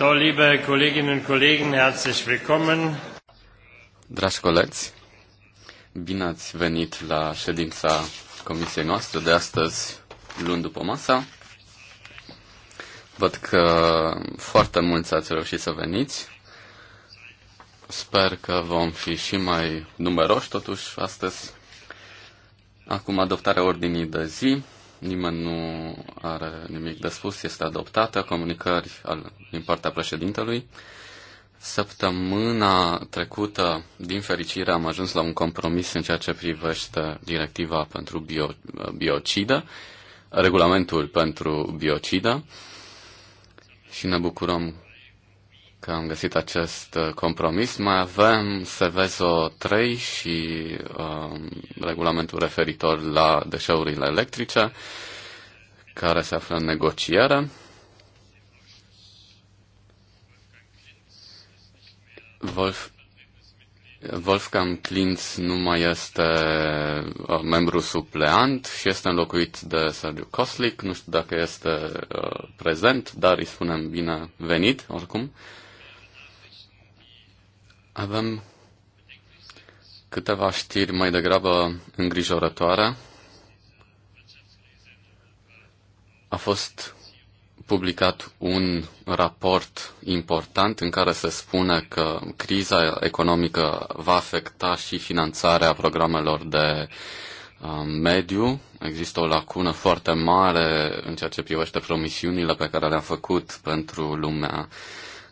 So, liebe Kolleginnen und Kollegen, herzlich willkommen. Dragi colegi, bine ați venit la ședința comisiei noastre de astăzi, luni după masa. Văd că foarte mulți ați reușit să veniți. Sper că vom fi și mai numeroși totuși astăzi. Acum adoptarea ordinii de zi nimeni nu are nimic de spus, este adoptată, comunicări al, din partea președintelui. Săptămâna trecută, din fericire, am ajuns la un compromis în ceea ce privește directiva pentru bio, biocidă, regulamentul pentru biocidă și ne bucurăm că am găsit acest uh, compromis. Mai avem Seveso 3 și uh, regulamentul referitor la deșeurile electrice, care se află în negociere. Wolf, Wolfgang Klintz nu mai este uh, membru supleant și este înlocuit de Sergiu Koslik. Nu știu dacă este uh, prezent, dar îi spunem bine venit, oricum. Uh, avem câteva știri mai degrabă îngrijorătoare. A fost publicat un raport important în care se spune că criza economică va afecta și finanțarea programelor de um, mediu. Există o lacună foarte mare în ceea ce privește promisiunile pe care le-am făcut pentru lumea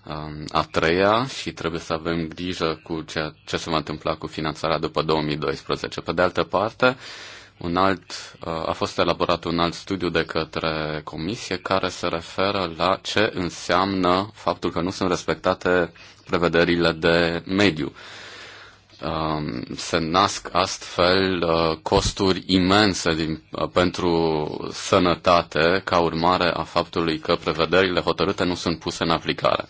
Um, a treia și trebuie să avem grijă cu ce ce se va întâmpla cu finanțarea după 2012. Pe de altă parte, un alt, uh, a fost elaborat un alt studiu de către comisie care se referă la ce înseamnă faptul că nu sunt respectate prevederile de mediu. Um, se nasc astfel uh, costuri imense din, uh, pentru sănătate ca urmare a faptului că prevederile hotărâte nu sunt puse în aplicare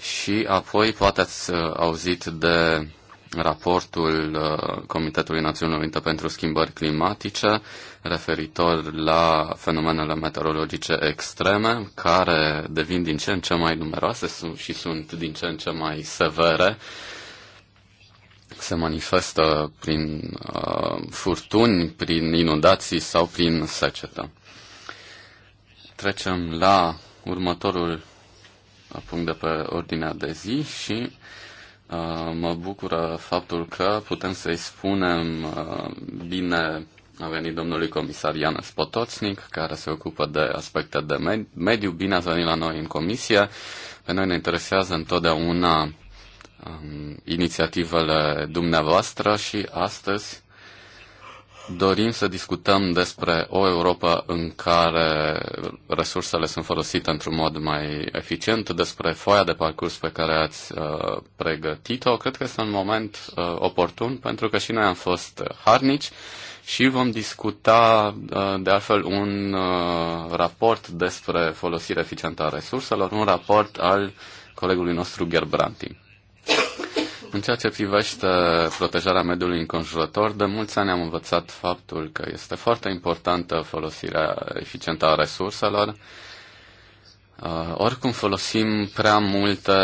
și apoi poate ați uh, auzit de raportul uh, Comitetului Națiunilor Unite pentru Schimbări Climatice referitor la fenomenele meteorologice extreme, care devin din ce în ce mai numeroase și sunt din ce în ce mai severe. Se manifestă prin uh, furtuni, prin inundații sau prin secetă. Trecem la următorul punct de pe ordinea de zi și uh, mă bucură faptul că putem să-i spunem uh, bine a venit domnului comisar Ianes Potoțnic, care se ocupă de aspecte de mediu. Bine ați venit la noi în comisie. Pe noi ne interesează întotdeauna um, inițiativele dumneavoastră și astăzi dorim să discutăm despre o Europa în care resursele sunt folosite într-un mod mai eficient, despre foaia de parcurs pe care ați uh, pregătit-o, cred că este un moment uh, oportun pentru că și noi am fost harnici și vom discuta uh, de altfel un uh, raport despre folosirea eficientă a resurselor, un raport al colegului nostru Gerbranti. În ceea ce privește protejarea mediului înconjurător, de mulți ani am învățat faptul că este foarte importantă folosirea eficientă a resurselor. Uh, oricum folosim prea multe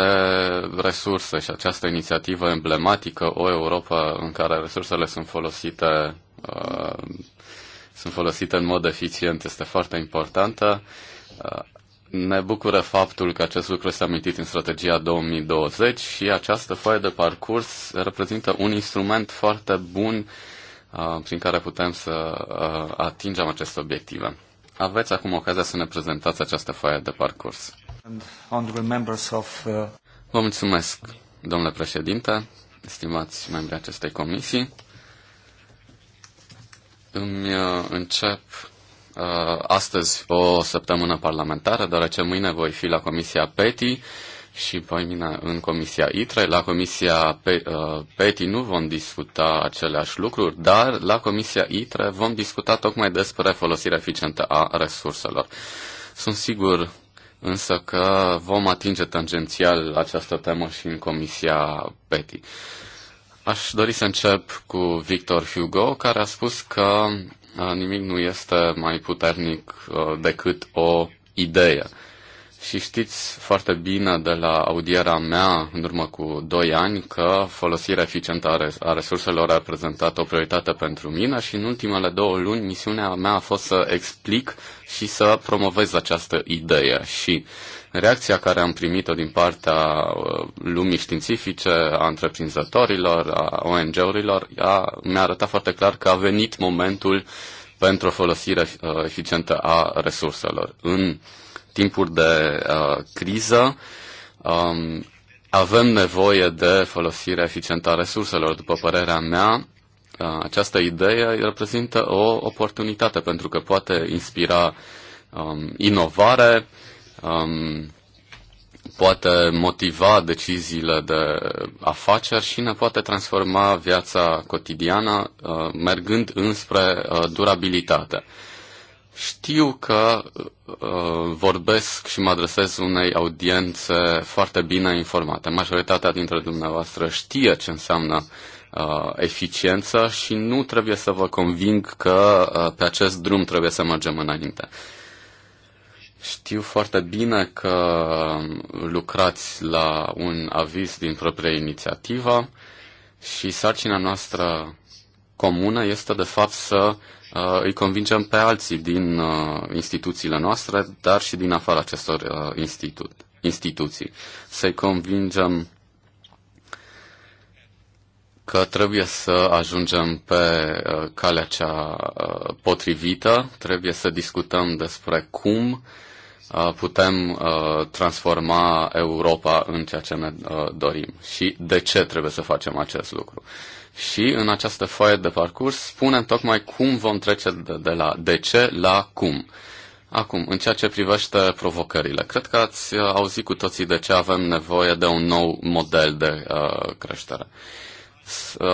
resurse și această inițiativă emblematică, o Europa în care resursele sunt folosite, uh, sunt folosite în mod eficient, este foarte importantă. Uh, ne bucură faptul că acest lucru este amintit în strategia 2020 și această foaie de parcurs reprezintă un instrument foarte bun uh, prin care putem să uh, atingem aceste obiective. Aveți acum ocazia să ne prezentați această foaie de parcurs. Of, uh... Vă mulțumesc, domnule președinte, stimați membri acestei comisii. Îmi uh, încep Uh, astăzi o săptămână parlamentară, deoarece mâine voi fi la Comisia PETI și poi mine în Comisia ITRE. La Comisia uh, PETI nu vom discuta aceleași lucruri, dar la Comisia ITRE vom discuta tocmai despre folosirea eficientă a resurselor. Sunt sigur însă că vom atinge tangențial această temă și în Comisia PETI. Aș dori să încep cu Victor Hugo, care a spus că Ah, nimic nu este mai puternic ah, decât o idee. Și știți foarte bine de la audiera mea în urmă cu 2 ani că folosirea eficientă a resurselor a reprezentat o prioritate pentru mine și în ultimele două luni misiunea mea a fost să explic și să promovez această idee. Și Reacția care am primit-o din partea uh, lumii științifice, a întreprinzătorilor, a ONG-urilor, mi-a arătat foarte clar că a venit momentul pentru o folosire uh, eficientă a resurselor. În timpuri de uh, criză um, avem nevoie de folosire eficientă a resurselor. După părerea mea, uh, această idee reprezintă o oportunitate pentru că poate inspira um, inovare, uh, um, poate motiva deciziile de afaceri și ne poate transforma viața cotidiană uh, mergând înspre uh, durabilitate. Știu că uh, vorbesc și mă adresez unei audiențe foarte bine informate. Majoritatea dintre dumneavoastră știe ce înseamnă uh, eficiență și nu trebuie să vă conving că uh, pe acest drum trebuie să mergem înainte. Uh, știu foarte bine că lucrați la un aviz din propria inițiativă și sarcina noastră comună este de fapt să uh, îi convingem pe alții din uh, instituțiile noastre, dar și din afara acestor uh, institu- instituții. Să-i convingem că trebuie să ajungem pe calea cea potrivită, trebuie să discutăm despre cum uh, Uh, putem uh, transforma Europa în ceea ce ne uh, dorim și de ce trebuie să facem acest lucru. Și în această foaie de parcurs spunem tocmai cum vom trece de, la de ce la cum. Acum, în ceea ce privește provocările, cred că ați auzit cu toții de ce avem nevoie de un nou model de uh, creștere. Uh, Uh,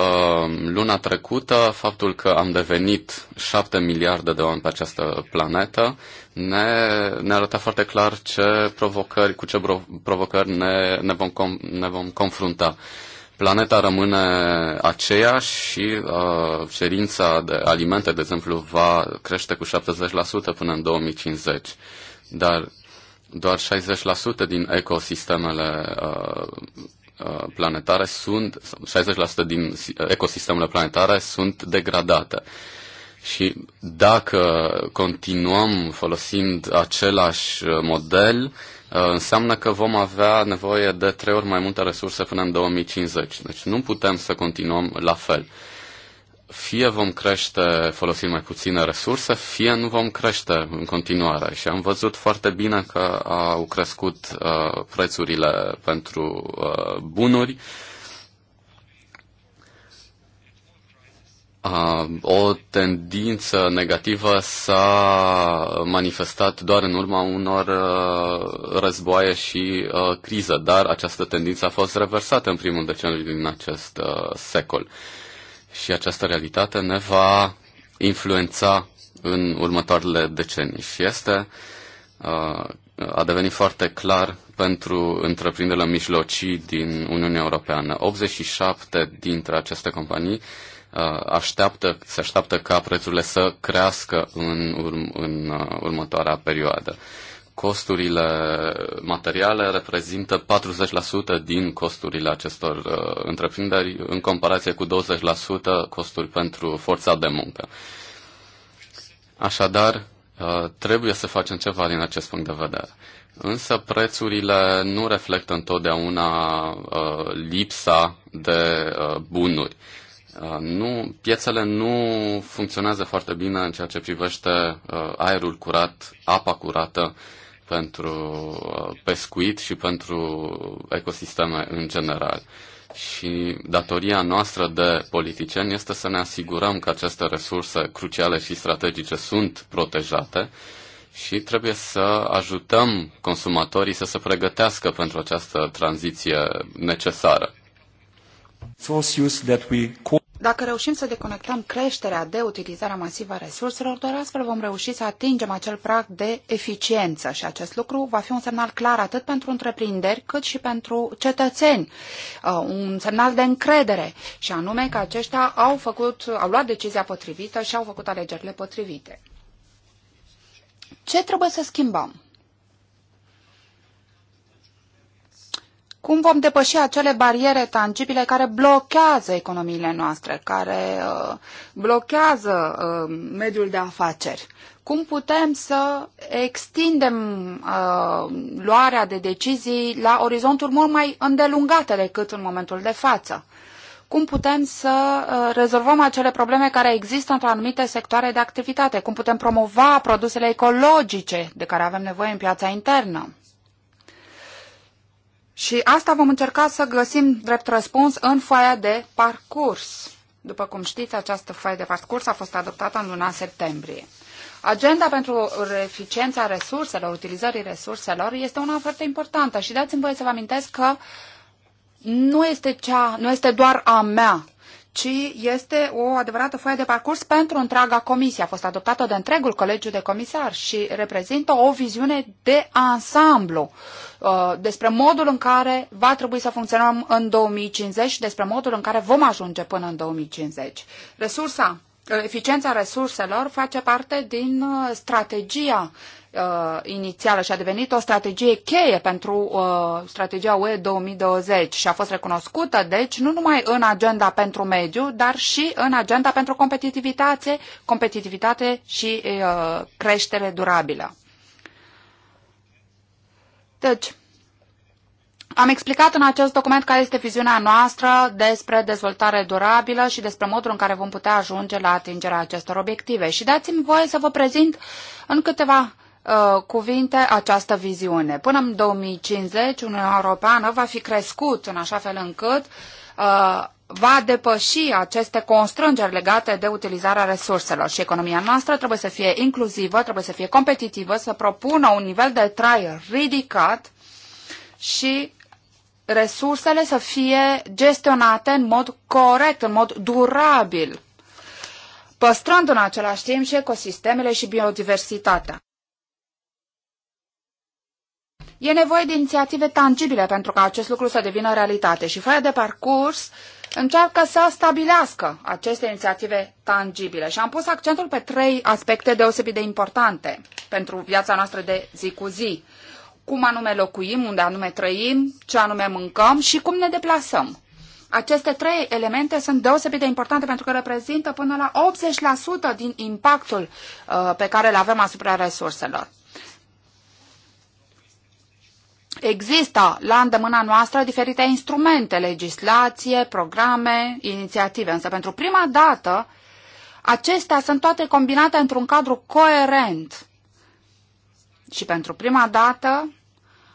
luna trecută, faptul că am devenit șapte miliarde de oameni pe această planetă ne, ne arăta foarte clar ce provocări, cu ce provocări ne, ne, vom, com, ne vom confrunta. Planeta rămâne aceeași și uh, cerința de alimente, de exemplu, va crește cu 70% până în 2050. Dar doar 60% din ecosistemele uh, Uh, planetare sunt, 60% din uh, ecosistemele planetare sunt degradate. Și dacă continuăm folosind același uh, model, înseamnă că vom avea nevoie de trei ori mai multe resurse până în 2050. Deci nu putem să continuăm la fel fie vom crește folosind mai puține resurse, fie nu vom crește în continuare. Și am văzut foarte bine că au crescut uh, prețurile pentru uh, bunuri. Uh, o tendință negativă s-a manifestat doar în urma unor uh, războaie și uh, criză, dar această tendință a fost reversată în primul deceniu din acest uh, secol. Uh, și această realitate ne va influența în următoarele decenii și este uh, a devenit foarte clar pentru întreprinderile mijlocii din Uniunea Europeană. 87 dintre aceste companii uh, așteaptă, se așteaptă ca prețurile să crească în, urm- în uh, următoarea perioadă costurile materiale reprezintă 40% din costurile acestor uh, întreprinderi în comparație cu 20% costuri pentru forța de muncă. Așadar, uh, trebuie să facem ceva din acest punct de vedere. Însă prețurile nu reflectă întotdeauna uh, lipsa de uh, bunuri. Uh, nu, piețele nu funcționează foarte bine în ceea ce privește uh, aerul curat, apa curată, uh, pentru uh, pescuit și pentru ecosisteme în general. Și datoria noastră de politicieni este să ne asigurăm că aceste resurse cruciale și strategice sunt protejate și trebuie să ajutăm consumatorii să se pregătească pentru această tranziție necesară. Dacă reușim să deconectăm creșterea de utilizarea masivă a resurselor, doar astfel vom reuși să atingem acel prag de eficiență și acest lucru va fi un semnal clar atât pentru întreprinderi cât și pentru cetățeni, uh, un semnal de încredere și anume că aceștia au, făcut, au luat decizia potrivită și au făcut alegerile potrivite. Ce trebuie să schimbăm? Cum vom depăși acele bariere tangibile care blochează economiile noastre, care uh, blochează uh, mediul de afaceri? Cum putem să extindem uh, luarea de decizii la orizonturi mult mai îndelungate decât în momentul de față? cum putem să uh, rezolvăm acele probleme care există într anumite sectoare de activitate, cum putem promova produsele ecologice de care avem nevoie în piața internă. Și asta vom încerca să găsim drept răspuns în foaia de parcurs. După cum știți, această foaie de parcurs a fost adoptată în luna septembrie. Agenda pentru eficiența resurselor, utilizării resurselor, este una foarte importantă și dați-mi voie să vă amintesc că nu este, cea, nu este doar a mea ci este o adevărată foaie de parcurs pentru întreaga comisie. A fost adoptată de întregul colegiu de comisar și reprezintă o viziune de ansamblu uh, despre modul în care va trebui să funcționăm în 2050 și despre modul în care vom ajunge până în 2050. Resursa eficiența resurselor face parte din uh, strategia uh, inițială și a devenit o strategie cheie pentru uh, strategia UE 2020 și a fost recunoscută, deci, nu numai în agenda pentru mediu, dar și în agenda pentru competitivitate, competitivitate și uh, creștere durabilă. Deci, am explicat în acest document care este viziunea noastră despre dezvoltare durabilă și despre modul în care vom putea ajunge la atingerea acestor obiective. Și dați-mi voie să vă prezint în câteva uh, cuvinte această viziune. Până în 2050, Uniunea Europeană va fi crescut în așa fel încât uh, va depăși aceste constrângeri legate de utilizarea resurselor și economia noastră trebuie să fie inclusivă, trebuie să fie competitivă, să propună un nivel de trai ridicat și resursele să fie gestionate în mod corect, în mod durabil, păstrând în același timp și ecosistemele și biodiversitatea. E nevoie de inițiative tangibile pentru ca acest lucru să devină realitate și foaia de parcurs încearcă să stabilească aceste inițiative tangibile și am pus accentul pe trei aspecte deosebit de importante pentru viața noastră de zi cu zi cum anume locuim, unde anume trăim, ce anume mâncăm și cum ne deplasăm. Aceste trei elemente sunt deosebit de importante pentru că reprezintă până la 80% din impactul uh, pe care îl avem asupra resurselor. Există la îndemâna noastră diferite instrumente, legislație, programe, inițiative, însă pentru prima dată acestea sunt toate combinate într-un cadru coerent. Și pentru prima dată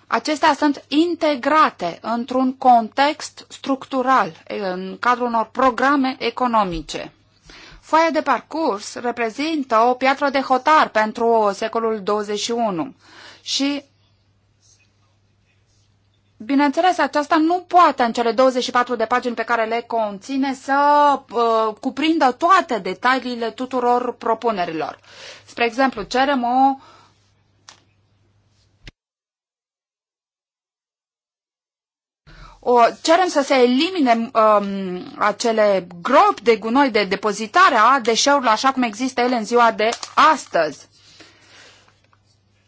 acestea sunt integrate într-un context structural, în cadrul unor programe economice. Foaia de parcurs reprezintă o piatră de hotar pentru secolul 21 și Bineînțeles, aceasta nu poate în cele 24 de pagini pe care le conține să uh, cuprindă toate detaliile tuturor propunerilor. Spre exemplu, cerem o uh, o, cerem să se elimine um, acele gropi de gunoi de depozitare a deșeurilor așa cum există ele în ziua de astăzi.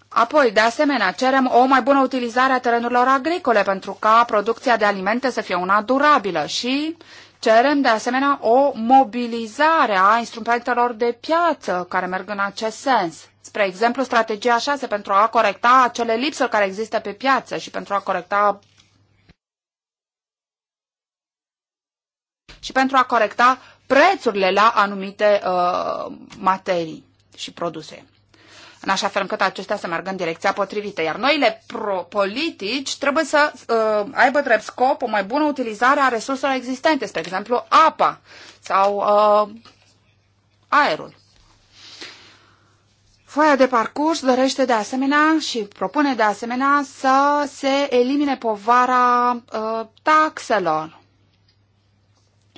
Apoi, de asemenea, cerem o mai bună utilizare a terenurilor agricole pentru ca producția de alimente să fie una durabilă și cerem, de asemenea, o mobilizare a instrumentelor de piață care merg în acest sens. Spre exemplu, strategia 6 pentru a corecta acele lipsuri care există pe piață și pentru a corecta și pentru a corecta prețurile la anumite uh, materii și produse în așa fel încât acestea să meargă în direcția potrivită. Iar noile pro- politici trebuie să uh, aibă drept scop o mai bună utilizare a resurselor existente, spre exemplu apa sau uh, aerul. Foaia de parcurs dorește de asemenea și propune de asemenea să se elimine povara uh, taxelor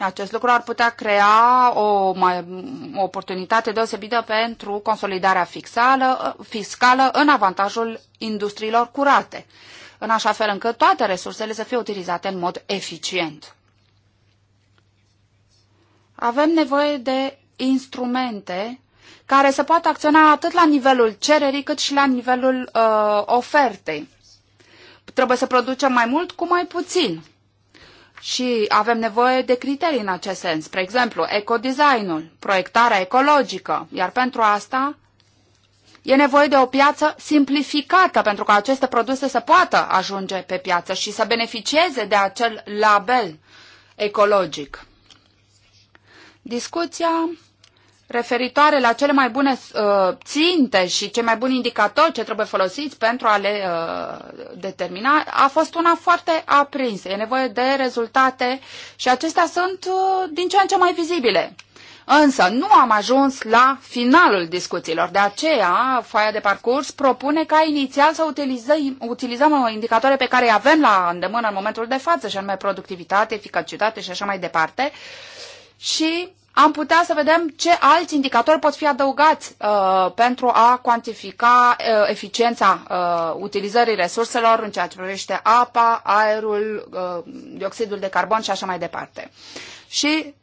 acest lucru ar putea crea o, mai, o oportunitate deosebită pentru consolidarea fixală, fiscală în avantajul industriilor curate, în așa fel încât toate resursele să fie utilizate în mod eficient. Avem nevoie de instrumente care să poată acționa atât la nivelul cererii cât și la nivelul uh, ofertei. Trebuie să producem mai mult cu mai puțin. Și avem nevoie de criterii în acest sens, spre exemplu, ecodesignul, proiectarea ecologică, iar pentru asta e nevoie de o piață simplificată pentru ca aceste produse să poată ajunge pe piață și să beneficieze de acel label ecologic. Discuția referitoare la cele mai bune uh, ținte și cei mai buni indicatori ce trebuie folosiți pentru a le uh, determina, a fost una foarte aprinsă. E nevoie de rezultate și acestea sunt uh, din ce în ce mai vizibile. Însă nu am ajuns la finalul discuțiilor, de aceea foaia de parcurs propune ca inițial să utilizăm, utilizăm indicatoare pe care îi avem la îndemână în momentul de față, și anume productivitate, eficacitate și așa mai departe, și am putea să vedem ce alți indicatori pot fi adăugați uh, pentru a cuantifica uh, eficiența uh, utilizării resurselor în ceea ce privește apa, aerul, uh, dioxidul de carbon și așa mai departe. Și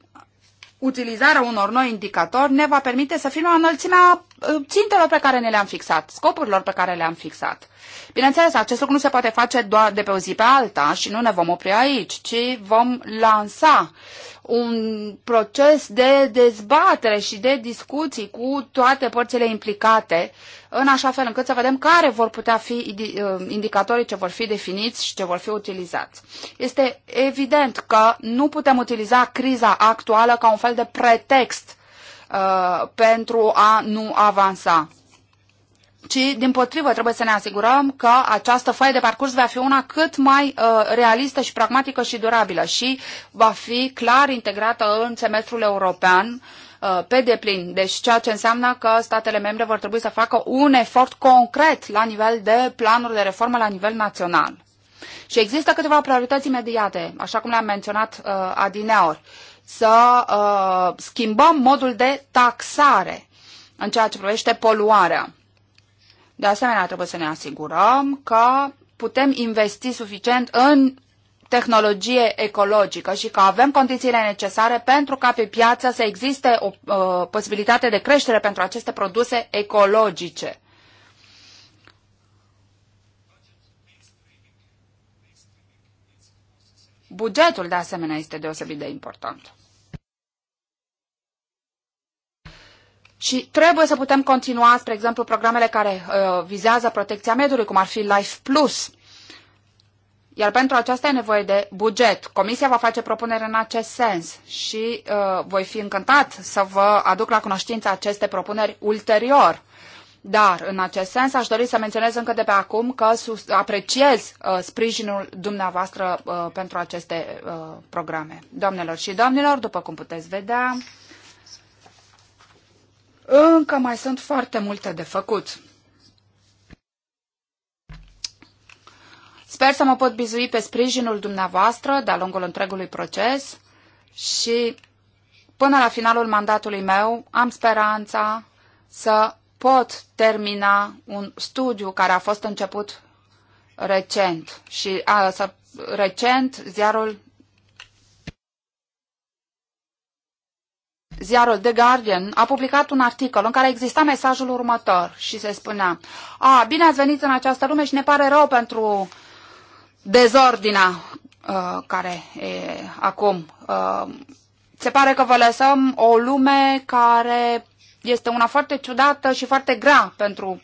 utilizarea unor noi indicatori ne va permite să fim la înălțimea uh, țintelor pe care ne le-am fixat, scopurilor pe care le-am fixat. Bineînțeles, acest lucru nu se poate face doar de pe o zi pe alta și nu ne vom opri aici, ci vom lansa un proces de dezbatere și de discuții cu toate părțile implicate, în așa fel încât să vedem care vor putea fi uh, indicatorii ce vor fi definiți și ce vor fi utilizați. Este evident că nu putem utiliza criza actuală ca un fel de pretext uh, pentru a nu avansa ci, din potrivă, trebuie să ne asigurăm că această foaie de parcurs va fi una cât mai uh, realistă și pragmatică și durabilă și va fi clar integrată în semestrul european uh, pe deplin. Deci ceea ce înseamnă că statele membre vor trebui să facă un efort concret la nivel de planuri de reformă la nivel național. Și există câteva priorități imediate, așa cum le-am menționat uh, adineori. Să uh, schimbăm modul de taxare în ceea ce privește poluarea de asemenea, trebuie să ne asigurăm că putem investi suficient în tehnologie ecologică și că avem condițiile necesare pentru ca pe piață să existe o uh, posibilitate de creștere pentru aceste produse ecologice. Bugetul, de asemenea, este deosebit de important. Și trebuie să putem continua, spre exemplu, programele care uh, vizează protecția mediului, cum ar fi Life Plus. Iar pentru aceasta e nevoie de buget. Comisia va face propunere în acest sens și uh, voi fi încântat să vă aduc la cunoștință aceste propuneri ulterior. Dar, în acest sens, aș dori să menționez încă de pe acum că sus, apreciez uh, sprijinul dumneavoastră uh, pentru aceste uh, programe. Doamnelor și domnilor, după cum puteți vedea, încă mai sunt foarte multe de făcut. Sper să mă pot bizui pe sprijinul dumneavoastră de-a lungul întregului proces și până la finalul mandatului meu am speranța să pot termina un studiu care a fost început recent și a, să, recent ziarul ziarul The Guardian a publicat un articol în care exista mesajul următor și se spunea A, bine ați venit în această lume și ne pare rău pentru dezordinea uh, care e acum. Uh, se pare că vă lăsăm o lume care este una foarte ciudată și foarte grea pentru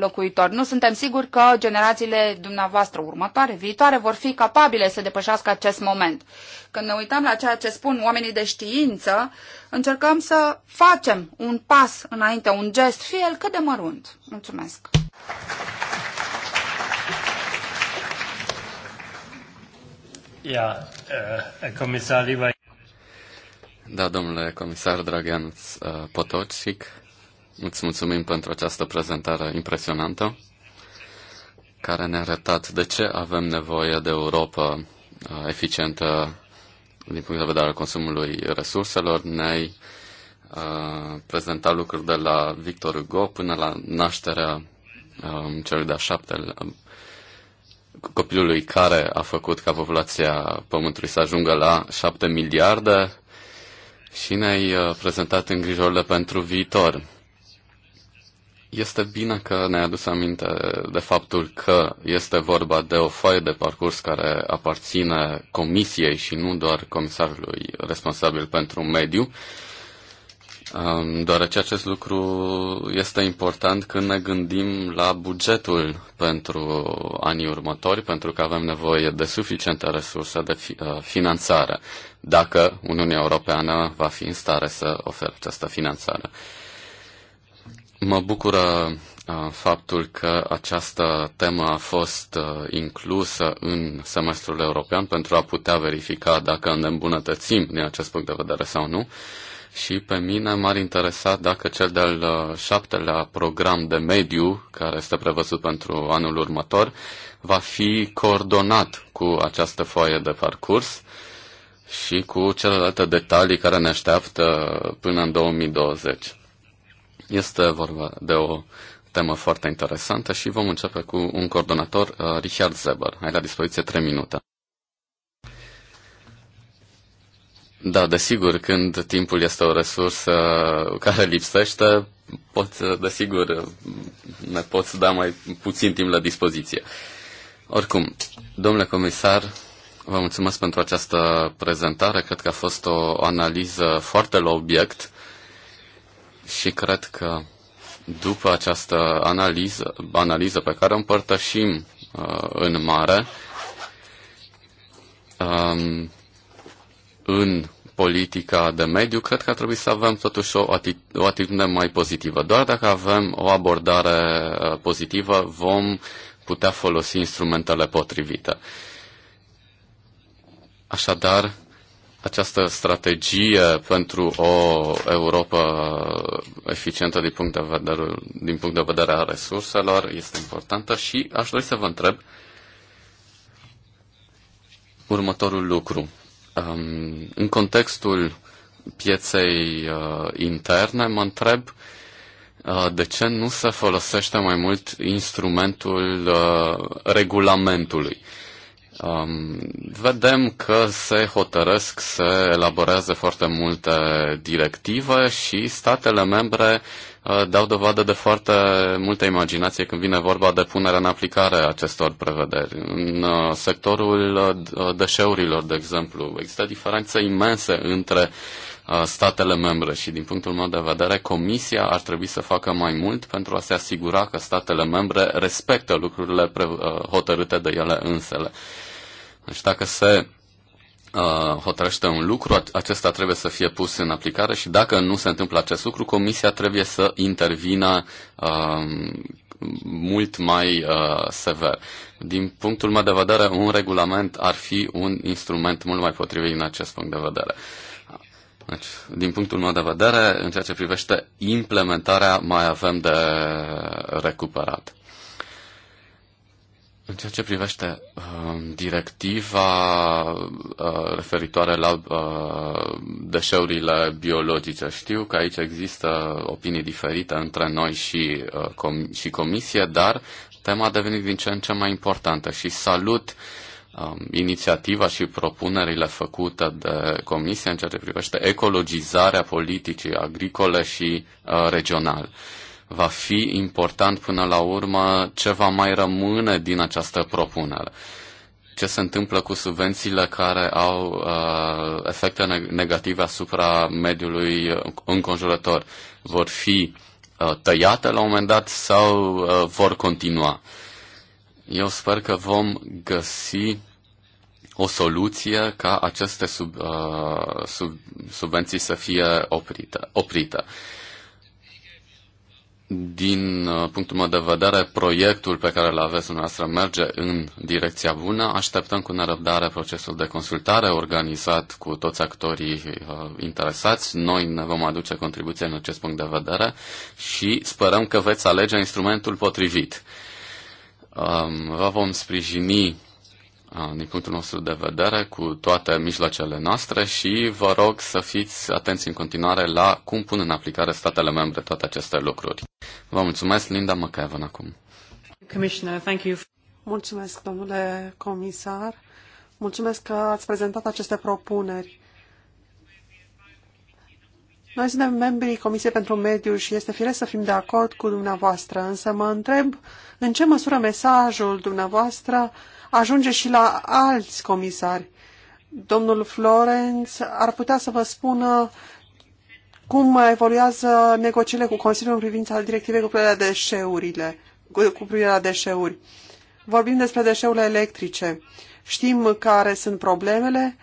locuitori. Nu suntem siguri că generațiile dumneavoastră următoare, viitoare, vor fi capabile să depășească acest moment. Când ne uităm la ceea ce spun oamenii de știință, încercăm să facem un pas înainte, un gest, fie el cât de mărunt. Mulțumesc! Ja, Herr eh, da, domnule comisar Dragan eh, Potocic, Îți mulțumim pentru această prezentare impresionantă care ne-a arătat de ce avem nevoie de Europa uh, eficientă din punct de vedere al consumului resurselor. Ne-ai uh, prezentat lucruri de la Victor Hugo până la nașterea um, celui de-a șaptele um, copilului care a făcut ca populația Pământului să ajungă la șapte miliarde și ne-ai uh, prezentat îngrijorile pentru viitor. Este bine că ne-ai adus aminte de faptul că este vorba de o foaie de parcurs care aparține comisiei și nu doar comisarului responsabil pentru mediu, um, deoarece acest lucru este important când ne gândim la bugetul pentru anii următori, pentru că avem nevoie de suficiente resurse de uh, finanțare, dacă Uniunea Europeană va fi în stare să ofere această finanțare. Mă bucură uh, faptul că această temă a fost uh, inclusă în semestrul european pentru a putea verifica dacă ne îmbunătățim din acest punct de vedere sau nu. Și pe mine m-ar interesa dacă cel de-al uh, șaptelea program de mediu, care este prevăzut pentru anul următor, va fi coordonat cu această foaie de parcurs și cu celelalte detalii care ne așteaptă până în 2020. Este vorba de o temă foarte interesantă și vom începe cu un coordonator, uh, Richard Zeber. Ai la dispoziție 3 minute. Da, desigur, când timpul este o resursă care lipsește, pot, uh, desigur, uh, ne poți da mai puțin timp la dispoziție. Oricum, domnule comisar, vă mulțumesc pentru această prezentare. Cred că a fost o analiză foarte la obiect și cred că după această analiză, analiză pe care o împărtășim uh, în mare, um, în politica de mediu, cred că ar trebui să avem totuși o, ati- o atitudine mai pozitivă. Doar dacă avem o abordare uh, pozitivă, vom putea folosi instrumentele potrivite. Așadar, această strategie pentru o Europa eficientă din punct de vedere, din punct de vedere a resurselor este importantă și aș dori să vă întreb următorul lucru. În contextul pieței uh, interne, mă întreb uh, de ce nu se folosește mai mult instrumentul uh, regulamentului. Uh, Um, vedem că se hotărăsc, se elaborează foarte multe directive și statele membre uh, dau dovadă de foarte multă imaginație când vine vorba de punerea în aplicare acestor prevederi. În uh, sectorul uh, uh, deșeurilor, de exemplu, există diferențe imense între uh, statele membre și din punctul meu de vedere Comisia ar trebui să facă mai mult pentru a se asigura că statele membre respectă lucrurile uh, hotărâte de ele însele. Deci dacă se uh, hotărăște un lucru, acesta trebuie să fie pus în aplicare și dacă nu se întâmplă acest lucru, comisia trebuie să intervină uh, mult mai uh, sever. Din punctul meu de vedere, un regulament ar fi un instrument mult mai potrivit în acest punct de vedere. Deci, din punctul meu de vedere, în ceea ce privește implementarea, mai avem de recuperat. În ceea ce privește uh, directiva uh, referitoare la uh, deșeurile biologice, știu că aici există opinii diferite între noi și, uh, com- și comisie, dar tema a devenit din ce în ce mai importantă și salut uh, inițiativa și propunerile făcute de comisie în ceea ce privește ecologizarea politicii agricole și uh, regionale va fi important până la urmă ce va mai rămâne din această propunere. Ce se întâmplă cu subvențiile care au uh, efecte negative asupra mediului înconjurător? Vor fi uh, tăiate la un moment dat sau uh, vor continua? Eu sper că vom găsi o soluție ca aceste sub, uh, sub, subvenții să fie oprite. oprite. Uh, din uh, punctul meu de vedere, proiectul pe care îl aveți dumneavoastră merge în direcția bună. Așteptăm cu nerăbdare procesul de consultare organizat cu toți actorii uh, interesați. Noi ne vom aduce contribuția în acest punct de vedere și sperăm că veți alege instrumentul potrivit. Um, vă vom sprijini din punctul nostru de vedere, cu toate mijloacele noastre și vă rog să fiți atenți în continuare la cum pun în aplicare statele membre toate aceste lucruri. Vă mulțumesc, Linda McEvan, acum. Mulțumesc, domnule comisar. Mulțumesc că ați prezentat aceste propuneri. Noi suntem membrii Comisiei pentru Mediu și este firesc să fim de acord cu dumneavoastră, însă mă întreb în ce măsură mesajul dumneavoastră uh, ajunge și la alți comisari. Domnul Florenț ar putea să vă spună cum evoluează negocierile cu Consiliul în privința directivei cu privire la deșeurile, cu privire la deșeuri. Vorbim despre deșeurile electrice. Știm care sunt problemele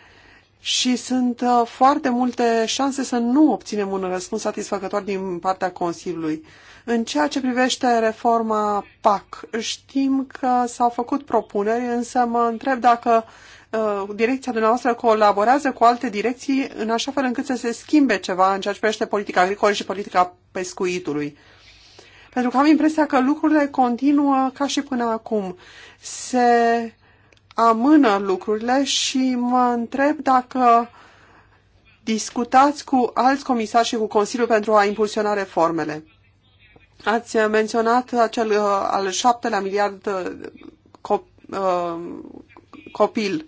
și sunt uh, foarte multe șanse să nu obținem un răspuns satisfăcător din partea Consiliului. În ceea ce privește reforma PAC, știm că s-au făcut propuneri, însă mă întreb dacă uh, direcția dumneavoastră colaborează cu alte direcții în așa fel încât să se schimbe ceva în ceea ce privește politica agricolă și politica pescuitului. Pentru că am impresia că lucrurile continuă ca și până acum. Se amână lucrurile și mă întreb dacă discutați cu alți comisari și cu Consiliul pentru a impulsiona reformele. Ați menționat acel uh, al șaptelea miliard uh, cop- uh, copil.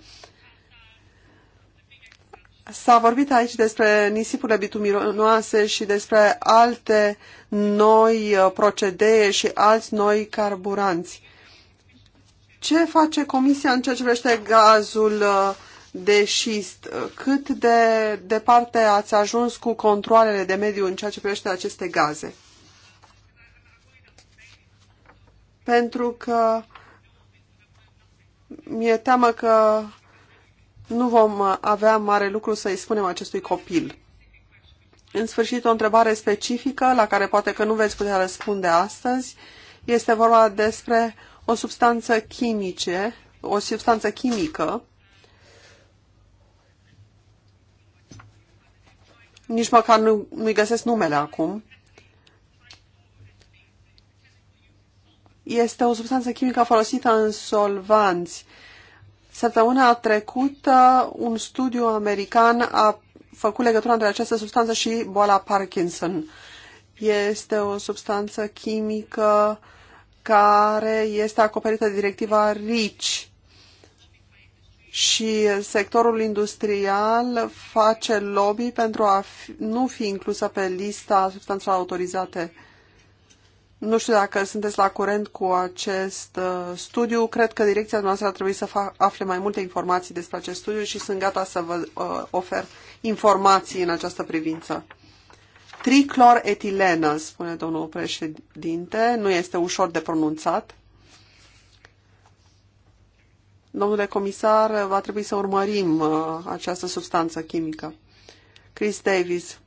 S-a vorbit aici despre nisipurile bituminoase și despre alte noi uh, procedee și alți noi carburanți. Ce face Comisia în ceea ce privește gazul uh, de șist? Cât de departe ați ajuns cu controlele de mediu în ceea ce privește aceste gaze? pentru că mi-e teamă că nu vom avea mare lucru să-i spunem acestui copil. În sfârșit, o întrebare specifică, la care poate că nu veți putea răspunde astăzi, este vorba despre o substanță chimice, o substanță chimică. Nici măcar nu, nu-i găsesc numele acum. este o substanță chimică folosită în solvanți. Săptămâna trecută, un studiu american a făcut legătura între această substanță și boala Parkinson. Este o substanță chimică care este acoperită de directiva RICI și sectorul industrial face lobby pentru a fi, nu fi inclusă pe lista substanțelor autorizate nu știu dacă sunteți la curent cu acest uh, studiu. Cred că direcția noastră ar trebui să afle mai multe informații despre acest studiu și sunt gata să vă uh, ofer informații în această privință. Tricloretilenă, spune domnul președinte, nu este ușor de pronunțat. Domnule comisar, va trebui să urmărim uh, această substanță chimică. Chris Davis.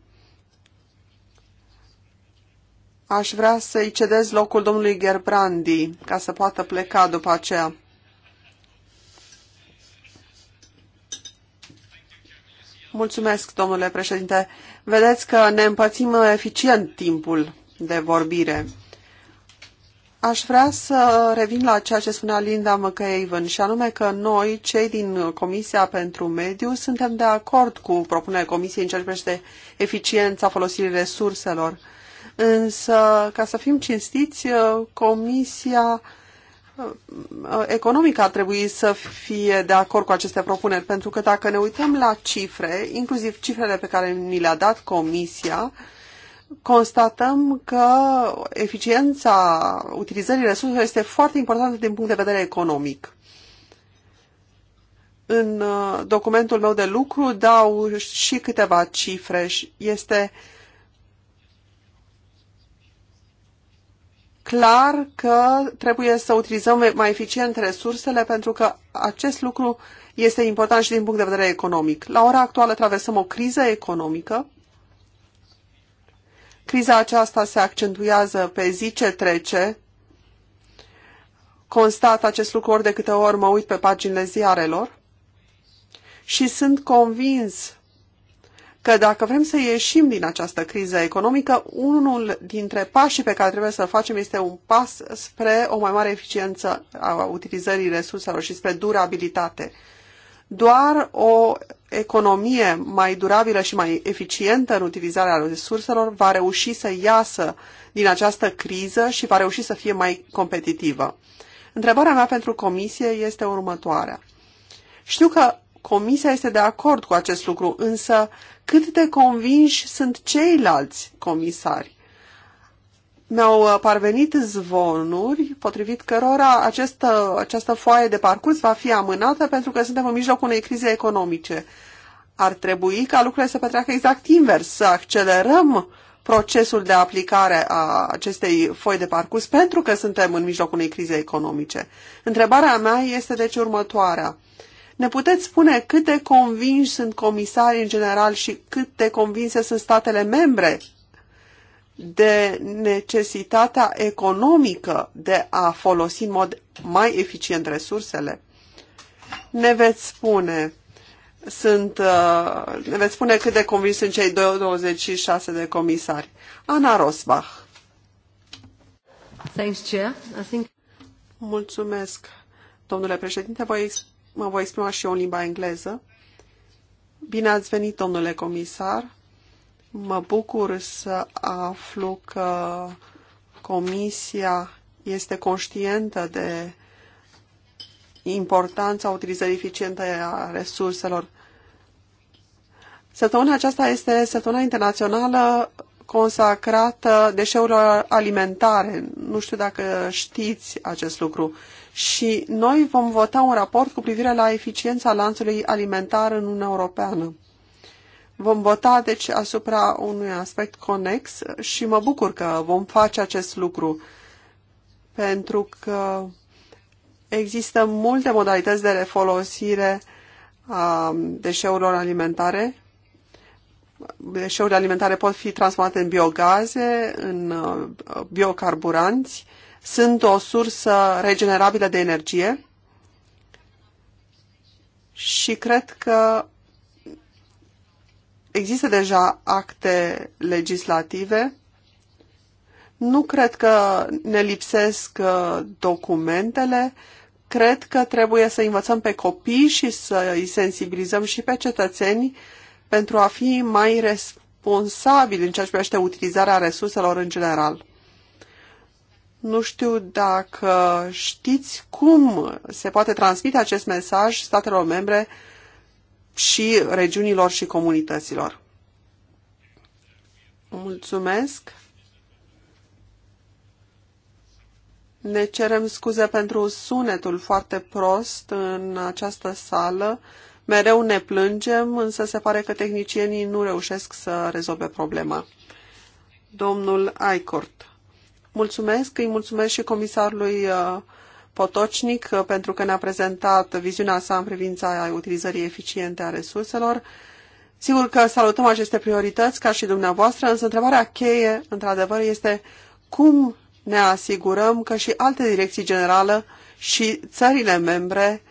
Aș vrea să-i cedez locul domnului Gerbrandi ca să poată pleca după aceea. Mulțumesc, domnule președinte. Vedeți că ne împățim eficient timpul de vorbire. Aș vrea să revin la ceea ce spunea Linda McAven și anume că noi, cei din Comisia pentru Mediu, suntem de acord cu propunerea Comisiei în ceea ce privește eficiența folosirii resurselor însă, ca să fim cinstiți, uh, Comisia uh, uh, Economică ar trebui să fie de acord cu aceste propuneri, pentru că dacă ne uităm la cifre, inclusiv cifrele pe care ni le-a dat Comisia, constatăm că eficiența utilizării resurselor este foarte importantă din punct de vedere economic. În documentul meu de lucru dau și câteva cifre. Este uh, clar că trebuie să utilizăm mai eficient resursele pentru că acest lucru este important și din punct de vedere economic. La ora actuală traversăm o criză economică. Criza aceasta se accentuează pe zi ce trece. Constat acest lucru ori de câte ori mă uit pe paginile ziarelor și sunt convins că dacă vrem să ieșim din această criză economică, unul dintre pașii pe care trebuie să-l facem este un pas spre o mai mare eficiență a utilizării resurselor și spre durabilitate. Doar o economie mai durabilă și mai eficientă în utilizarea resurselor va reuși să iasă din această criză și va reuși să fie mai competitivă. Întrebarea mea pentru comisie este următoarea. Știu că Comisia este de acord cu acest lucru, însă cât de convinși sunt ceilalți comisari? Mi-au uh, parvenit zvonuri potrivit cărora această, această foaie de parcurs va fi amânată pentru că suntem în mijlocul unei crize economice. Ar trebui ca lucrurile să petreacă exact invers, să accelerăm procesul de aplicare a acestei foi de parcurs pentru că suntem în mijlocul unei crize economice. Întrebarea mea este deci următoarea. Ne puteți spune cât de convinși sunt comisarii în general și cât de convinse sunt statele membre de necesitatea economică de a folosi în mod mai eficient resursele? Ne veți spune sunt, uh, ne veți spune cât de convins sunt cei 26 de comisari. Ana Rosbach. Thanks, Chair. I think... Mulțumesc, domnule președinte. Voi mă voi exprima și eu în limba engleză. Bine ați venit, domnule comisar. Mă bucur să aflu că comisia este conștientă de importanța utilizării eficiente a resurselor. Săptămâna aceasta este săptămâna internațională consacrată deșeurilor alimentare. Nu știu dacă știți acest lucru și noi vom vota un raport cu privire la eficiența lanțului alimentar în Uniunea Europeană. Vom vota, deci, asupra unui aspect conex și mă bucur că vom face acest lucru, pentru că există multe modalități de refolosire a deșeurilor alimentare. Deșeurile alimentare pot fi transformate în biogaze, în uh, biocarburanți sunt o sursă regenerabilă de energie și cred că există deja acte legislative. Nu cred că ne lipsesc uh, documentele, cred că trebuie să învățăm pe copii și să îi sensibilizăm și pe cetățeni pentru a fi mai responsabili în ceea ce privește utilizarea resurselor în general. Nu știu dacă știți cum se poate transmite acest mesaj statelor membre și regiunilor și comunităților. Mulțumesc. Ne cerem scuze pentru sunetul foarte prost în această sală. Mereu ne plângem, însă se pare că tehnicienii nu reușesc să rezolve problema. Domnul Aicort. Mulțumesc, îi mulțumesc și comisarului uh, Potocnic uh, pentru că ne-a prezentat viziunea sa în privința utilizării eficiente a resurselor. Sigur că salutăm aceste priorități ca și dumneavoastră, însă întrebarea cheie, într-adevăr, este cum ne asigurăm că și alte direcții generală și țările membre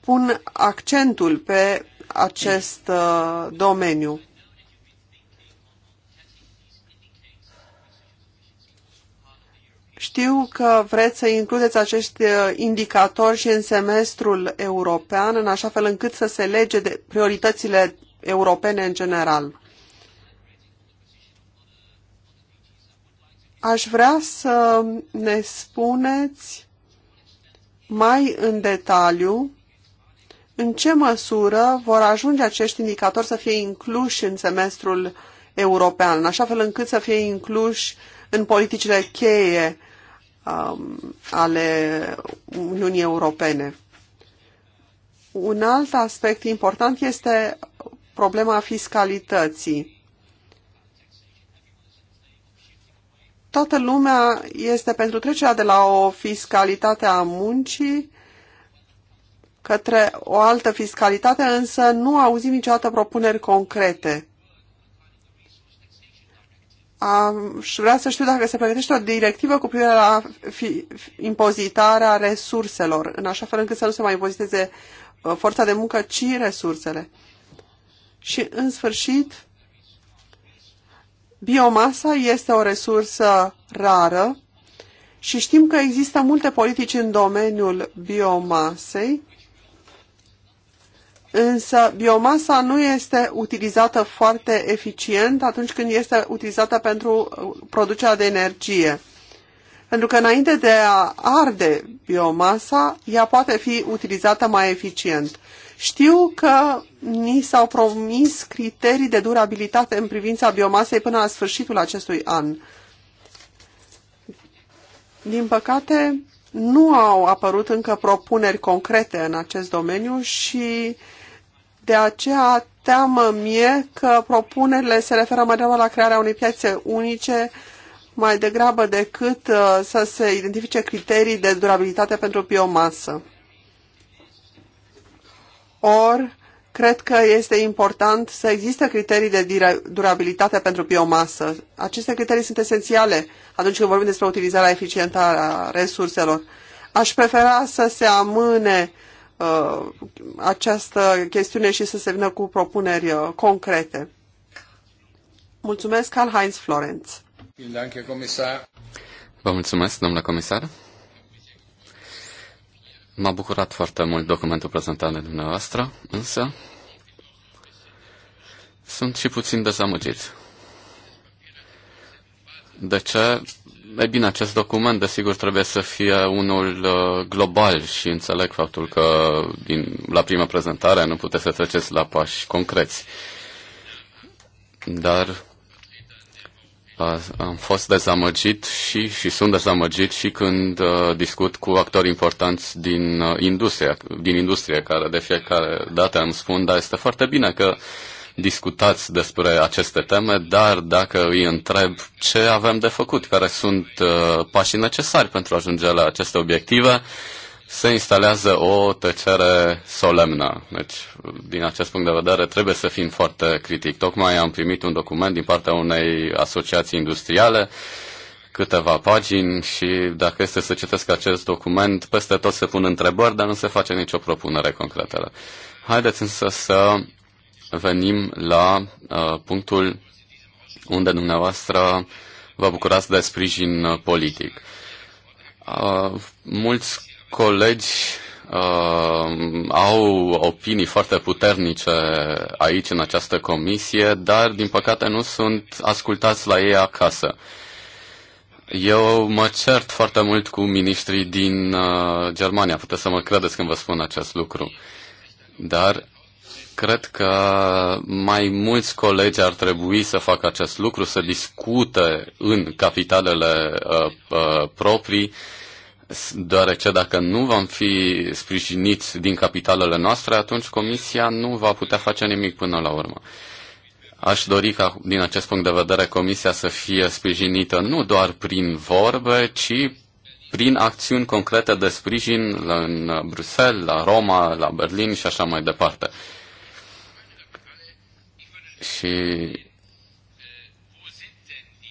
pun accentul pe acest uh, domeniu. Știu că vreți să includeți acești uh, indicatori și în semestrul european, în așa fel încât să se lege de prioritățile europene în general. Aș vrea să ne spuneți mai în detaliu în ce măsură vor ajunge acești indicatori să fie incluși în semestrul european, în așa fel încât să fie incluși în politicile cheie um, ale Uniunii Europene. Un alt aspect important este problema fiscalității. Toată lumea este pentru trecerea de la o fiscalitate a muncii către o altă fiscalitate, însă nu auzim niciodată propuneri concrete. Aș vrea să știu dacă se pregătește o directivă cu privire la fi, impozitarea resurselor, în așa fel încât să nu se mai impoziteze uh, forța de muncă, ci resursele. Și, în sfârșit, biomasa este o resursă rară și știm că există multe politici în domeniul biomasei Însă biomasa nu este utilizată foarte eficient atunci când este utilizată pentru uh, producerea de energie. Pentru că înainte de a arde biomasa, ea poate fi utilizată mai eficient. Știu că ni s-au promis criterii de durabilitate în privința biomasei până la sfârșitul acestui an. Din păcate, nu au apărut încă propuneri concrete în acest domeniu și uh, de aceea teamă mie că propunerile se referă mai degrabă la crearea unei piațe unice mai degrabă decât uh, să se identifice criterii de durabilitate pentru biomasă. Or, cred că este important să existe criterii de durabilitate pentru biomasă. Aceste criterii sunt esențiale atunci când vorbim despre utilizarea eficientă a resurselor. Aș prefera să se amâne Uh, această chestiune și să se vină cu propuneri uh, concrete. Mulțumesc, Karl-Heinz Florenz. Vă mulțumesc, domnule comisar. M-a bucurat foarte mult documentul prezentat de dumneavoastră, însă sunt și puțin dezamăgit. De ce E bine, acest document, desigur, trebuie să fie unul uh, global și înțeleg faptul că din, la prima prezentare nu puteți să treceți la pași concreți. Dar uh, am fost dezamăgit și, și sunt dezamăgit și când uh, discut cu actori importanți din industrie, din industrie, care de fiecare dată îmi spun, dar este foarte bine că discutați despre aceste teme, dar dacă îi întreb ce avem de făcut, care sunt uh, pașii necesari pentru a ajunge la aceste obiective, se instalează o tăcere solemnă. Deci, din acest punct de vedere, trebuie să fim foarte critic. Tocmai am primit un document din partea unei asociații industriale, câteva pagini și dacă este să citesc acest document, peste tot se pun întrebări, dar nu se face nicio propunere concretă. Haideți însă să venim la uh, punctul unde dumneavoastră vă bucurați de sprijin uh, politic. Uh, mulți colegi uh, au opinii foarte puternice aici, în această comisie, dar, din păcate, nu sunt ascultați la ei acasă. Eu mă cert foarte mult cu ministrii din uh, Germania, puteți să mă credeți când vă spun acest lucru. Dar Cred că mai mulți colegi ar trebui să facă acest lucru, să discute în capitalele uh, uh, proprii, deoarece dacă nu vom fi sprijiniți din capitalele noastre, atunci Comisia nu va putea face nimic până la urmă. Aș dori ca, din acest punct de vedere, Comisia să fie sprijinită nu doar prin vorbe, ci prin acțiuni concrete de sprijin în Bruxelles, la Roma, la Berlin și așa mai departe. Și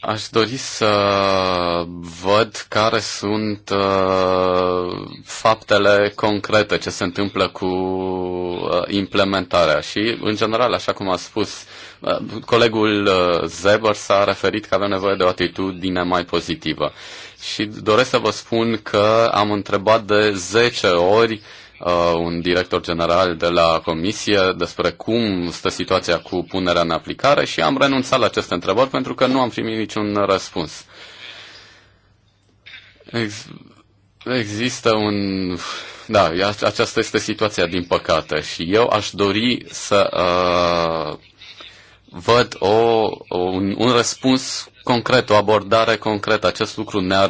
aș dori să văd care sunt uh, faptele concrete, ce se întâmplă cu uh, implementarea. Și, în general, așa cum a spus uh, colegul Zeber, s-a referit că avem nevoie de o atitudine mai pozitivă. Și doresc să vă spun că am întrebat de 10 ori uh, uh, un director general de la comisie despre cum stă situația cu punerea în aplicare și am renunțat la aceste întrebări pentru că nu am primit niciun răspuns. Ex- există un da, aceasta este situația, din păcate. Și eu aș dori să uh, văd o, un, un răspuns concret, o abordare concretă. Acest lucru ne-ar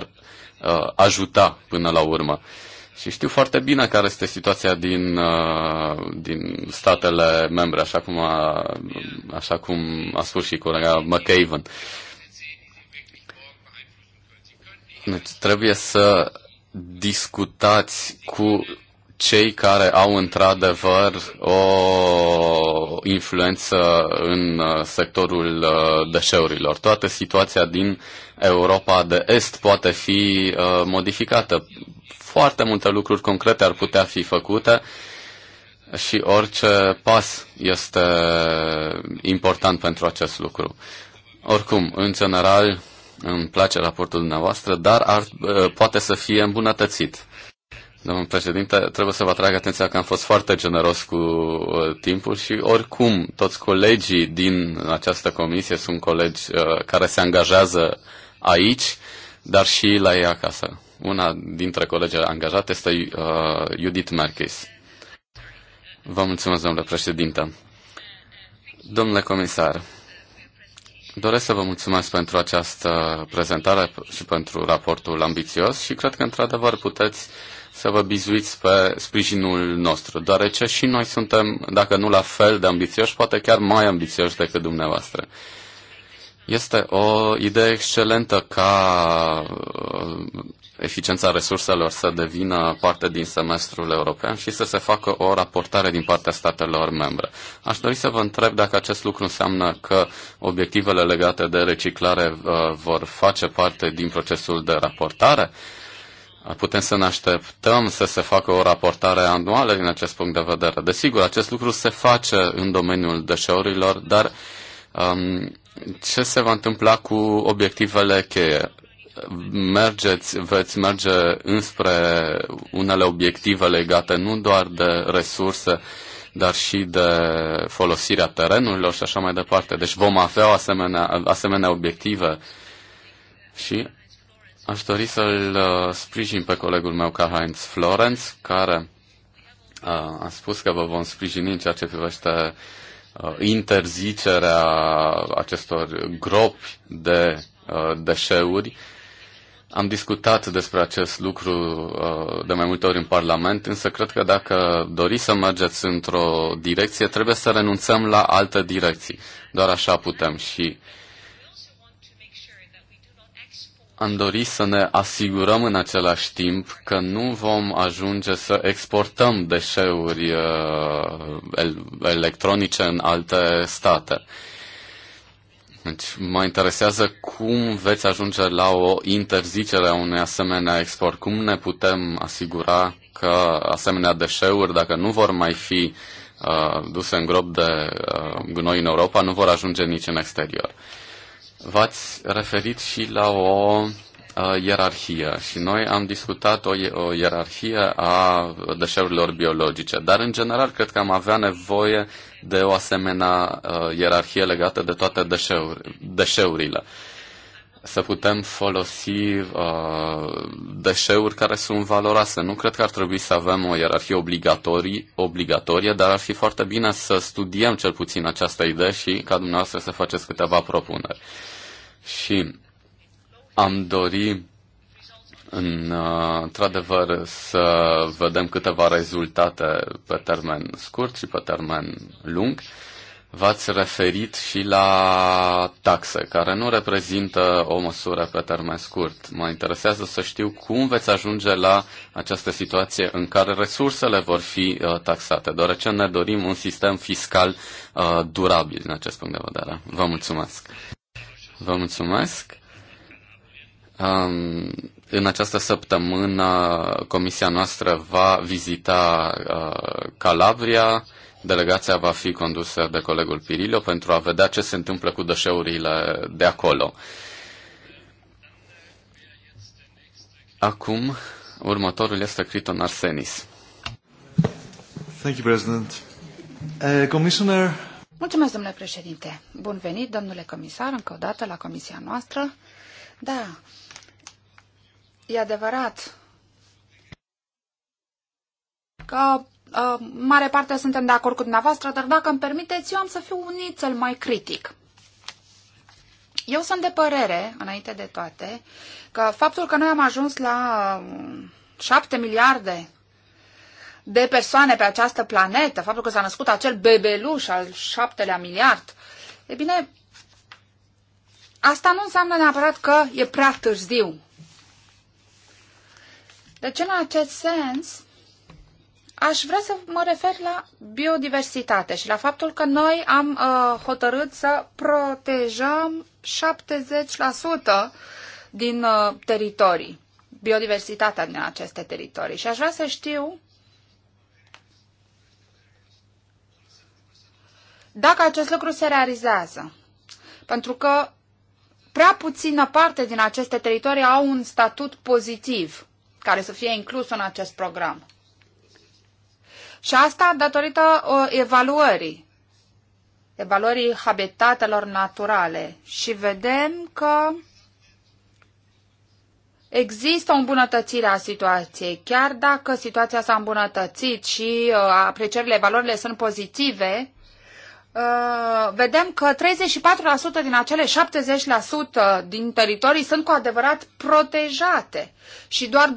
uh, ajuta până la urmă. Uh, și știu foarte bine care este situația din, uh, din statele membre, așa cum a, așa cum a spus și colega McAven. Deci trebuie să discutați cu cei care au într-adevăr o influență în uh, sectorul uh, deșeurilor. Toată situația din Europa de Est poate fi uh, modificată. Foarte multe lucruri concrete ar putea fi făcute și orice pas este important pentru acest lucru. Oricum, în general, îmi place raportul dumneavoastră, dar ar, poate să fie îmbunătățit. Domnul președinte, trebuie să vă atrag atenția că am fost foarte generos cu uh, timpul și oricum toți colegii din această comisie sunt colegi uh, care se angajează aici, dar și la ei acasă. Una dintre colegii angajate este uh, Judith Merkis. Vă mulțumesc, domnule președinte. Domnule comisar, doresc să vă mulțumesc pentru această prezentare și pentru raportul ambițios și cred că, într-adevăr, puteți uh, să vă bizuiți pe sprijinul nostru, deoarece și noi suntem, dacă nu la fel de ambițioși, poate chiar mai ambițioși decât dumneavoastră. Este o idee excelentă ca uh, eficiența resurselor să devină parte din semestrul european și să se facă o raportare din partea statelor membre. Aș dori să vă întreb dacă acest lucru înseamnă că obiectivele legate de reciclare uh, vor face parte din procesul de raportare. Uh, putem să ne așteptăm să se facă o raportare anuală din acest punct de vedere. Desigur, acest lucru se face în domeniul deșeurilor, dar um, ce se va întâmpla cu obiectivele cheie? Mergeți, veți merge înspre unele obiective legate nu doar de resurse, dar și de folosirea terenurilor și așa mai departe. Deci vom avea asemenea, asemenea obiective și Aș dori să-l uh, sprijin pe colegul meu ca Heinz Florenz, care uh, a spus că vă vom sprijini în ceea ce privește uh, interzicerea acestor gropi de deșeuri. Am discutat despre acest lucru de mai multe ori în Parlament, însă cred că dacă doriți să mergeți într-o direcție, trebuie să renunțăm la alte direcții. Doar așa putem și uh, am dorit să ne asigurăm în același timp că nu vom ajunge să exportăm deșeuri uh, electronice în alte state. Deci mă interesează cum veți ajunge la o interzicere a unui asemenea export. Cum ne putem asigura că asemenea deșeuri, dacă nu vor mai fi uh, duse în grob de uh, gunoi în Europa, nu vor ajunge nici în exterior. Uh, V-ați referit și la o uh, ierarhie și noi am discutat o, o ierarhie a deșeurilor biologice, dar în general cred că am avea nevoie de o asemenea uh, ierarhie legată de toate deșeuri, deșeurile. Uh, să putem folosi uh, deșeuri care sunt valoroase. Nu cred că ar trebui să avem o ierarhie obligatorie, obligatorie, dar ar fi foarte bine să studiem cel puțin această idee și ca dumneavoastră să faceți câteva propuneri. Și am dori în, uh, într-adevăr să vedem câteva rezultate pe termen scurt și pe termen lung v-ați referit și la taxe, care nu reprezintă o măsură pe termen scurt. Mă interesează să știu cum veți ajunge la această situație în care resursele vor fi uh, taxate, deoarece ne dorim un sistem fiscal uh, durabil din acest punct de vedere. Vă mulțumesc! Vă mulțumesc! Um, în această săptămână comisia noastră va vizita uh, Calabria, Delegația va fi condusă de colegul Pirilo pentru a vedea ce se întâmplă cu deșeurile de acolo. Acum, următorul este Criton Arsenis. Thank you, President. Uh, Commissioner... Mulțumesc, domnule președinte. Bun venit, domnule comisar, încă o dată la comisia noastră. Da, e adevărat că Uh, mare parte suntem de acord cu dumneavoastră, dar dacă îmi permiteți, eu am să fiu cel mai critic. Eu sunt de părere, înainte de toate, că faptul că noi am ajuns la uh, șapte miliarde de persoane pe această planetă, faptul că s-a născut acel bebeluș al șaptelea miliard, e bine, asta nu înseamnă neapărat că e prea târziu. Deci, în acest sens, Aș vrea să mă refer la biodiversitate și la faptul că noi am uh, hotărât să protejăm 70% din uh, teritorii, biodiversitatea din aceste teritorii. Și aș vrea să știu dacă acest lucru se realizează. Pentru că prea puțină parte din aceste teritorii au un statut pozitiv care să fie inclus în acest program. Și asta datorită ă, evaluării, evaluării habitatelor naturale. Și vedem că Există o îmbunătățire a situației, chiar dacă situația s-a îmbunătățit și ă, aprecierile, valorile sunt pozitive, Uh, vedem că 34% din acele 70% din teritorii sunt cu adevărat protejate și doar 25%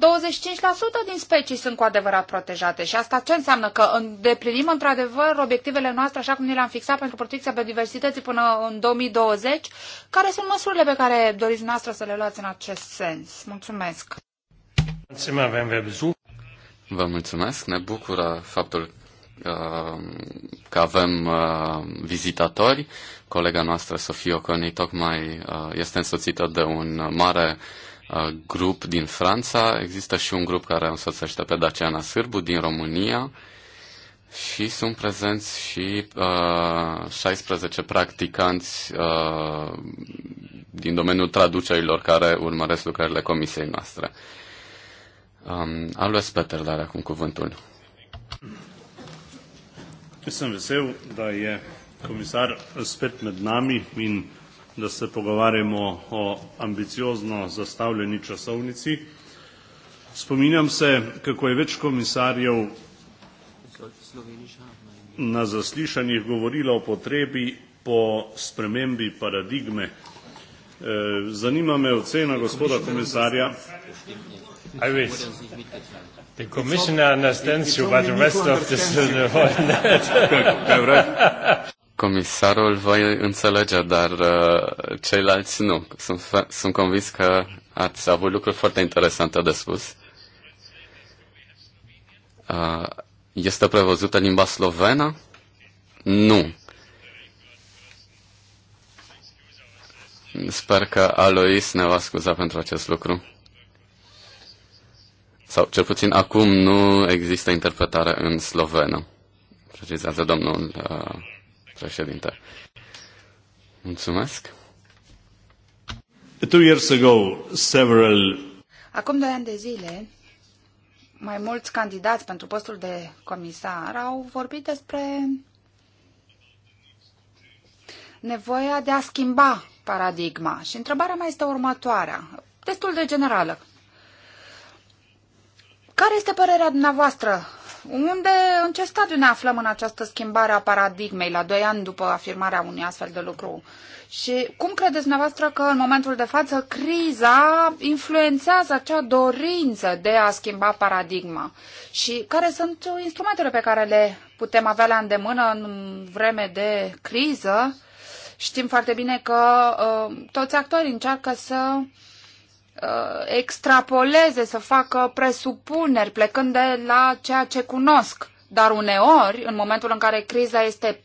din specii sunt cu adevărat protejate. Și asta ce înseamnă? Că îndeplinim într-adevăr obiectivele noastre așa cum ni le-am fixat pentru protecția biodiversității până în 2020? Care sunt măsurile pe care doriți noastră să le luați în acest sens? Mulțumesc! Vă mulțumesc, ne bucură faptul Uh, că avem uh, vizitatori. Colega noastră, Sofia Oconi, tocmai uh, este însoțită de un mare grup din Franța. Există și un grup care însoțește pe Daciana Sârbu din România și sunt prezenți și uh, 16 practicanți uh, din domeniul traducerilor care urmăresc lucrările comisiei noastre. Um, Alois Peter, dar acum cuvântul. Jaz sem vesel, da je komisar spet med nami in da se pogovarjamo o ambiciozno zastavljeni časovnici. Spominjam se, kako je več komisarjev na zaslišanjih govorilo o potrebi po spremembi paradigme. Zanima me ocena gospoda komisarja. I wish. The Commissioner understands you, but the rest of this whole Comisarul vă înțelege, dar uh, ceilalți nu. Sunt, sunt convins că ați avut lucruri foarte interesante de spus. Uh, este prevăzută limba slovenă? Nu. Sper că Alois ne va scuza pentru acest lucru. Sau cel puțin acum nu există interpretare în slovenă, precizează domnul uh, președinte. Mulțumesc. Two years ago, several... Acum doi ani de zile, mai mulți candidați pentru postul de comisar au vorbit despre nevoia de a schimba paradigma. Și întrebarea mea este următoarea, destul de generală. Care este părerea dumneavoastră? Unde, în ce stadiu ne aflăm în această schimbare a paradigmei la doi ani după afirmarea unui astfel de lucru? Și cum credeți dumneavoastră că în momentul de față criza influențează acea dorință de a schimba paradigma? Și care sunt instrumentele pe care le putem avea la îndemână în vreme de criză? Știm foarte bine că uh, toți actorii încearcă să uh, uh, extrapoleze, să facă presupuneri plecând de la ceea ce cunosc. Dar uneori, în momentul în care criza este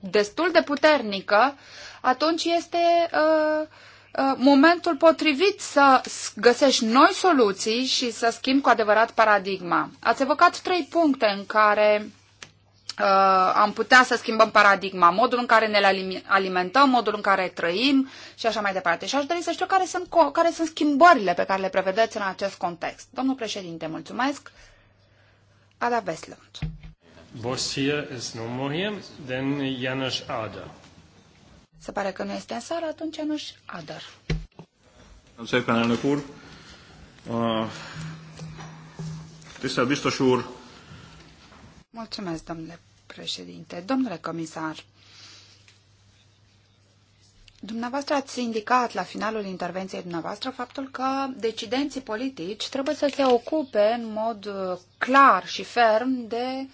destul de puternică, atunci este uh, uh, momentul potrivit să găsești noi soluții și să schimbi cu adevărat paradigma. Ați evocat trei puncte în care uh, am putea să schimbăm paradigma, modul în care ne alimentăm, modul în care trăim și așa mai departe. Și aș dori să știu care sunt, care sunt schimbările pe care le prevedeți în acest context. Domnul președinte, mulțumesc. Ada Westland. Boss este is den Janus Ada. Se pare că nu este în sală, atunci Janusz Ader. Szépen, elnök úr! Tisztelt biztos úr, Mulțumesc, domnule președinte. Domnule comisar, Dumneavoastră ați indicat la finalul intervenției dumneavoastră faptul că decidenții politici trebuie să se ocupe în mod clar și ferm de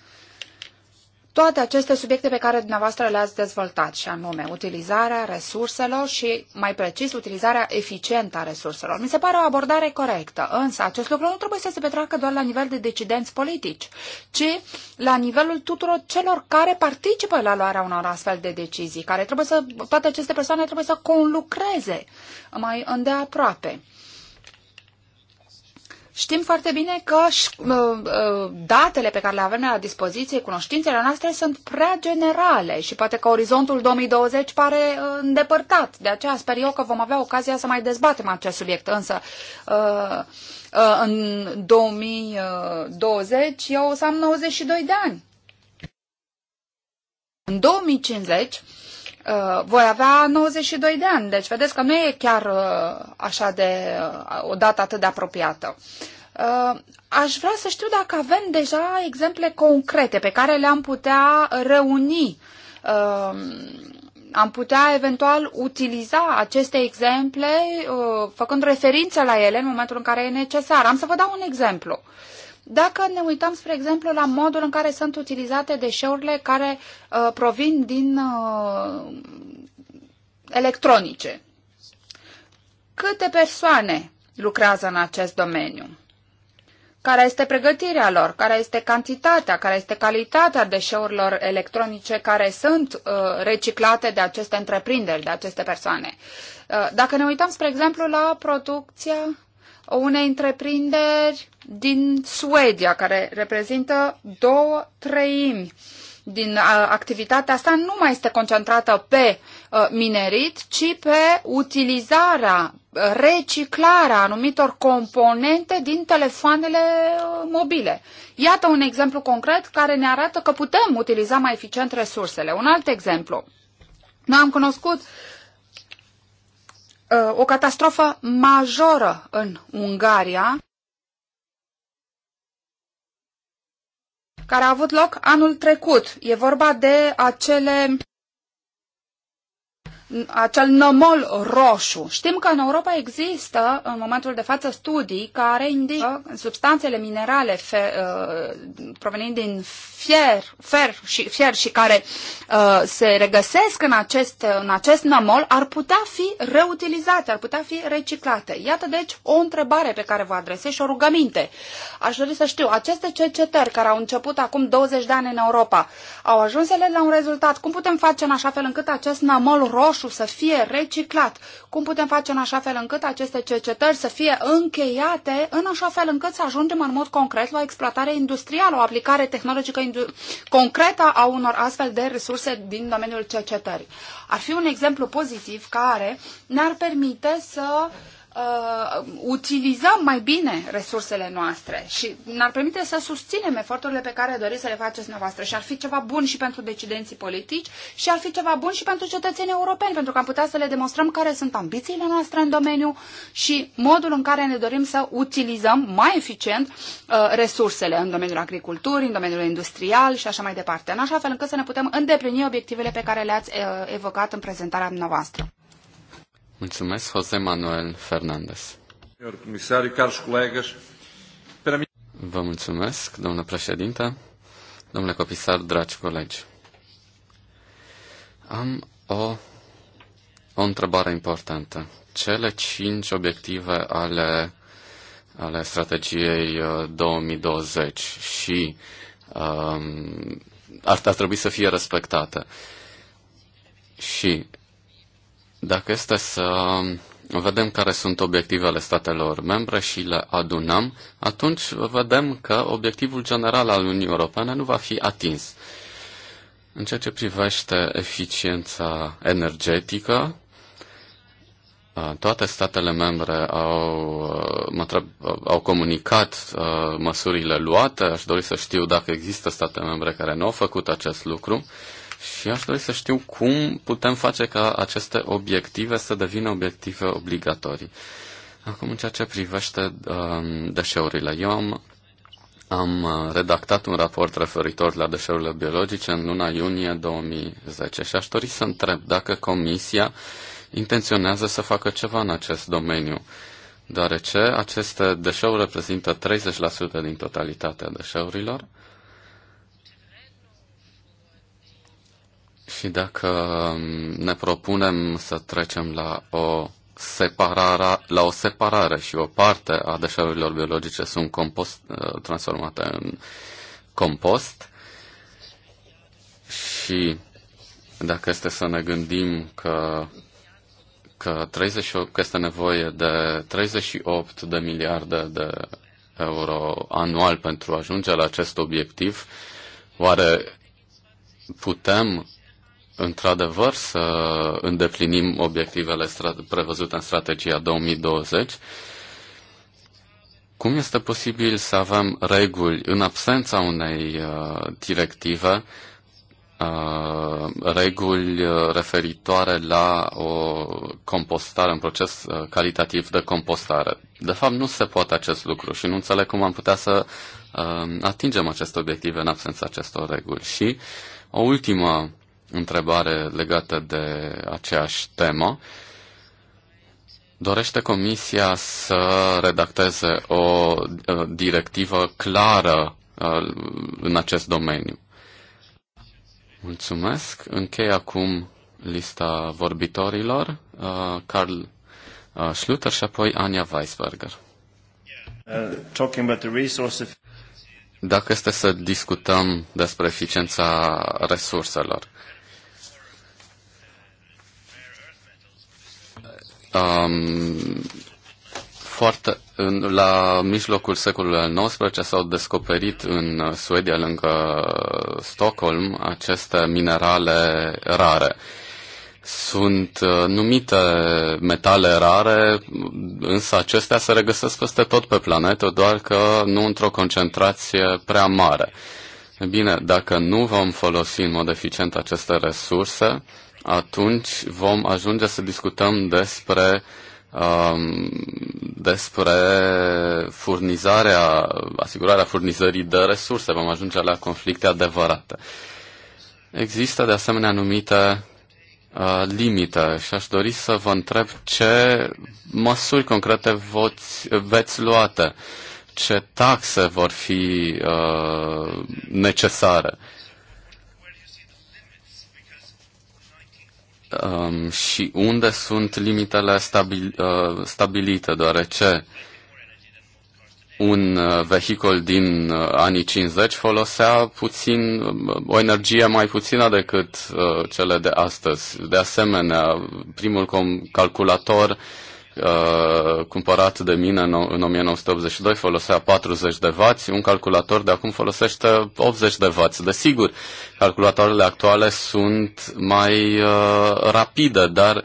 toate aceste subiecte pe care dumneavoastră le-ați dezvoltat, și anume utilizarea resurselor și, mai precis, utilizarea eficientă a resurselor. Mi se pare o abordare corectă, însă acest lucru nu trebuie să se petreacă doar la nivel de decidenți politici, ci la nivelul tuturor celor care participă la luarea unor astfel de decizii, care trebuie să, toate aceste persoane trebuie să conlucreze mai îndeaproape. Știm foarte bine că datele pe care le avem la dispoziție, cunoștințele noastre sunt prea generale și poate că orizontul 2020 pare uh, îndepărtat. De aceea sper eu că vom avea ocazia să mai dezbatem acest subiect. Însă uh, uh, în 2020 eu o să am 92 de ani. În 2050 Uh, voi avea 92 de ani, deci vedeți că nu e chiar uh, așa de uh, o dată atât de apropiată. Uh, aș vrea să știu dacă avem deja exemple concrete pe care le-am putea reuni. Uh, am putea eventual utiliza aceste exemple uh, făcând referință la ele în momentul în care e necesar. Am să vă dau un exemplu. Uh, dacă ne uităm, spre exemplu, la modul în care sunt utilizate deșeurile care uh, provin din uh, electronice, câte persoane lucrează în acest domeniu? Care este pregătirea lor? Care este cantitatea? Care este calitatea deșeurilor electronice care sunt uh, reciclate de aceste întreprinderi, de aceste persoane? Uh, dacă ne uităm, spre exemplu, la producția unei întreprinderi din Suedia, care reprezintă două treimi din uh, activitatea asta nu mai este concentrată pe uh, minerit, ci pe utilizarea, uh, reciclarea anumitor componente din telefoanele mobile. Iată un exemplu concret care ne arată că putem utiliza mai eficient resursele. Un alt exemplu. Noi am cunoscut uh, Uh, o catastrofă majoră în Ungaria, care a avut loc anul trecut. E vorba de acele acel nămol roșu. Știm că în Europa există, în momentul de față, studii care indică substanțele minerale fe, uh, provenind din fier, fer și, fier și care uh, se regăsesc în acest, în acest nămol ar putea fi reutilizate, ar putea fi reciclate. Iată, deci, o întrebare pe care vă adresez și o rugăminte. Aș dori să știu, aceste cercetări care au început acum 20 de ani în Europa, au ajuns ele la un rezultat. Cum putem face în așa fel încât acest nămol roșu roșu să fie reciclat? Cum putem face în așa fel încât aceste cercetări să fie încheiate, în așa fel încât să ajungem în mod concret la o exploatare industrială, o aplicare tehnologică concretă a unor astfel de resurse din domeniul cercetării? Ar fi un exemplu pozitiv care ne-ar permite să uh, uh, utilizăm mai bine resursele noastre și ne-ar permite să susținem eforturile pe care doriți să le faceți dumneavoastră și ar fi ceva bun și pentru decidenții politici și ar fi ceva bun și pentru cetățenii europeni, pentru că am putea să le demonstrăm care sunt ambițiile noastre în domeniu și modul în care ne dorim să utilizăm mai eficient uh, resursele în domeniul agriculturii, în domeniul industrial și așa mai departe, în așa fel încât să ne putem îndeplini obiectivele pe care le-ați uh, evocat în prezentarea noastră. Mulțumesc, José Manuel Fernandez. Comisariu, cari colegi, Vă mulțumesc, domnule președinte, domnule comisar, dragi colegi. Am o, o întrebare importantă. Cele cinci obiective ale, ale strategiei 2020 uh, și um, ar, ar trebui să fie respectate. Și dacă este să vedem care sunt obiectivele statelor membre și le adunăm, atunci vedem că obiectivul general al Uniunii Europene nu va fi atins. În ceea ce privește eficiența energetică, toate statele membre au, mă treb, au comunicat măsurile luate. Aș dori să știu dacă există state membre care nu au făcut acest lucru. Și aș dori să știu cum putem face ca aceste obiective să devină obiective obligatorii. Acum, în ceea ce privește um, deșeurile, eu am, am uh, redactat un raport referitor la deșeurile biologice în luna iunie 2010 și aș dori să întreb dacă Comisia intenționează să facă ceva în acest domeniu, deoarece aceste deșeuri reprezintă 30% din totalitatea deșeurilor și dacă um, ne propunem să trecem la o separare, la o separare și o parte a deșeurilor biologice sunt compost, uh, transformate în compost și dacă este să ne gândim că, că, 38, că este nevoie de 38 de miliarde de euro anual pentru a ajunge la acest obiectiv, oare putem într-adevăr să îndeplinim obiectivele prevăzute în strategia 2020, cum este posibil să avem reguli în absența unei uh, directive, uh, reguli uh, referitoare la o compostare, un proces uh, calitativ de compostare? De fapt, nu se poate acest lucru și nu înțeleg cum am putea să uh, atingem aceste obiective în absența acestor reguli. Și o ultimă întrebare legată de aceeași temă. Dorește Comisia să redacteze o directivă clară în acest domeniu. Mulțumesc. Închei acum lista vorbitorilor. Carl Schluter și apoi Anja Weisberger. Uh, Dacă este să discutăm despre eficiența resurselor, um, foarte, în, la mijlocul secolului al XIX s-au descoperit în Suedia, lângă Stockholm, aceste minerale rare. Sunt uh, numite metale rare, însă acestea se regăsesc peste tot pe planetă, doar că nu într-o concentrație prea mare. Bine, dacă nu vom folosi în mod eficient aceste resurse, atunci vom ajunge să discutăm despre um, despre furnizarea, asigurarea furnizării de resurse, vom ajunge la conflicte adevărate. Există de asemenea anumite uh, limite și aș dori să vă întreb ce măsuri concrete voți, veți luate, ce taxe vor fi uh, necesare. Uh, um, și unde sunt limitele stabil, uh, stabilite, deoarece un uh, vehicul din uh, anii 50 folosea puțin, uh, o energie mai puțină decât uh, cele de astăzi. De asemenea, primul calculator Uh, cumpărat de mine în, în 1982 folosea 40 de vați, un calculator de acum folosește 80 de vați. Desigur, calculatoarele actuale sunt mai uh, rapide, dar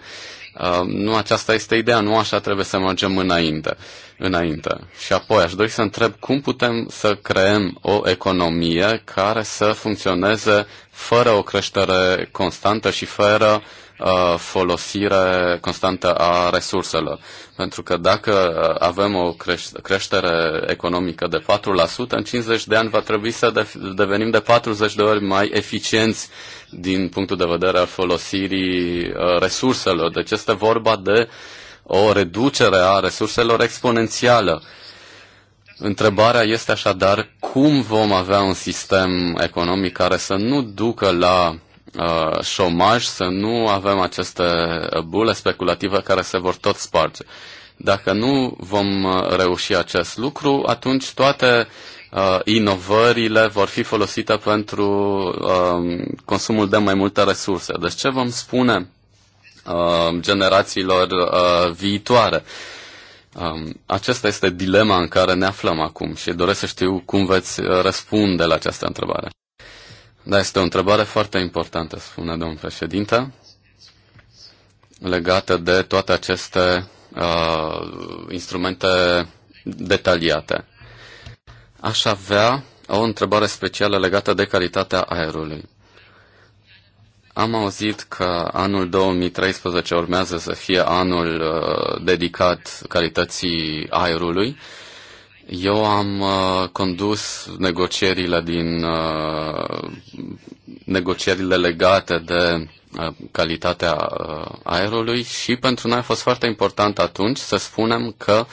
uh, nu aceasta este ideea, nu așa trebuie să mergem înainte. înainte. Și apoi aș dori să întreb cum putem să creăm o economie care să funcționeze fără o creștere constantă și fără uh, Uh, folosire constantă a resurselor. Pentru că dacă uh, avem o creștere economică de 4%, în 50 de ani va trebui să devenim de 40 de ori mai eficienți din punctul de vedere al folosirii uh, resurselor. Deci este vorba de o reducere a resurselor exponențială. Întrebarea este așadar cum vom avea un sistem economic care să nu ducă la uh, șomaj, să nu avem aceste uh, bule speculative care se vor tot sparge. Dacă nu vom uh, reuși acest lucru, atunci toate uh, inovările vor fi folosite pentru uh, consumul de mai multe resurse. Deci ce vom spune uh, generațiilor uh, viitoare? Um, aceasta este dilema în care ne aflăm acum și doresc să știu cum veți uh, răspunde la această întrebare. Da, este o întrebare foarte importantă, spune domnul președinte, legată de toate aceste uh, instrumente detaliate. Aș avea o întrebare specială legată de calitatea aerului. Am auzit că anul 2013 urmează să fie anul uh, dedicat calității aerului. Uh, eu am uh, condus negocierile din uh, negocierile legate de uh, calitatea uh, aerului și pentru noi a fost foarte important atunci să spunem că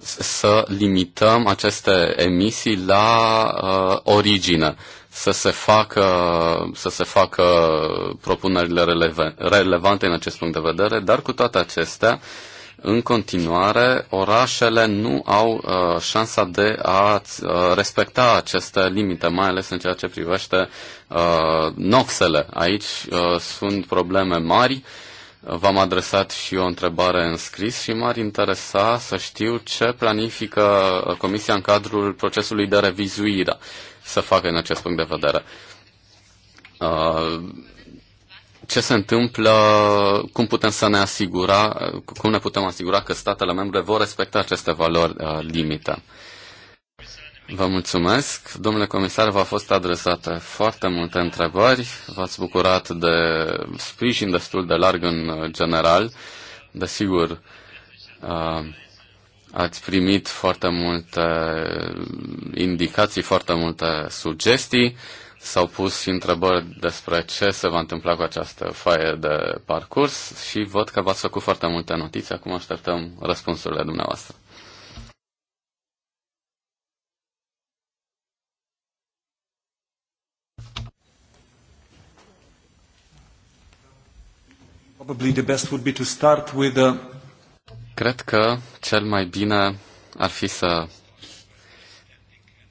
să limităm aceste emisii la uh, origine, să se facă, să se facă propunerile relevante în acest punct de vedere, dar cu toate acestea uh, în continuare orașele nu au uh, șansa de a uh, respecta aceste limite, mai ales în ceea ce privește uh, noxele. Aici uh, sunt probleme mari. V-am adresat și o întrebare în scris și m-ar interesa să știu ce planifică uh, Comisia în cadrul procesului de revizuire să facă în acest punct de vedere. Uh, ce se întâmplă, cum putem să ne asigura, cum ne putem asigura că statele membre vor respecta aceste valori uh, limită. Vă mulțumesc. Domnule comisar, v-au fost adresate foarte multe întrebări. V-ați bucurat de sprijin destul de larg în general. Desigur, uh, ați primit foarte multe indicații, foarte multe sugestii. S-au pus și întrebări despre ce se va întâmpla cu această foaie de parcurs și văd că v-ați făcut foarte multe notițe. Acum așteptăm răspunsurile dumneavoastră. Probably the best would be to start with a... Cred că cel mai bine ar fi să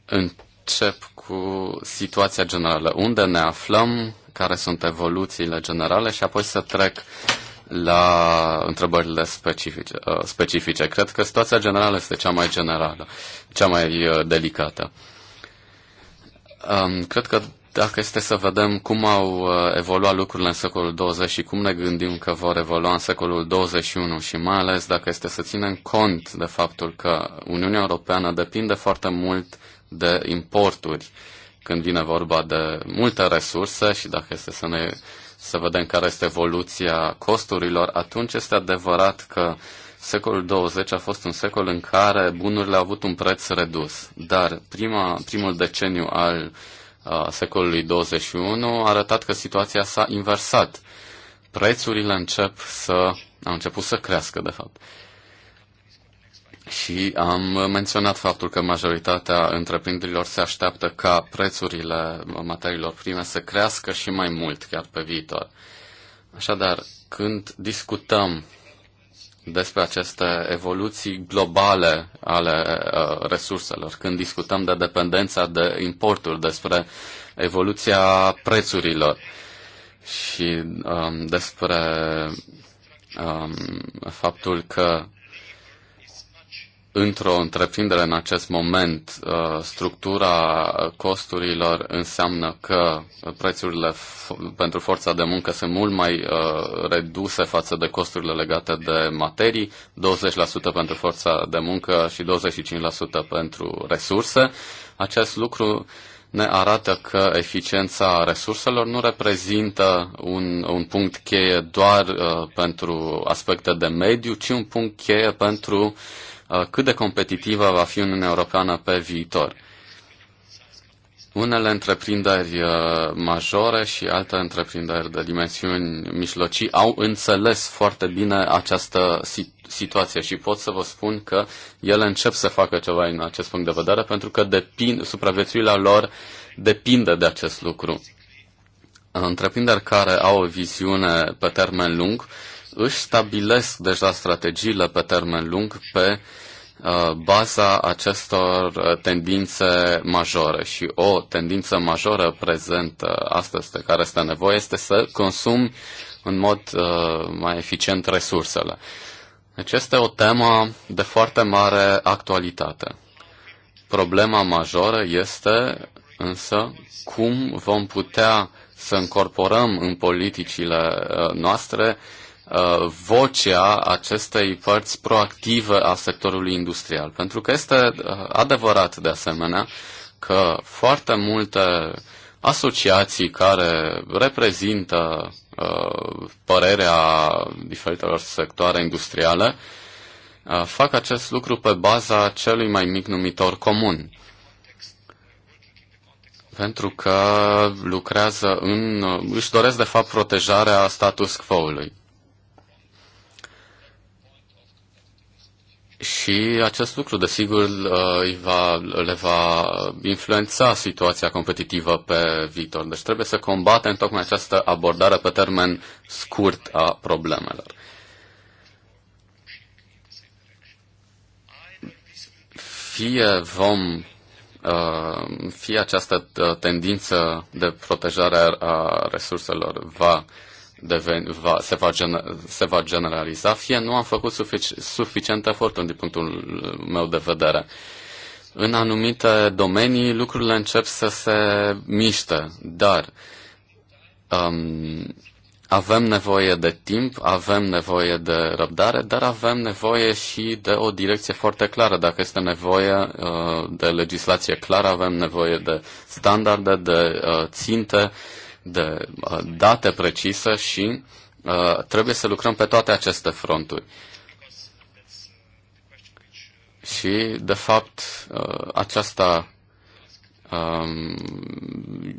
încep cu situația generală, unde ne aflăm, care sunt evoluțiile generale și apoi să trec la întrebările specifice. Uh, specifice. Cred că situația generală este cea mai generală, cea mai uh, delicată. Um, cred că dacă este să vedem cum au uh, evoluat lucrurile în secolul 20 și cum ne gândim că vor evolua în secolul 21 și mai ales dacă este să ținem cont de faptul că Uniunea Europeană depinde foarte mult de importuri când vine vorba de multe resurse și dacă este să ne să vedem care este evoluția costurilor, atunci este adevărat că secolul 20 a fost un secol în care bunurile au avut un preț redus, dar prima, primul deceniu al uh, secolului 21 a arătat că situația s-a inversat. Prețurile încep să, au început să crească, de fapt. Uh, și am menționat faptul că majoritatea întreprinderilor se așteaptă ca prețurile materiilor prime să crească și mai mult chiar pe viitor. Așadar, când discutăm despre aceste evoluții globale ale uh, resurselor, când discutăm de dependența de importuri, despre evoluția prețurilor și um, despre um, faptul că într-o întreprindere în acest moment, uh, structura costurilor înseamnă că prețurile pentru forța de muncă sunt mult mai uh, reduse față de costurile legate de materii, 20% pentru forța de muncă și 25% pentru resurse. Acest lucru ne arată că eficiența resurselor nu reprezintă un, un punct cheie doar uh, pentru aspecte de mediu, ci un punct cheie pentru uh, Uh, cât de competitivă va fi Uniunea Europeană pe viitor. Unele întreprinderi uh, majore și alte întreprinderi de dimensiuni mijlocii au înțeles foarte bine această situație și pot să vă spun că ele încep să facă ceva în acest punct de vedere pentru că depind, supraviețuirea lor depinde de acest lucru. Întreprinderi care au o viziune pe termen lung uh, își stabilesc deja strategiile pe termen lung pe uh, baza acestor uh, tendințe majore și o tendință majoră prezentă astăzi de care este nevoie este să consumi în mod uh, mai eficient resursele. Deci este o temă de foarte mare actualitate. Problema majoră este însă cum vom putea să încorporăm în politicile noastre uh, Uh, vocea acestei părți proactive a sectorului industrial. Pentru că este uh, adevărat, de asemenea, că foarte multe asociații care reprezintă uh, părerea diferitelor sectoare industriale fac acest lucru pe baza celui mai mic numitor comun. Pentru că lucrează în. își doresc, de fapt, protejarea status quo-ului. Și acest lucru, desigur, uh, îi va, le va influența situația competitivă pe viitor. Deci trebuie să combatem tocmai această abordare pe termen scurt a problemelor. Fie vom uh, fie această uh, tendință de protejare a resurselor va deven, va, se, va gener, se va generaliza, fie nu am făcut sufici, suficient efort din punctul meu de vedere. În anumite domenii lucrurile încep să se miște, dar um, avem nevoie de timp, avem nevoie de răbdare, dar avem nevoie și de o direcție foarte clară. Dacă este nevoie uh, de legislație clară, avem nevoie de standarde, de uh, ținte. Uh, de uh, date precise și uh, trebuie să lucrăm pe toate aceste fronturi. Și, de fapt, uh, aceasta uh,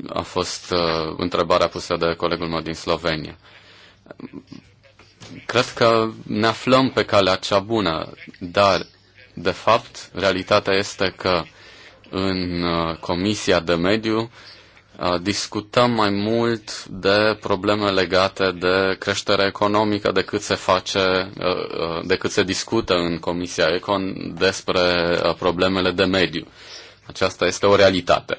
a fost uh, întrebarea pusă de colegul meu din Slovenia. Cred că ne aflăm pe calea cea bună, dar, de fapt, realitatea este că în uh, Comisia de Mediu uh, Uh, discutăm mai mult de probleme legate de creștere economică decât se face, uh, uh, decât se discută în Comisia Econ despre problemele de mediu. Aceasta este o realitate.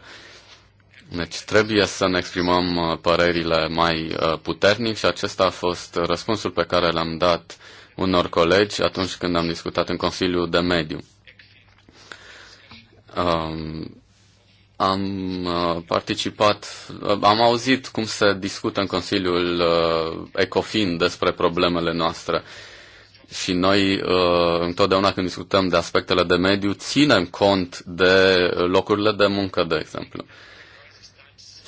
Deci trebuie să ne exprimăm părerile mai puternic și acesta a fost răspunsul pe care l-am dat unor colegi atunci când am discutat în Consiliul de Mediu. Um, am uh, participat, uh, am auzit cum se discută în Consiliul uh, ECOFIN despre problemele noastre. Și noi, întotdeauna când discutăm de aspectele de mediu, ținem cont de locurile de muncă, de exemplu.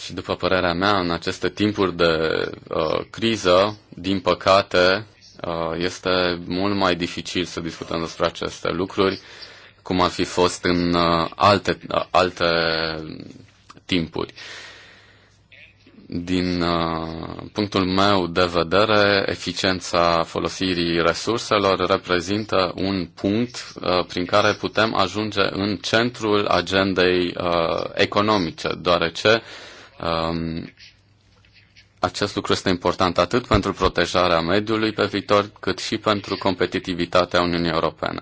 Și după părerea mea, în aceste timpuri de uh, criză, din păcate, uh, este mult mai dificil să discutăm despre aceste lucruri. Uh, cum ar fi fost în uh, alte, uh, alte timpuri. Din uh, punctul meu de vedere, eficiența folosirii resurselor reprezintă un punct prin care putem ajunge în centrul agendei economice, deoarece um, acest lucru este important atât pentru protejarea mediului pe viitor, cât și pentru competitivitatea Uniunii Europene.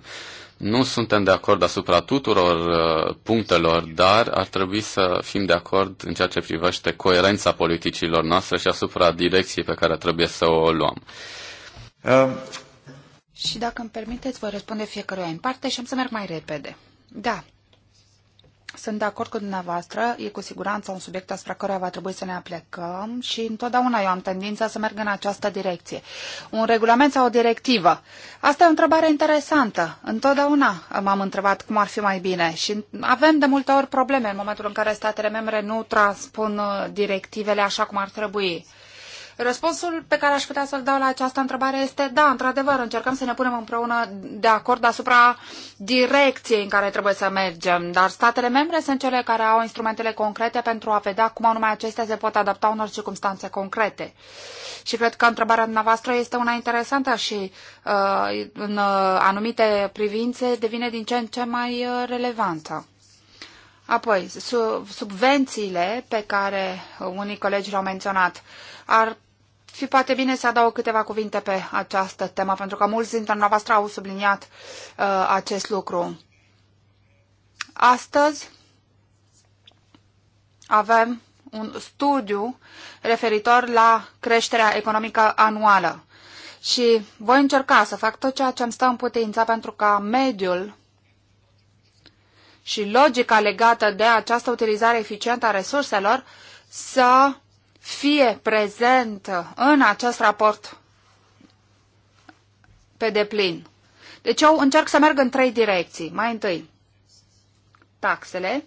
Nu suntem de acord asupra tuturor uh, punctelor, dar ar trebui să fim de acord în ceea ce privește coerența politicilor noastre și asupra direcției pe care trebuie să o luăm. Um. Și dacă îmi permiteți, voi răspunde fiecăruia în parte și am să merg mai repede. Da, sunt de acord cu dumneavoastră, e cu siguranță un subiect asupra care va trebui să ne aplecăm și întotdeauna eu am tendința să merg în această direcție. Un regulament sau o directivă? Asta e o întrebare interesantă. Întotdeauna m-am întrebat cum ar fi mai bine și avem de multe ori probleme în momentul în care statele membre nu transpun uh, directivele așa cum ar trebui. Răspunsul pe care aș putea să-l dau la această întrebare este da, într-adevăr, încercăm să ne punem împreună de acord asupra direcției în care trebuie să mergem, dar statele membre sunt cele care au instrumentele concrete pentru a vedea cum anume acestea se pot adapta unor circunstanțe concrete. Și cred că întrebarea dumneavoastră este una interesantă și uh, în uh, anumite privințe devine din ce în ce mai uh, relevantă. Apoi, subvențiile pe care unii colegi le-au menționat ar și poate bine să adaug câteva cuvinte pe această temă, pentru că mulți dintre dumneavoastră au subliniat uh, acest lucru. Astăzi avem un studiu referitor la creșterea economică anuală și voi încerca să fac tot ceea ce îmi stă în putință pentru ca mediul și logica legată de această utilizare eficientă a resurselor să fie prezent în acest raport pe deplin. Deci eu încerc să merg în trei direcții. Mai întâi, taxele,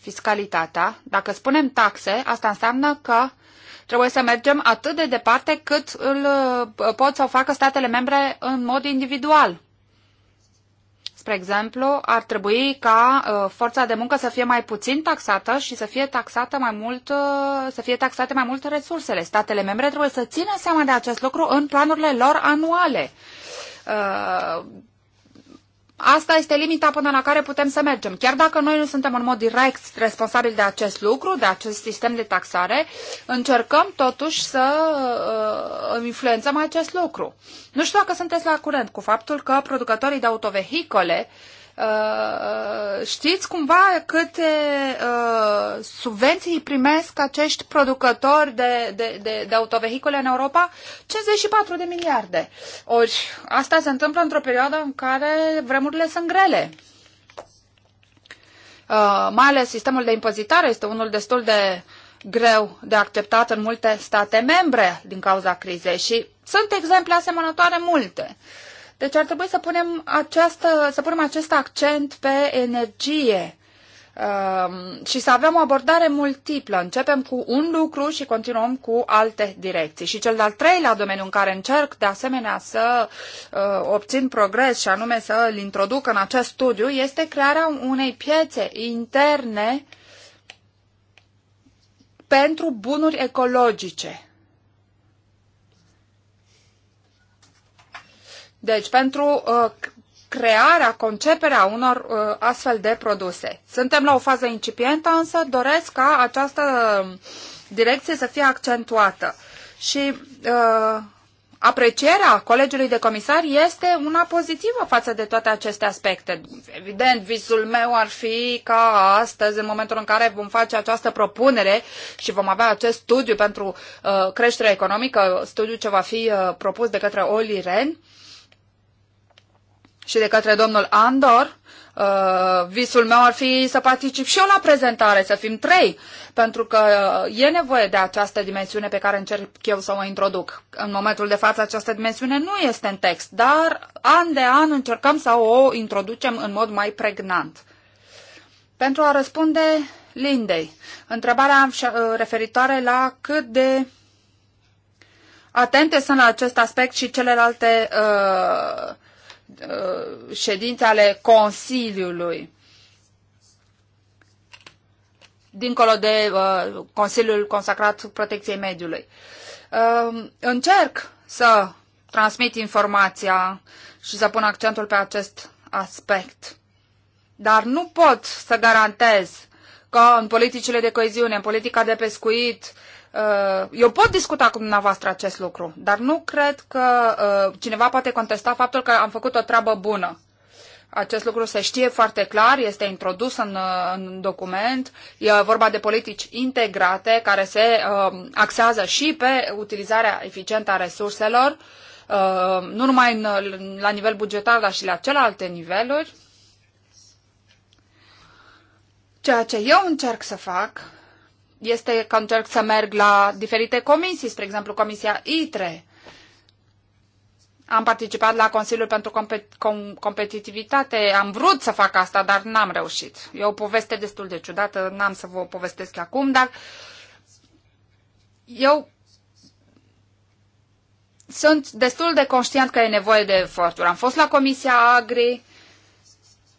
fiscalitatea. Dacă spunem taxe, asta înseamnă că trebuie să mergem atât de departe cât îl pot să o facă statele membre în mod individual spre exemplu, ar trebui ca uh, forța de muncă să fie mai puțin taxată și să fie taxată mai mult, uh, să fie taxate mai mult resursele. Statele membre trebuie să țină seama de acest lucru în planurile lor anuale. Uh, Asta este limita până la care putem să mergem. Chiar dacă noi nu suntem în mod direct responsabili de acest lucru, de acest sistem de taxare, încercăm totuși să uh, uh, influențăm acest lucru. Nu știu dacă sunteți la curent cu faptul că producătorii de autovehicole uh, Uh, știți cumva câte uh, subvenții primesc acești producători de, de, de, de autovehicule în Europa? 54 de miliarde. Ori asta se întâmplă într-o perioadă în care vremurile sunt grele. Uh, mai ales sistemul de impozitare este unul destul de greu de acceptat în multe state membre din cauza crizei și sunt exemple asemănătoare multe. Uh, deci ar trebui să punem, această, să punem acest accent pe energie um, și să avem o abordare multiplă. Începem cu un lucru și continuăm cu alte direcții. Și cel de-al treilea domeniu în care încerc de asemenea să uh, obțin progres și anume să îl introduc în acest studiu este crearea unei piețe interne pentru bunuri ecologice Deci, pentru uh, crearea, conceperea unor uh, astfel de produse. Suntem la o fază incipientă, însă doresc ca această uh, direcție să fie accentuată. Și uh, aprecierea colegiului de comisar este una pozitivă față de toate aceste aspecte. Evident, visul meu ar fi ca astăzi, în momentul în care vom face această propunere și vom avea acest studiu pentru uh, creșterea economică, studiu ce va fi uh, propus de către Oli Ren, uh, și de către domnul Andor, Uh, visul meu ar fi să particip și eu la prezentare, să fim trei, pentru că uh, e nevoie de această dimensiune pe care încerc eu să o introduc. În momentul de față această dimensiune nu este în text, dar an de an încercăm să o introducem în mod mai pregnant. Pentru a răspunde Lindei, întrebarea uh, referitoare la cât de atente sunt la acest aspect și celelalte uh, Uh, ședințe ale Consiliului. Dincolo de uh, Consiliul consacrat protecției mediului. Uh, încerc să transmit informația și să pun accentul pe acest aspect. Dar nu pot să garantez că în politicile de coeziune, în politica de pescuit, uh, Uh, eu pot discuta cu dumneavoastră acest lucru, dar nu cred că uh, cineva poate contesta faptul că am făcut o treabă bună. Acest lucru se știe foarte clar, este introdus în, uh, în document. E vorba de politici integrate care se uh, axează și pe utilizarea eficientă a resurselor, uh, nu numai în, la nivel bugetar, dar și la celelalte niveluri. Ceea ce eu încerc să fac este că încerc să merg la diferite comisii, spre exemplu Comisia ITRE. Am participat la Consiliul pentru Compet Com Competitivitate, am vrut să fac asta, dar n-am reușit. E o poveste destul de ciudată, n-am să vă o povestesc acum, dar eu sunt destul de conștient că e nevoie de eforturi. Am fost la Comisia Agri,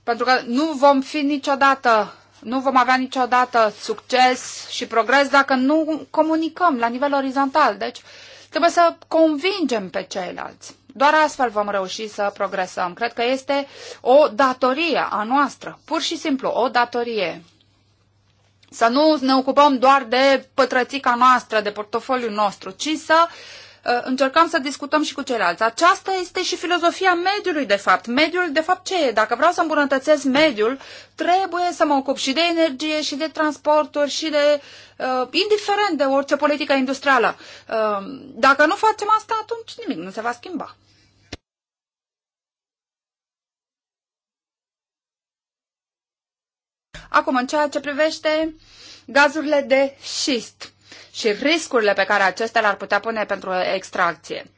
pentru că nu vom fi niciodată nu vom avea niciodată succes și progres dacă nu comunicăm la nivel orizontal. Deci trebuie să convingem pe ceilalți. Doar astfel vom reuși să progresăm. Cred că este o datorie a noastră, pur și simplu o datorie. Să nu ne ocupăm doar de pătrățica noastră, de portofoliul nostru, ci să uh, Uh, încercăm să discutăm și cu ceilalți. Aceasta este și filozofia mediului, de fapt. Mediul, de fapt, ce e? Dacă vreau să îmbunătățesc mediul, trebuie să mă ocup și de energie, și de transporturi, și de... Uh, indiferent de orice politică industrială. Uh, dacă nu facem asta, atunci nimic nu se va schimba. Acum, în ceea ce privește gazurile de șist și riscurile pe care acestea le-ar putea pune pentru extracție.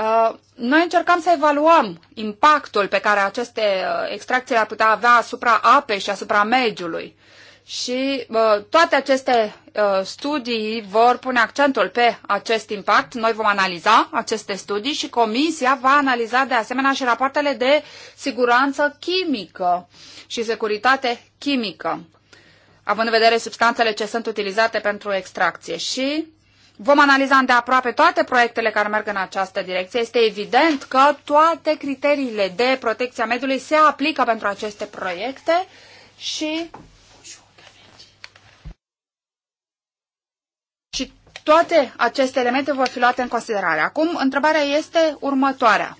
Uh, noi încercăm să evaluăm impactul pe care aceste uh, extracții le-ar putea avea asupra apei și asupra mediului. Și uh, toate aceste uh, studii vor pune accentul pe acest impact. Noi vom analiza aceste studii și Comisia va analiza de asemenea și rapoartele de siguranță chimică și securitate chimică având în vedere substanțele ce sunt utilizate pentru extracție și vom analiza îndeaproape toate proiectele care merg în această direcție. Este evident că toate criteriile de protecție a mediului se aplică pentru aceste proiecte și Și toate aceste elemente vor fi luate în considerare. Acum, întrebarea este următoarea.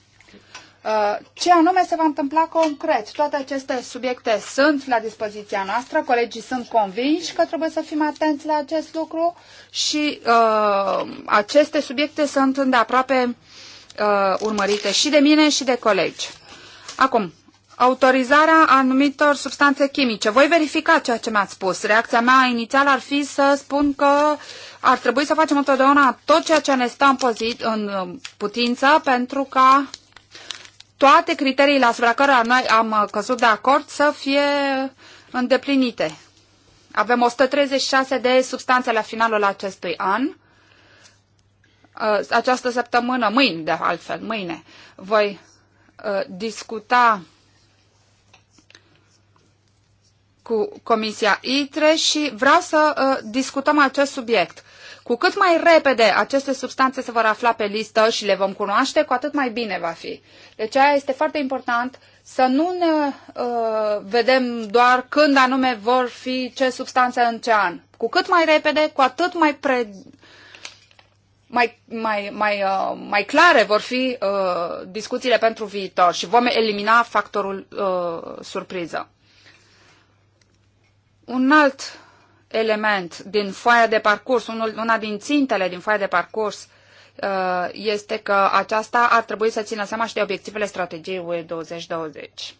Uh, ce anume se va întâmpla concret. Toate aceste subiecte sunt la dispoziția noastră, colegii sunt convinși că trebuie să fim atenți la acest lucru și uh, aceste subiecte sunt îndeaproape uh, urmărite și de mine și de colegi. Acum, autorizarea anumitor substanțe chimice. Voi verifica ceea ce mi-ați spus. Reacția mea inițială ar fi să spun că ar trebui să facem întotdeauna tot ceea ce ne stă în, în uh, putință pentru ca toate criteriile asupra cărora noi am uh, căzut de acord să fie îndeplinite. Avem 136 de substanțe la finalul acestui an. Uh, această săptămână, mâine de altfel, mâine, voi uh, discuta cu Comisia ITRE și vreau să discutăm acest subiect. Cu cât mai repede aceste substanțe se vor afla pe listă și le vom cunoaște, cu atât mai bine va fi. Deci aia este foarte important să nu ne uh, vedem doar când anume vor fi ce substanțe în ce an. Cu cât mai repede, cu atât mai pre, mai, mai, mai, uh, mai clare vor fi uh, discuțiile pentru viitor și vom elimina factorul uh, surpriză. Un alt element din foaia de parcurs, unul, una din țintele din foaia de parcurs, uh, este că aceasta ar trebui să țină seama și de obiectivele strategiei UE 2020.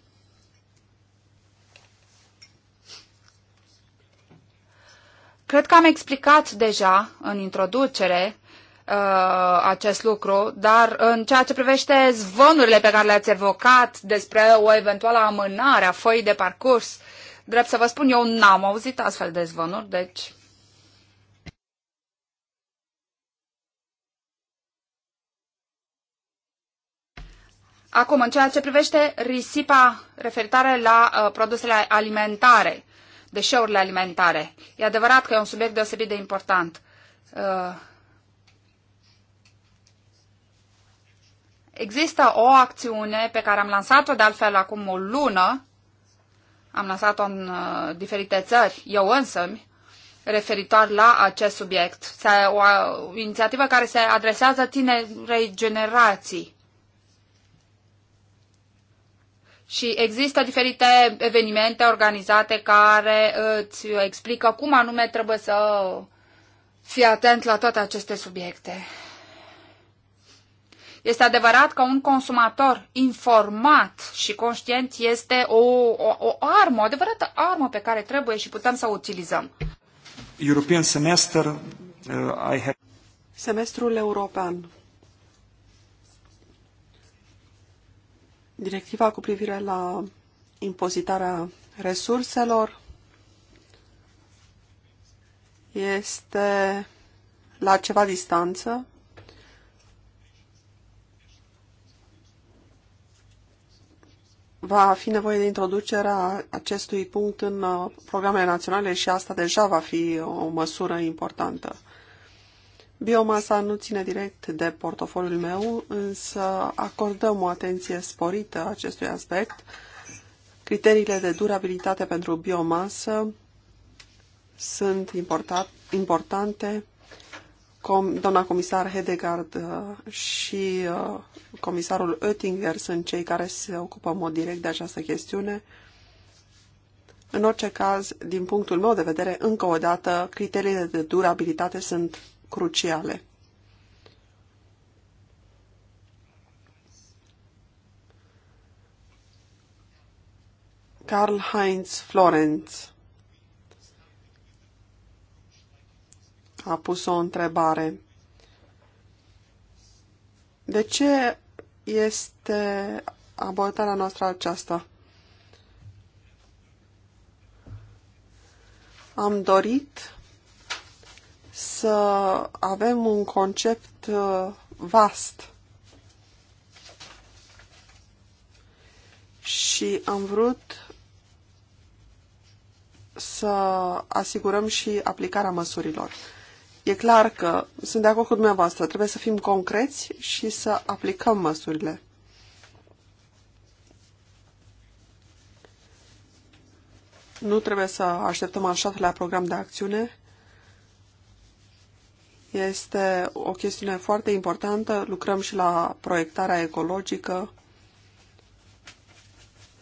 Cred că am explicat deja în introducere uh, acest lucru, dar în ceea ce privește zvonurile pe care le-ați evocat despre o eventuală amânare a foii de parcurs, Drept să vă spun, eu n-am auzit astfel de zvonuri, deci... Acum, în ceea ce privește risipa referitare la uh, produsele alimentare, deșeurile alimentare, e adevărat că e un subiect deosebit de important. Uh, există o acțiune pe care am lansat-o de altfel acum o lună am lansat-o în uh, diferite țări, eu însămi, referitor la acest subiect. Se, o, o inițiativă care se adresează tinerei generații. Și există diferite evenimente organizate care îți explică cum anume trebuie să fii atent la toate aceste subiecte. Este adevărat că un consumator informat și conștient este o, o, o armă, o adevărată armă pe care trebuie și putem să o utilizăm. European semester, uh, I have... Semestrul european. Directiva cu privire la impozitarea resurselor este la ceva distanță va fi nevoie de introducerea acestui punct în uh, programele naționale și asta deja va fi o măsură importantă. Biomasa nu ține direct de portofoliul meu, însă acordăm o atenție sporită acestui aspect. Criteriile de durabilitate pentru biomasă sunt importante com, doamna comisar Hedegaard uh, și uh, comisarul Oettinger sunt cei care se ocupă în mod direct de această chestiune. În orice caz, din punctul meu de vedere, încă o dată, criteriile de durabilitate sunt cruciale. Karl Heinz Florenz a pus o întrebare. De ce este abordarea noastră aceasta? Am dorit să avem un concept uh, vast și am vrut să asigurăm și aplicarea măsurilor. E clar că sunt de acord cu dumneavoastră, trebuie să fim concreți și să aplicăm măsurile. Nu trebuie să așteptăm al șaptelea program de acțiune. Este o chestiune foarte importantă. Lucrăm și la proiectarea ecologică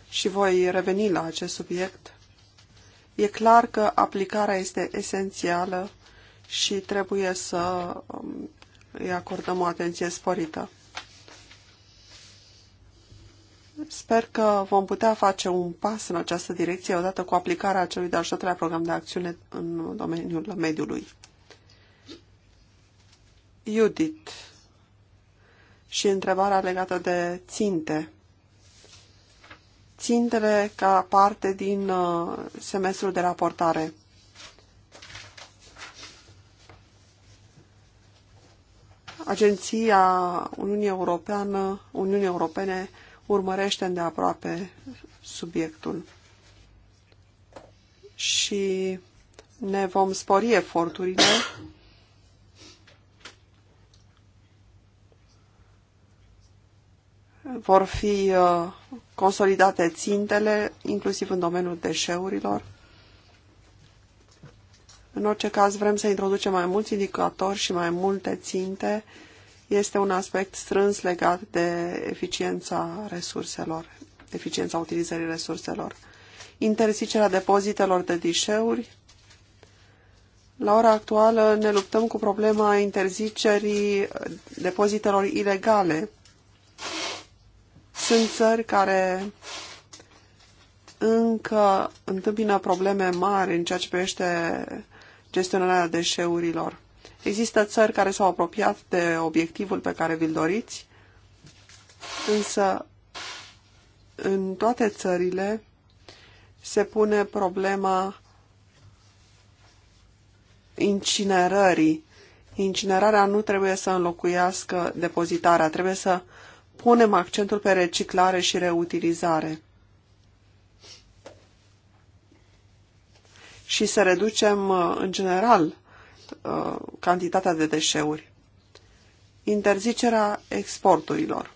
și voi reveni la acest subiect. E clar că aplicarea este esențială și trebuie să um, îi acordăm o atenție sporită. Sper că vom putea face un pas în această direcție odată cu aplicarea acelui de-al șaptelea program de acțiune în domeniul mediului. Judith și întrebarea legată de ținte. Țintele ca parte din uh, semestrul de raportare. Agenția Uniunii, Europeană, Uniunii Europene urmărește îndeaproape subiectul și ne vom spori eforturile vor fi uh, consolidate țintele, inclusiv în domeniul deșeurilor. În orice caz, vrem să introducem mai mulți indicatori și mai multe ținte. Este un aspect strâns legat de eficiența resurselor, eficiența utilizării resurselor. Interzicerea depozitelor de dișeuri. La ora actuală ne luptăm cu problema interzicerii depozitelor ilegale. Sunt țări care încă întâmpină probleme mari în ceea ce privește gestionarea deșeurilor. Există țări care s-au apropiat de obiectivul pe care vi-l doriți, însă în toate țările se pune problema incinerării. Incinerarea nu trebuie să înlocuiască depozitarea, trebuie să punem accentul pe reciclare și reutilizare. și să reducem uh, în general uh, cantitatea de deșeuri. Interzicerea exporturilor.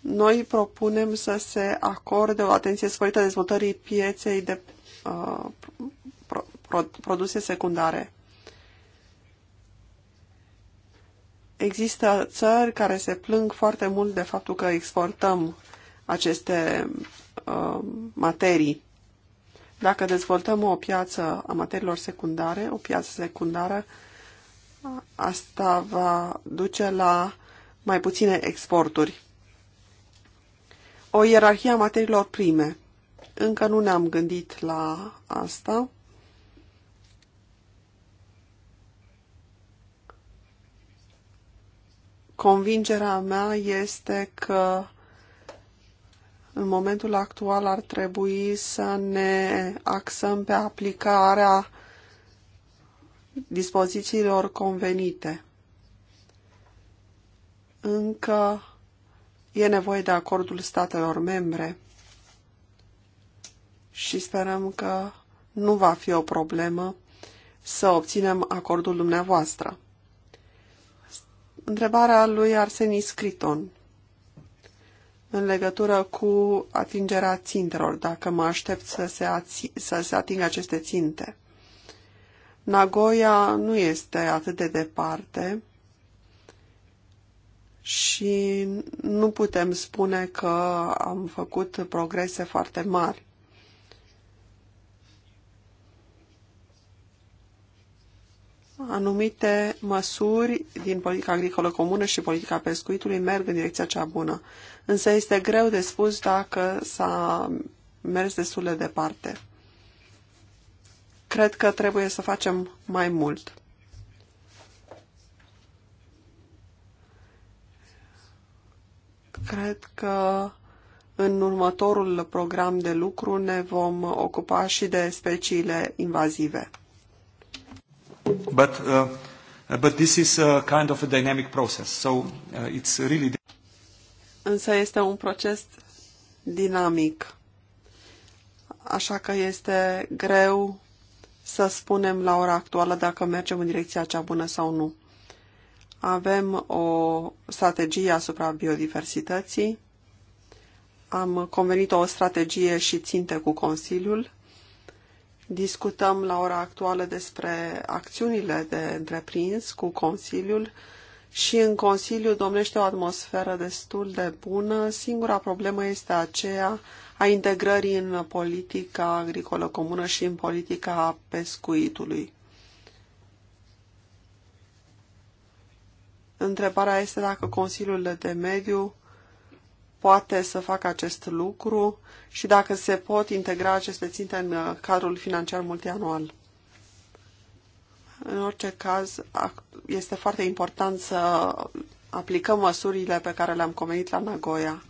Noi propunem să se acorde o atenție sporită dezvoltării pieței de uh, produse secundare. Există țări care se plâng foarte mult de faptul că exportăm aceste uh, materii. Dacă dezvoltăm o piață a materiilor secundare, o piață secundară, asta va duce la mai puține exporturi. O ierarhie a materiilor prime. Încă nu ne-am gândit la asta. Convingerea mea este că în momentul actual ar trebui să ne axăm pe aplicarea dispozițiilor convenite. Încă e nevoie de acordul statelor membre și sperăm că nu va fi o problemă să obținem acordul dumneavoastră. Întrebarea lui Arsenis Criton în legătură cu atingerea țintelor, dacă mă aștept să se, să se atingă aceste ținte. Nagoya nu este atât de departe și nu putem spune că am făcut progrese foarte mari. anumite măsuri din politica agricolă comună și politica pescuitului merg în direcția cea bună. Însă este greu de spus dacă s-a mers destul de departe. Cred că trebuie să facem mai mult. Cred că în următorul program de lucru ne vom ocupa și de speciile invazive. But, uh, but this is a kind of a dynamic process. So uh, it's really Însă este un proces dinamic. Așa că este greu să spunem la ora actuală dacă mergem în direcția cea bună sau nu. Avem o strategie asupra biodiversității. Am convenit o strategie și ținte cu Consiliul. Discutăm la ora actuală despre acțiunile de întreprins cu Consiliul și în Consiliu domnește o atmosferă destul de bună. Singura problemă este aceea a integrării în politica agricolă comună și în politica pescuitului. Întrebarea este dacă Consiliul de Mediu poate să facă acest lucru și dacă se pot integra aceste ținte în uh, cadrul financiar multianual. În orice caz, este foarte important să aplicăm măsurile pe care le-am convenit la Nagoya.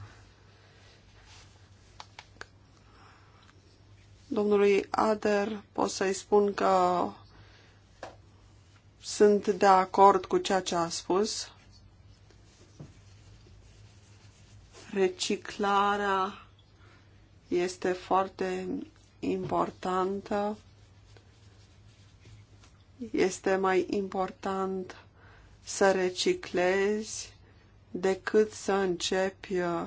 Domnului Ader pot să-i spun că sunt de acord cu ceea ce a spus. Reciclarea este foarte importantă. Este mai important să reciclezi decât să începi uh,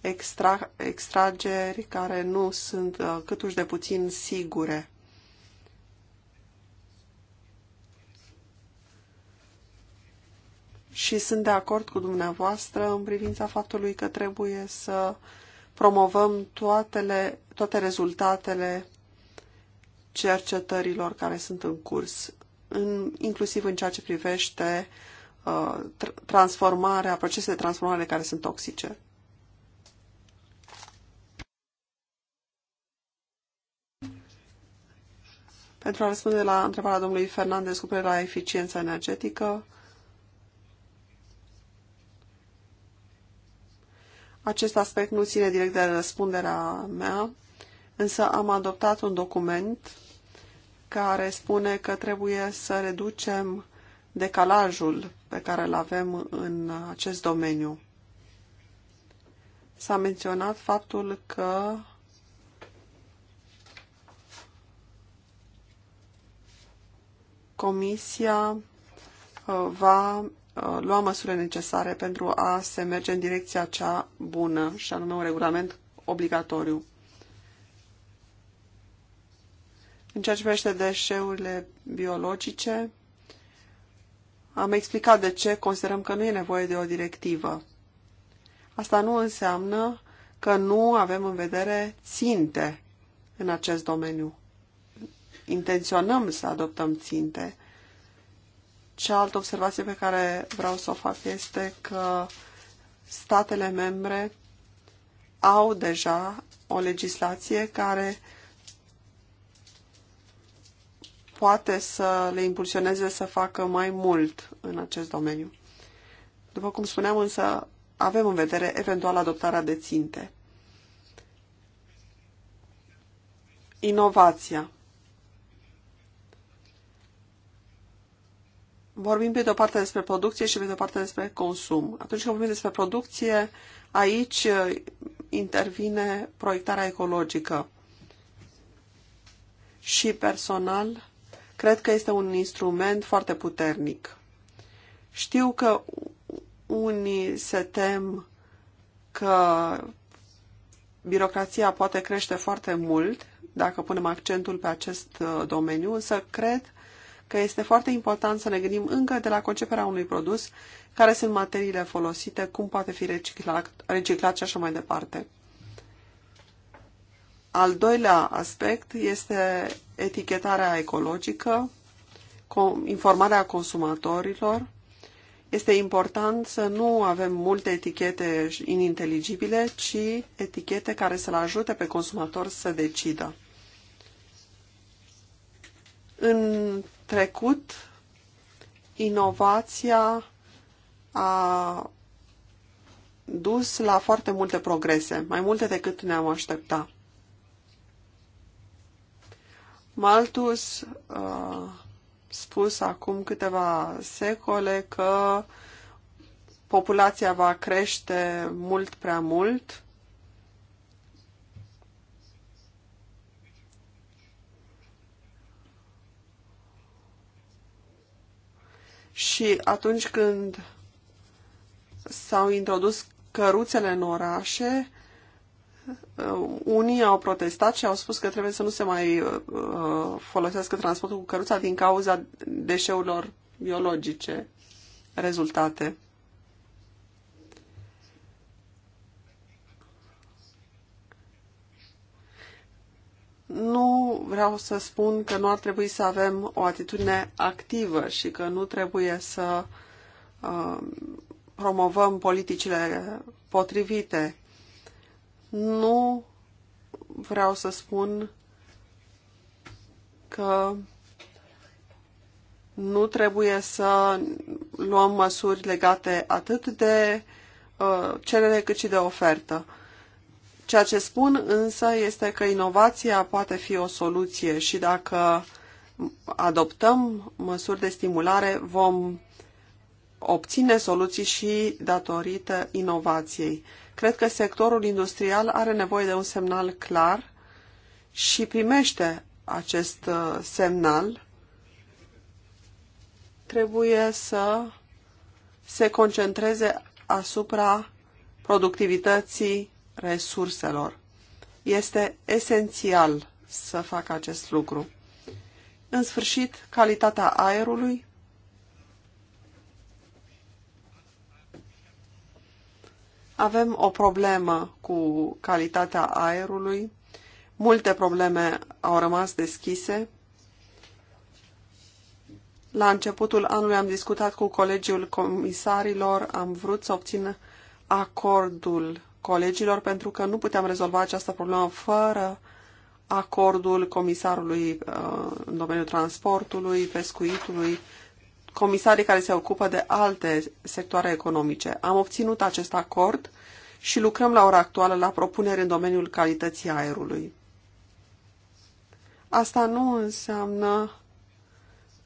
extra, extrageri care nu sunt uh, câtuși de puțin sigure. și sunt de acord cu dumneavoastră în privința faptului că trebuie să promovăm toatele, toate rezultatele cercetărilor care sunt în curs, în, inclusiv în ceea ce privește uh, transformarea, procese de transformare care sunt toxice. Pentru a răspunde la întrebarea domnului Fernandez cu privire la eficiența energetică, Acest aspect nu ține direct de răspunderea mea, însă am adoptat un document care spune că trebuie să reducem decalajul pe care îl avem în acest domeniu. S-a menționat faptul că Comisia uh, va Uh, lua măsurile necesare pentru a se merge în direcția cea bună, și anume un regulament obligatoriu. În ceea ce privește deșeurile biologice, am explicat de ce considerăm că nu e nevoie de o directivă. Asta nu înseamnă că nu avem în vedere ținte în acest domeniu. Intenționăm să adoptăm ținte, Cealaltă observație pe care vreau să o fac este că statele membre au deja o legislație care poate să le impulsioneze să facă mai mult în acest domeniu. După cum spuneam însă, avem în vedere eventual adoptarea de ținte. Inovația. vorbim pe de-o parte despre producție și pe de-o parte despre consum. Atunci când vorbim despre producție, aici uh, intervine proiectarea ecologică. Și personal, cred că este un instrument foarte puternic. Știu că unii se tem că birocrația poate crește foarte mult dacă punem accentul pe acest uh, domeniu, însă cred că este foarte important să ne gândim încă de la conceperea unui produs care sunt materiile folosite, cum poate fi reciclat, reciclat și așa mai departe. Al doilea aspect este etichetarea ecologică, informarea consumatorilor. Este important să nu avem multe etichete ininteligibile, ci etichete care să-l ajute pe consumator să decidă. În trecut, inovația a dus la foarte multe progrese, mai multe decât ne-am aștepta. Malthus a uh, spus acum câteva secole că populația va crește mult prea mult Și atunci când s-au introdus căruțele în orașe, uh, unii au protestat și au spus că trebuie să nu se mai uh, uh, folosească transportul cu căruța din cauza deșeurilor biologice rezultate. Nu vreau să spun că nu ar trebui să avem o atitudine activă și că nu trebuie să uh, promovăm politicile potrivite. Nu vreau să spun că nu trebuie să luăm măsuri legate atât de uh, cerere cât și de ofertă. Ceea ce spun însă este că inovația poate fi o soluție și dacă adoptăm măsuri de stimulare, vom obține soluții și datorită inovației. Cred că sectorul industrial are nevoie de un semnal clar și primește acest uh, semnal. Trebuie să se concentreze asupra productivității resurselor. Este esențial să facă acest lucru. În sfârșit, calitatea aerului. Avem o problemă cu calitatea aerului. Multe probleme au rămas deschise. La începutul anului am discutat cu colegiul comisarilor, am vrut să obțin acordul colegilor pentru că nu puteam rezolva această problemă fără acordul comisarului uh, în domeniul transportului, pescuitului, comisarii care se ocupă de alte sectoare economice. Am obținut acest acord și lucrăm la ora actuală la propuneri în domeniul calității aerului. Asta nu înseamnă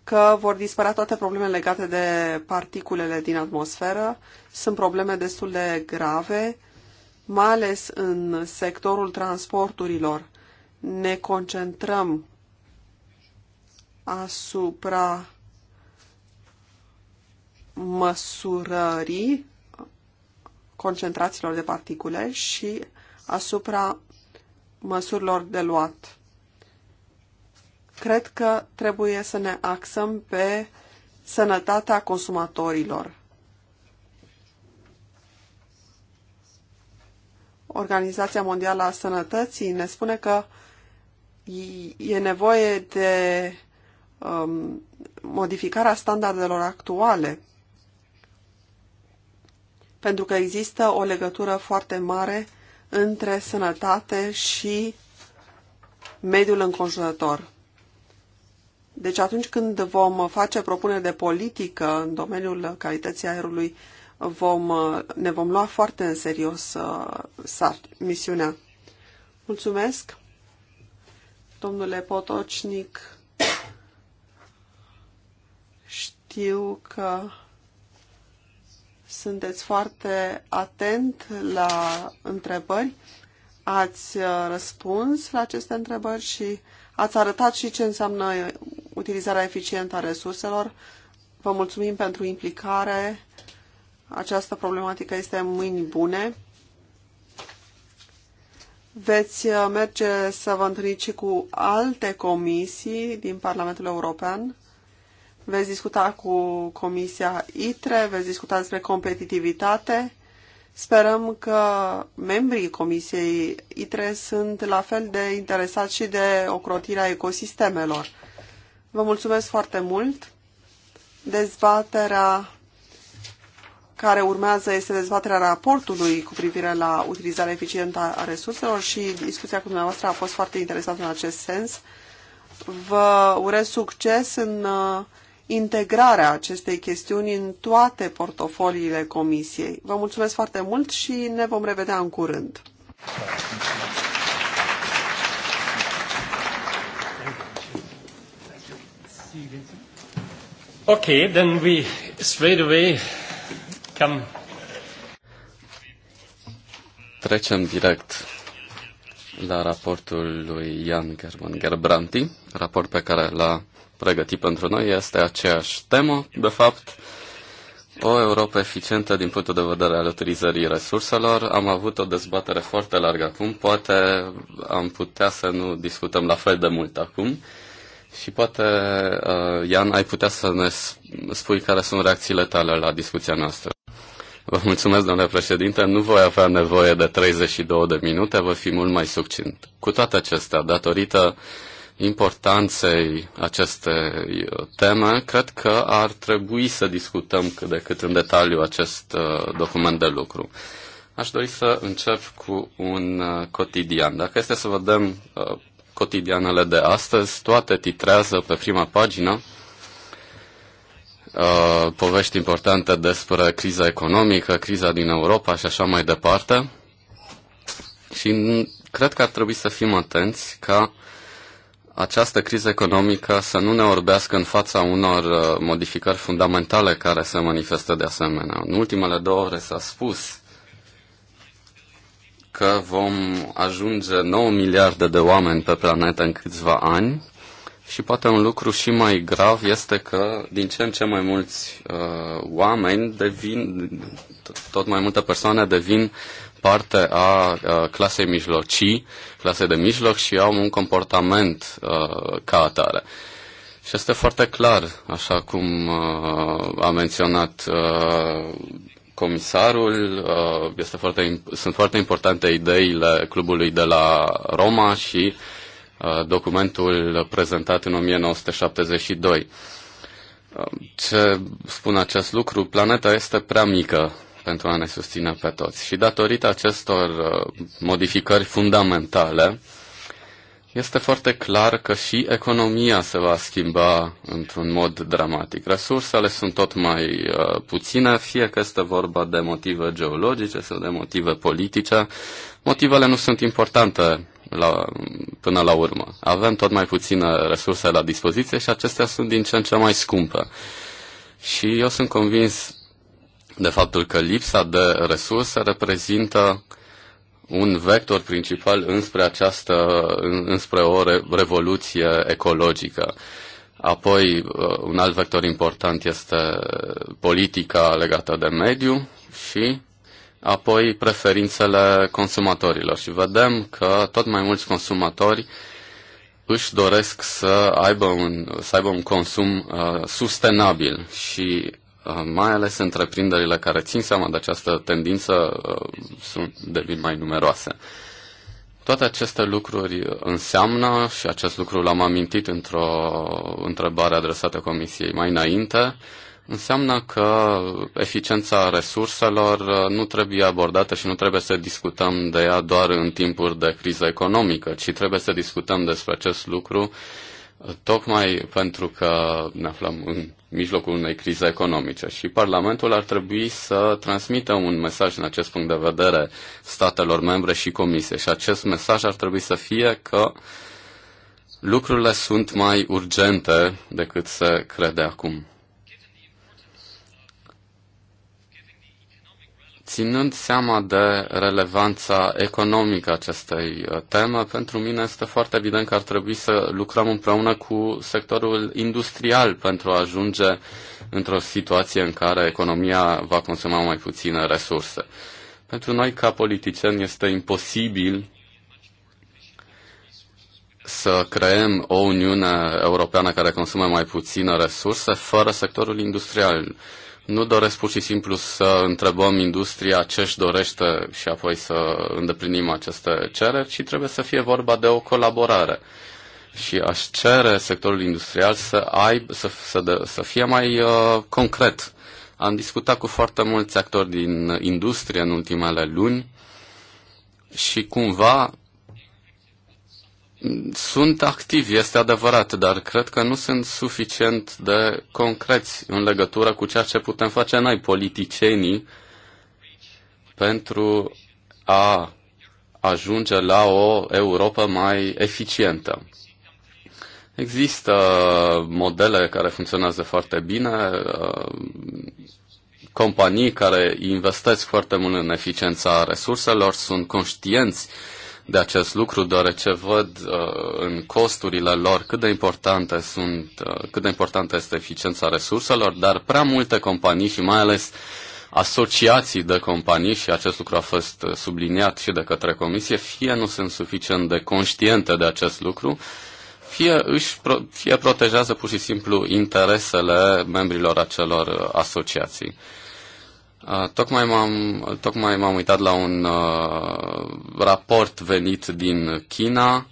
că vor dispărea toate problemele legate de particulele din atmosferă. Sunt probleme destul de grave mai ales în sectorul transporturilor, ne concentrăm asupra măsurării concentrațiilor de particule și asupra măsurilor de luat. Cred că trebuie să ne axăm pe sănătatea consumatorilor. Organizația Mondială a Sănătății ne spune că e nevoie de um, modificarea standardelor actuale, pentru că există o legătură foarte mare între sănătate și mediul înconjurător. Deci atunci când vom face propuneri de politică în domeniul calității aerului, vom, uh, ne vom lua foarte în serios uh, sar, misiunea. Mulțumesc, domnule Potocnic. Știu că sunteți foarte atent la întrebări. Ați uh, răspuns la aceste întrebări și ați arătat și ce înseamnă utilizarea eficientă a resurselor. Vă mulțumim pentru implicare această problematică este în mâini bune. Veți uh, merge să vă întâlniți și cu alte comisii din Parlamentul European. Veți discuta cu Comisia ITRE, veți discuta despre competitivitate. Sperăm că membrii Comisiei ITRE sunt la fel de interesați și de ocrotirea ecosistemelor. Vă mulțumesc foarte mult. Dezbaterea care urmează este dezbaterea raportului cu privire la utilizarea eficientă a resurselor și discuția cu dumneavoastră a fost foarte interesantă în acest sens. Vă urez succes în uh, integrarea acestei chestiuni în toate portofoliile Comisiei. Vă mulțumesc foarte mult și ne vom revedea în curând. Okay, then we straight away Cam. Trecem direct la raportul lui Jan German Gerbranti. Raport pe care l-a pregătit pentru noi este aceeași temă, de fapt, o Europa eficientă din punctul de vedere al utilizării resurselor. Am avut o dezbatere foarte largă acum, poate am putea să nu discutăm la fel de mult acum, și poate, uh, Ian, ai putea să ne spui care sunt reacțiile tale la discuția noastră. Vă mulțumesc, domnule președinte. Nu voi avea nevoie de 32 de minute, voi fi mult mai succint. Cu toate acestea, datorită importanței acestei uh, teme, cred că ar trebui să discutăm cât de cât în detaliu acest uh, document de lucru. Aș dori să încep cu un cotidian. Dacă este să vedem cotidianele de astăzi, toate titrează pe prima pagină uh, povești importante despre criza economică, criza din Europa și așa mai departe. Și cred că ar trebui să fim atenți ca această criză economică să nu ne orbească în fața unor uh, modificări fundamentale care se manifestă de asemenea. În ultimele două ore s-a spus că vom ajunge 9 miliarde de oameni pe planetă în câțiva ani și poate un lucru și mai grav este că din ce în ce mai mulți uh, oameni devin, tot mai multe persoane devin parte a uh, clasei mijlocii, clase de mijloc și au un comportament uh, ca atare. Și este foarte clar, așa cum uh, a menționat uh, comisarul. Uh, este foarte, sunt foarte importante ideile clubului de la Roma și uh, documentul prezentat în 1972. Uh, ce spune acest lucru? Planeta este prea mică pentru a ne susține pe toți. Și datorită acestor modificări fundamentale, este foarte clar că și economia se va schimba într-un mod dramatic. Resursele sunt tot mai uh, puține, fie că este vorba de motive geologice sau de motive politice. Motivele nu sunt importante la, până la urmă. Avem tot mai puține resurse la dispoziție și acestea sunt din ce în ce mai scumpe. Și eu sunt convins de faptul că lipsa de resurse reprezintă uh, un vector principal înspre această, înspre o revoluție ecologică. Apoi, uh, un alt vector important este politica legată de mediu și apoi preferințele consumatorilor. Și vedem că tot mai mulți consumatori își doresc să aibă un, să aibă un consum uh, sustenabil și Uh, mai ales întreprinderile care țin seama de această tendință uh, sunt, devin mai numeroase. Toate aceste lucruri înseamnă, și acest lucru l-am amintit într-o întrebare adresată Comisiei mai înainte, înseamnă că eficiența resurselor uh, nu trebuie abordată și nu trebuie să discutăm de ea doar în timpuri de criză economică, ci trebuie să discutăm despre acest lucru uh, tocmai pentru că ne aflăm în mijlocul unei crize economice și Parlamentul ar trebui să transmită un mesaj în acest punct de vedere statelor membre și comisie și acest mesaj ar trebui să fie că lucrurile sunt mai urgente decât se crede acum. Ținând seama de relevanța economică acestei uh, teme, pentru mine este foarte evident că ar trebui să lucrăm împreună cu sectorul industrial pentru a ajunge într-o situație în care economia va consuma mai puține resurse. Pentru noi, ca politicieni, este imposibil să creăm o Uniune Europeană care consumă mai puține resurse fără sectorul industrial. Nu doresc pur și simplu să întrebăm industria ce își dorește și apoi să îndeplinim aceste cereri, ci trebuie să fie vorba de o colaborare. Și aș cere sectorul industrial să, aib, să, să, de, să fie mai uh, concret. Am discutat cu foarte mulți actori din industrie în ultimele luni și cumva sunt activi, este adevărat, dar cred că nu sunt suficient de concreți în legătură cu ceea ce putem face noi, politicienii, pentru a ajunge la o Europa mai eficientă. Există modele care funcționează foarte bine, uh, companii care investesc foarte mult în eficiența resurselor, sunt conștienți de acest lucru, deoarece văd uh, în costurile lor cât de importante sunt, uh, cât de importantă este eficiența resurselor, dar prea multe companii și mai ales asociații de companii, și acest lucru a fost uh, subliniat și de către comisie, fie nu sunt suficient de conștiente de acest lucru, fie, își, fie protejează pur și simplu interesele membrilor acelor uh, asociații. Tocmai m-am, tocmai m-am uitat la un uh, raport venit din China,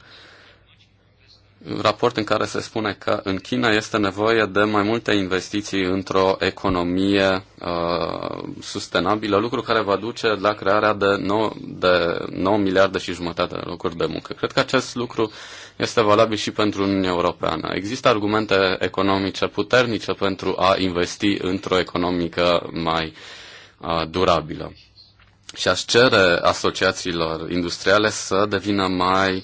raport în care se spune că în China este nevoie de mai multe investiții într-o economie uh, sustenabilă, lucru care va duce la crearea de 9, de 9 miliarde și jumătate de locuri de muncă. Cred că acest lucru este valabil și pentru Uniunea Europeană. Există argumente economice puternice pentru a investi într-o economică mai uh, durabilă. Și aș cere asociațiilor industriale să devină mai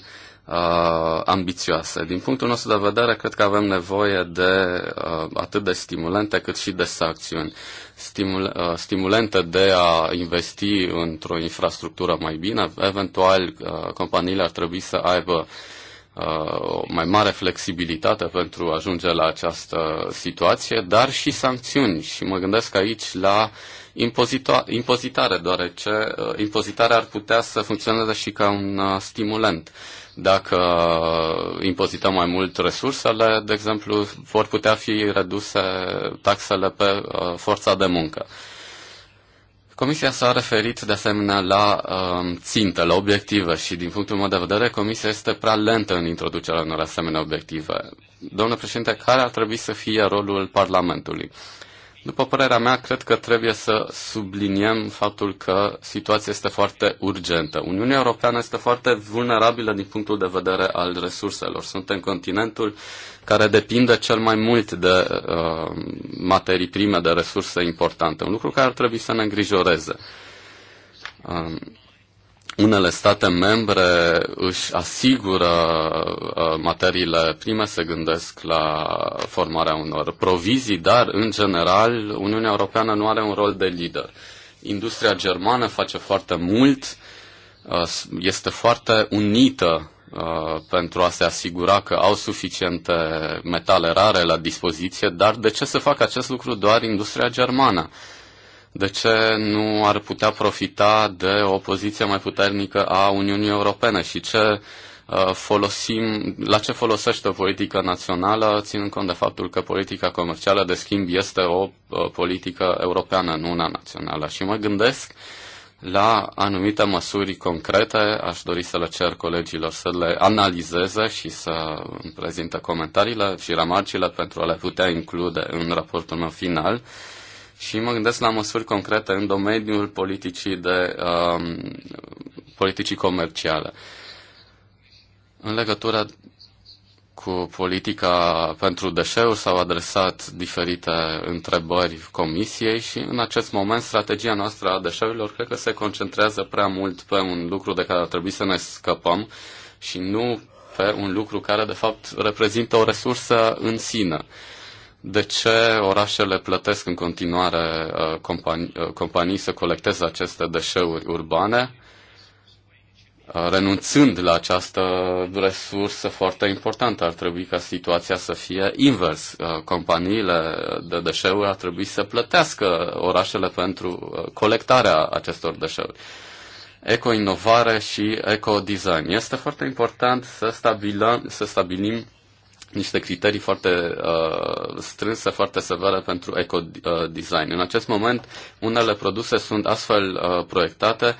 uh, ambițioase. Din punctul nostru de vedere, cred că avem nevoie de uh, atât de stimulente cât și de sancțiuni. Stimul, uh, stimulente de a investi într-o infrastructură mai bine, eventual uh, companiile ar trebui să aibă uh, o mai mare flexibilitate pentru a ajunge la această situație, dar și sancțiuni. Și mă gândesc aici la uh, impozitare, deoarece uh, impozitarea ar putea să funcționeze și ca un uh, stimulant. Dacă impozităm mai mult resursele, de exemplu, vor putea fi reduse taxele pe uh, forța de muncă. Comisia s-a referit de asemenea la um, țintă, la obiective și din punctul meu de vedere Comisia este prea lentă în introducerea unor asemenea obiective. Domnule președinte, care ar trebui să fie rolul Parlamentului? După părerea mea, cred că trebuie să subliniem faptul că situația este foarte urgentă. Uniunea Europeană este foarte vulnerabilă din punctul de vedere al resurselor. Suntem continentul care depinde cel mai mult de uh, materii prime, de resurse importante, un lucru care ar trebui să ne îngrijoreze. Uh, unele state membre își asigură ă, materiile prime, se gândesc la formarea unor provizii, dar, în general, Uniunea Europeană nu are un rol de lider. Industria germană face foarte mult, ă, este foarte unită ă, pentru a se asigura că au suficiente metale rare la dispoziție, dar de ce să facă acest lucru doar industria germană? de ce nu ar putea profita de o poziție mai puternică a Uniunii Europene și ce uh, folosim, la ce folosește politica națională, ținând cont de faptul că politica comercială de schimb este o uh, politică europeană, nu una națională. Și mă gândesc la anumite măsuri concrete, aș dori să le cer colegilor să le analizeze și să îmi prezinte comentariile și remarcile pentru a le putea include în raportul meu final și mă gândesc la măsuri concrete în domeniul politicii, de, um, politicii comerciale. În legătură cu politica pentru deșeuri s-au adresat diferite întrebări comisiei și în acest moment strategia noastră a deșeurilor cred că se concentrează prea mult pe un lucru de care ar trebui să ne scăpăm și nu pe un lucru care de fapt reprezintă o resursă în sine. Uh, de ce orașele plătesc în continuare uh, companii, uh, companii să colecteze aceste deșeuri urbane, uh, renunțând la această resursă foarte importantă. Ar trebui ca situația să fie invers. Companiile de deșeuri ar trebui să plătească orașele pentru colectarea acestor deșeuri. Eco inovare și eco design. Este foarte important să stabilim, să stabilim niște criterii foarte uh, strânse, foarte severe pentru eco-design. Uh, În acest moment, unele produse sunt astfel uh, proiectate,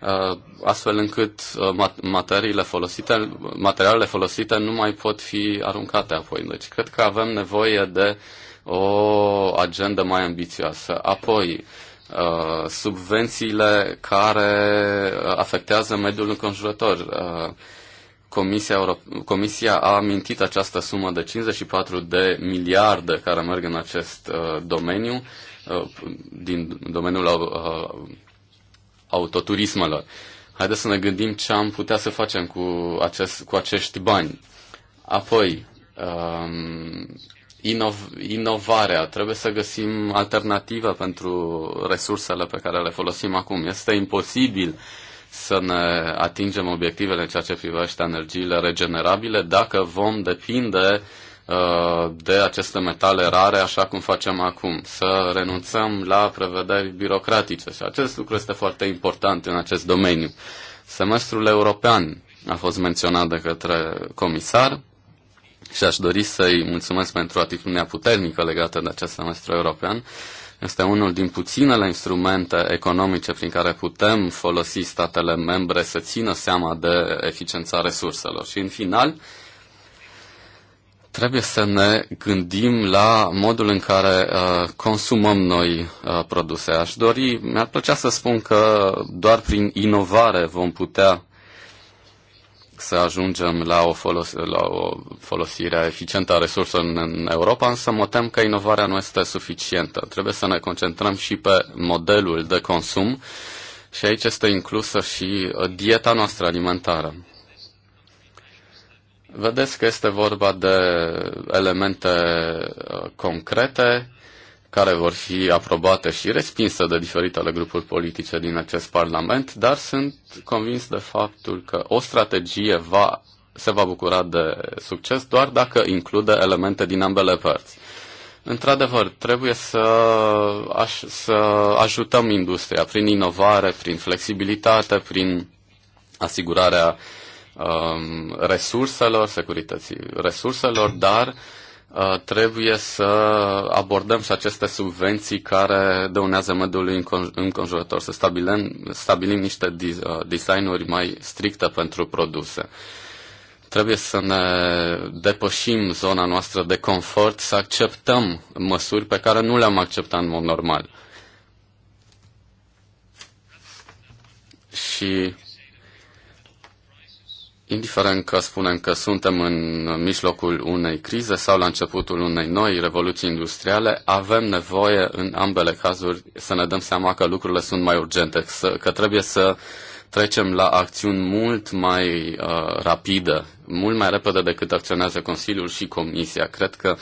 uh, astfel încât uh, materiile folosite, materialele folosite nu mai pot fi aruncate apoi. Deci, cred că avem nevoie de o agendă mai ambițioasă. Apoi, uh, subvențiile care uh, afectează mediul înconjurător. Uh, Comisia, Euro- Comisia a amintit această sumă de 54 de miliarde care merg în acest uh, domeniu, uh, din domeniul uh, autoturismelor. Haideți să ne gândim ce am putea să facem cu, acest, cu acești bani. Apoi, um, inov- inovarea. Trebuie să găsim alternativă pentru resursele pe care le folosim acum. Este imposibil uh, să ne atingem obiectivele în ceea ce privește energiile regenerabile dacă vom depinde uh, de aceste metale rare, așa cum facem acum, să renunțăm la prevederi birocratice și acest lucru este foarte important în acest domeniu. Semestrul european a fost menționat de către comisar și aș dori să-i mulțumesc pentru atitudinea puternică legată de acest semestru european este unul din puținele instrumente economice prin care putem folosi statele membre să țină seama de eficiența resurselor. Și în final, trebuie să ne gândim la modul în care uh, consumăm noi uh, produse. Aș dori, mi-ar plăcea să spun că doar prin inovare vom putea să ajungem la o, folos- la o folosire eficientă a resurselor în Europa, însă mă tem că inovarea nu este suficientă. Trebuie să ne concentrăm și pe modelul de consum și aici este inclusă și uh, dieta noastră alimentară. Vedeți că este vorba de elemente uh, concrete care vor fi aprobate și respinse de diferitele grupuri politice din acest Parlament, dar sunt convins de faptul că o strategie va, se va bucura de succes doar dacă include elemente din ambele părți. Într-adevăr, trebuie să, aș, să ajutăm industria prin inovare, prin flexibilitate, prin asigurarea um, resurselor, securității resurselor, dar uh, Uh, trebuie să abordăm și aceste subvenții care dăunează mediului înconjurător, să stabilim, stabilim niște uh, designuri mai stricte pentru produse. Trebuie să ne depășim zona noastră de confort, să acceptăm măsuri pe care nu le-am acceptat în mod normal. Și indiferent că spunem că suntem în mijlocul unei crize sau la începutul unei noi revoluții industriale, avem nevoie în ambele cazuri să ne dăm seama că lucrurile sunt mai urgente, că trebuie să trecem la acțiuni mult mai uh, rapide, mult mai repede decât acționează Consiliul și Comisia. Cred că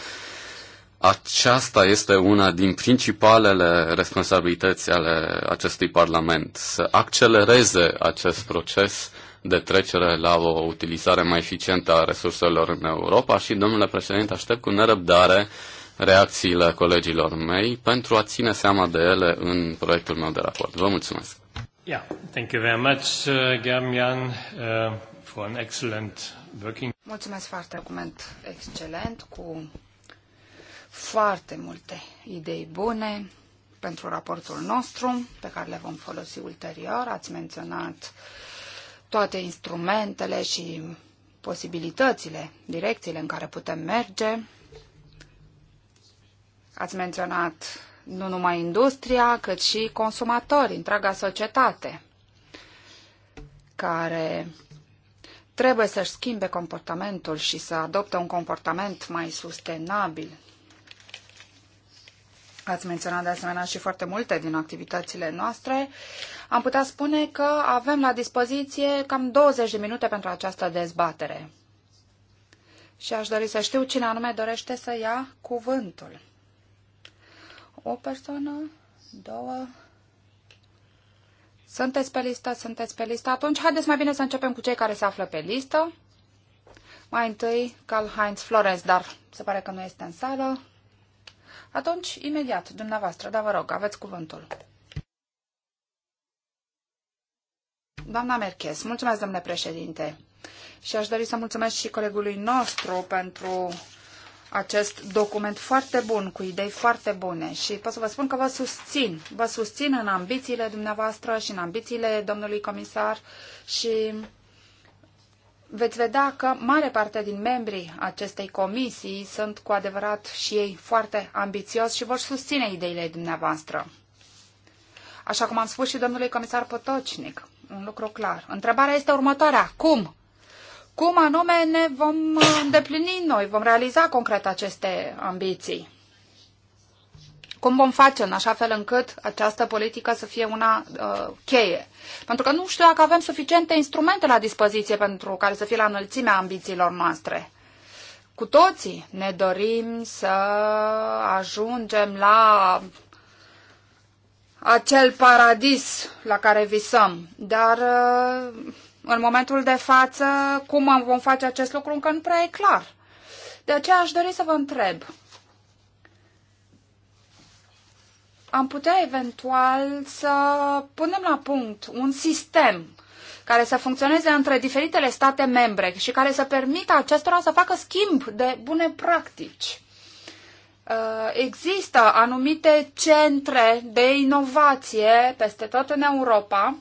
aceasta este una din principalele responsabilități ale acestui Parlament, să accelereze acest proces de trecere la o utilizare mai eficientă a resurselor în Europa și, domnule președinte, aștept cu nerăbdare reacțiile colegilor mei pentru a ține seama de ele în proiectul meu de raport. Vă mulțumesc! Yeah, thank you very much, uh, Germian, uh, for an excellent working. Mulțumesc foarte, document excelent cu foarte multe idei bune pentru raportul nostru, pe care le vom folosi ulterior. Ați menționat uh, toate instrumentele și posibilitățile, direcțiile în care putem merge. Ați menționat nu numai industria, cât și consumatori, întreaga societate, care trebuie să-și schimbe comportamentul și să adopte un comportament mai sustenabil. Ați menționat de asemenea și foarte multe din activitățile noastre am putea spune că avem la dispoziție cam 20 de minute pentru această dezbatere. Și aș dori să știu cine anume dorește să ia cuvântul. O persoană, două. Sunteți pe listă, sunteți pe listă. Atunci, haideți mai bine să începem cu cei care se află pe listă. Mai întâi, Carl heinz Flores, dar se pare că nu este în sală. Atunci, imediat, dumneavoastră, dar vă rog, aveți cuvântul. Doamna Merches, mulțumesc, domnule președinte. Și aș dori să mulțumesc și colegului nostru pentru acest document foarte bun, cu idei foarte bune și pot să vă spun că vă susțin. Vă susțin în ambițiile dumneavoastră și în ambițiile domnului comisar și veți vedea că mare parte din membrii acestei comisii sunt cu adevărat și ei foarte ambițios și vor susține ideile dumneavoastră. Așa cum am spus și domnului comisar Potocnic, un lucru clar. Întrebarea este următoarea. Cum? Cum anume ne vom uh, îndeplini noi, vom realiza concret aceste ambiții? Cum vom face în așa fel încât această politică să fie una uh, cheie? Pentru că nu știu dacă avem suficiente instrumente la dispoziție pentru care să fie la înălțimea ambițiilor noastre. Cu toții ne dorim să ajungem la acel paradis la care visăm. Dar uh, în momentul de față, cum vom face acest lucru încă nu prea e clar. De aceea aș dori să vă întreb. Am putea eventual să punem la punct un sistem care să funcționeze între diferitele state membre și care să permită acestora să facă schimb de bune practici. Uh, există anumite centre de inovație peste tot în Europa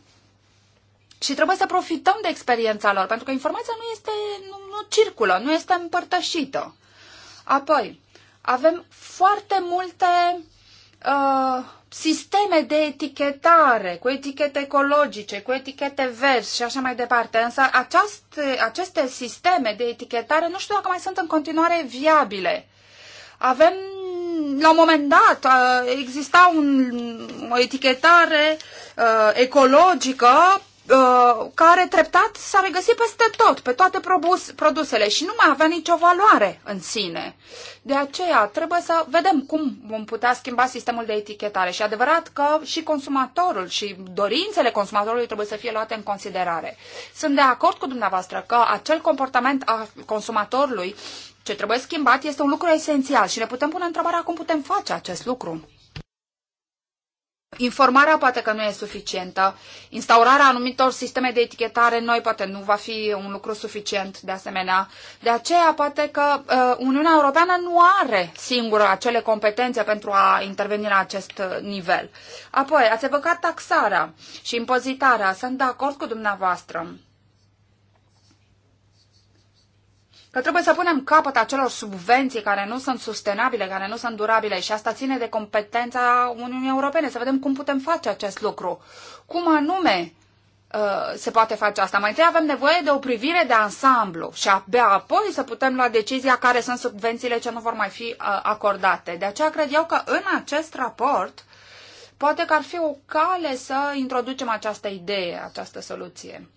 și trebuie să profităm de experiența lor, pentru că informația nu, este, nu, nu circulă, nu este împărtășită. Apoi, avem foarte multe uh, sisteme de etichetare, cu etichete ecologice, cu etichete verzi și așa mai departe. Însă aceast, aceste sisteme de etichetare nu știu dacă mai sunt în continuare viabile. Avem, la un moment dat, exista un, o etichetare uh, ecologică uh, care treptat s-a regăsit peste tot, pe toate produs, produsele și nu mai avea nicio valoare în sine. De aceea trebuie să vedem cum vom putea schimba sistemul de etichetare și adevărat că și consumatorul și dorințele consumatorului trebuie să fie luate în considerare. Sunt de acord cu dumneavoastră că acel comportament al consumatorului ce trebuie schimbat este un lucru esențial și ne putem pune întrebarea cum putem face acest lucru. Informarea poate că nu e suficientă, instaurarea anumitor sisteme de etichetare noi poate nu va fi un lucru suficient de asemenea. De aceea poate că uh, Uniunea Europeană nu are singură acele competențe pentru a interveni la acest uh, nivel. Apoi, ați evocat taxarea și impozitarea. Sunt de acord cu dumneavoastră. că trebuie să punem capăt acelor subvenții care nu sunt sustenabile, care nu sunt durabile și asta ține de competența Uniunii Europene, să vedem cum putem face acest lucru. Cum anume uh, se poate face asta. Mai întâi avem nevoie de o privire de ansamblu și abia apoi să putem lua decizia care sunt subvențiile ce nu vor mai fi uh, acordate. De aceea cred eu că în acest raport poate că ar fi o cale să introducem această idee, această soluție.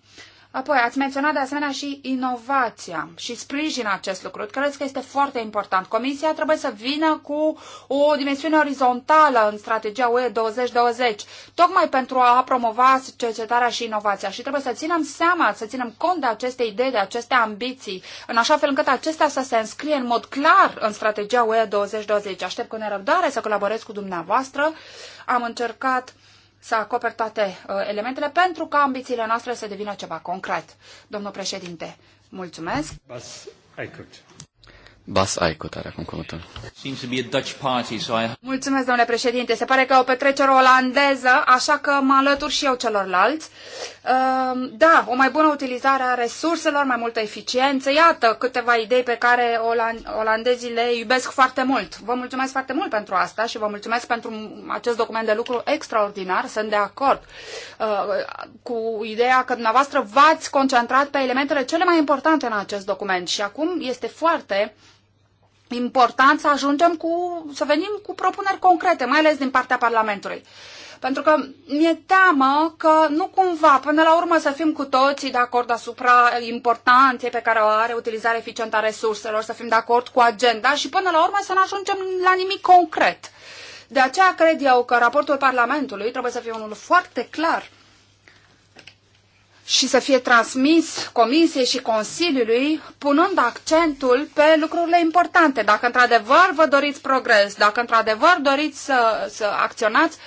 Apoi, ați menționat de asemenea și inovația și sprijin acest lucru. Cred că este foarte important. Comisia trebuie să vină cu o dimensiune orizontală în strategia UE 2020, tocmai pentru a promova cercetarea și inovația. Și trebuie să ținem seama, să ținem cont de aceste idei, de aceste ambiții, în așa fel încât acestea să se înscrie în mod clar în strategia UE 2020. Aștept cu nerăbdare să colaborez cu dumneavoastră. Am încercat să acoperi toate uh, elementele pentru ca ambițiile noastre să devină ceva concret. Domnul președinte, mulțumesc. Bas Aicot are acum cuvântul. Mulțumesc, domnule președinte. Se pare că o petrecere olandeză, așa că mă alătur și eu celorlalți. Ehm, da, o mai bună utilizare a resurselor, mai multă eficiență. Iată câteva idei pe care olandezii le iubesc foarte mult. Vă mulțumesc foarte mult pentru asta și vă mulțumesc pentru acest document de lucru extraordinar. Sunt de acord uh, cu ideea că dumneavoastră v-ați concentrat pe elementele cele mai importante în acest document și acum este foarte important să ajungem cu, să venim cu propuneri concrete, mai ales din partea Parlamentului. Pentru că mi-e teamă că nu cumva, până la urmă, să fim cu toții de acord asupra importanței pe care o are utilizarea eficientă a resurselor, să fim de acord cu agenda și până la urmă să nu ajungem la nimic concret. De aceea cred eu că raportul Parlamentului trebuie să fie unul foarte clar și să fie transmis Comisiei și Consiliului, punând accentul pe lucrurile importante. Dacă într-adevăr vă doriți progres, dacă într-adevăr doriți să, să acționați,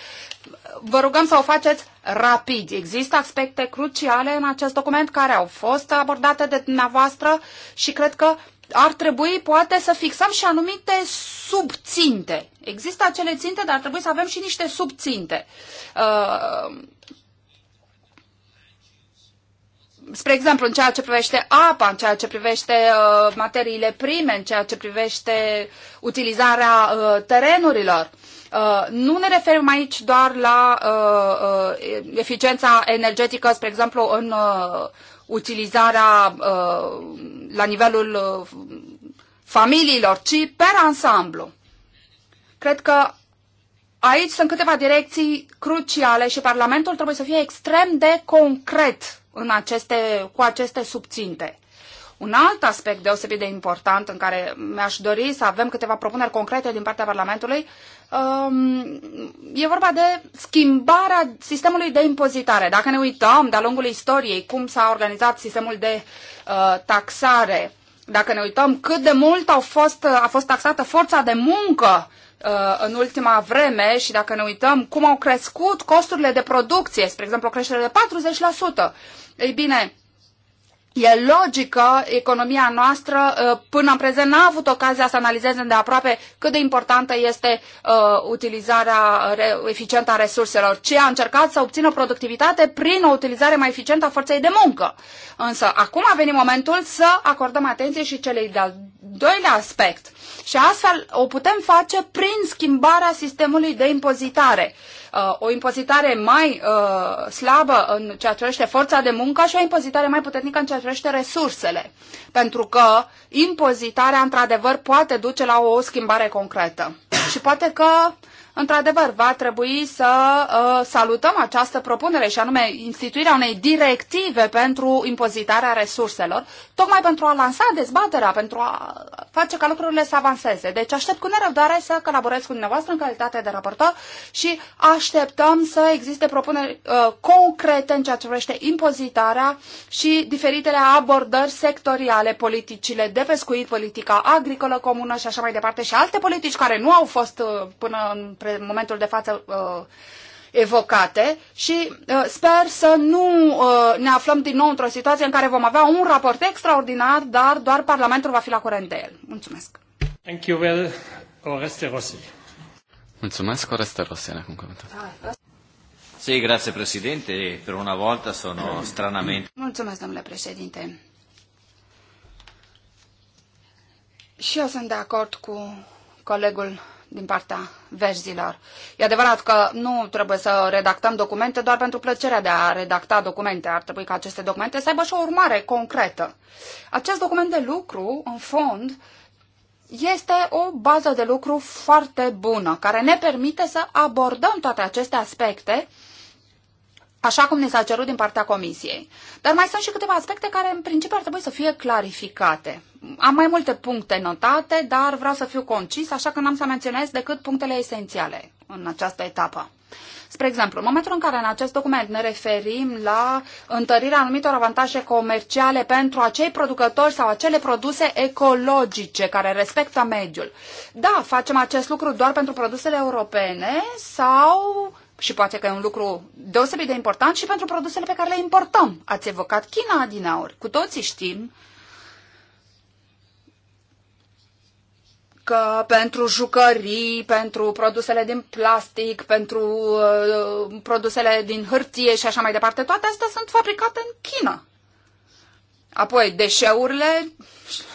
vă rugăm să o faceți rapid. Există aspecte cruciale în acest document care au fost abordate de dumneavoastră și cred că ar trebui poate să fixăm și anumite subținte. Există acele ținte, dar ar trebui să avem și niște subținte. Uh, spre exemplu, în ceea ce privește apa, în ceea ce privește uh, materiile prime, în ceea ce privește utilizarea uh, terenurilor. Uh, nu ne referim aici doar la uh, uh, eficiența energetică, spre exemplu, în uh, utilizarea uh, la nivelul uh, familiilor, ci per ansamblu. Cred că aici sunt câteva direcții cruciale și Parlamentul trebuie să fie extrem de concret în aceste, cu aceste subținte. Un alt aspect deosebit de important în care mi-aș dori să avem câteva propuneri concrete din partea Parlamentului um, e vorba de schimbarea sistemului de impozitare. Dacă ne uităm de-a lungul istoriei cum s-a organizat sistemul de uh, taxare, dacă ne uităm cât de mult au fost, a fost taxată forța de muncă uh, în ultima vreme și dacă ne uităm cum au crescut costurile de producție, spre exemplu o creștere de 40%, ei bine, E logică, economia noastră uh, până în prezent n-a avut ocazia să analizeze de aproape cât de importantă este uh, utilizarea re- eficientă a resurselor, ci a încercat să obțină productivitate prin o utilizare mai eficientă a forței de muncă. Însă acum a venit momentul să acordăm atenție și celei de-al doilea aspect. Și astfel o putem face prin schimbarea sistemului de impozitare. Uh, uh, o impozitare mai uh, slabă în ceea ce privește forța de muncă și o impozitare mai puternică în ceea ce privește resursele. Pentru că impozitarea, într-adevăr, poate duce la o schimbare concretă. și poate că într-adevăr, va trebui să uh, salutăm această propunere și anume instituirea unei directive pentru impozitarea resurselor, tocmai pentru a lansa dezbaterea, pentru a face ca lucrurile să avanseze. Deci aștept cu nerăbdare să colaborez cu dumneavoastră în calitate de raportor și așteptăm să existe propuneri uh, concrete în ceea ce privește impozitarea și diferitele abordări sectoriale, politicile de pescuit, politica agricolă comună și așa mai departe și alte politici care nu au fost uh, până în în momentul de față uh, evocate și uh, sper să nu uh, ne aflăm din nou într-o situație în care vom avea un raport extraordinar, dar doar Parlamentul va fi la curent de el. Mulțumesc! Thank you, well, Oreste Rossi. Mulțumesc, Oreste Rossi, acum comentat. Sì, grazie Presidente, per una volta sono stranamente... Mulțumesc, domnule președinte. Și eu sunt de acord cu colegul din partea verzilor. E adevărat că nu trebuie să redactăm documente doar pentru plăcerea de a redacta documente. Ar trebui ca aceste documente să aibă și o urmare concretă. Acest document de lucru, în fond, este o bază de lucru foarte bună, care ne permite să abordăm toate aceste aspecte așa cum ne s-a cerut din partea Comisiei. Dar mai sunt și câteva aspecte care în principiu ar trebui să fie clarificate. Am mai multe puncte notate, dar vreau să fiu concis, așa că n-am să menționez decât punctele esențiale în această etapă. Spre exemplu, în momentul în care în acest document ne referim la întărirea anumitor avantaje comerciale pentru acei producători sau acele produse ecologice care respectă mediul. Da, facem acest lucru doar pentru produsele europene sau și poate că e un lucru deosebit de important și pentru produsele pe care le importăm. Ați evocat China din aur. Cu toții știm că pentru jucării, pentru produsele din plastic, pentru uh, produsele din hârtie și așa mai departe, toate astea sunt fabricate în China. Apoi, deșeurile,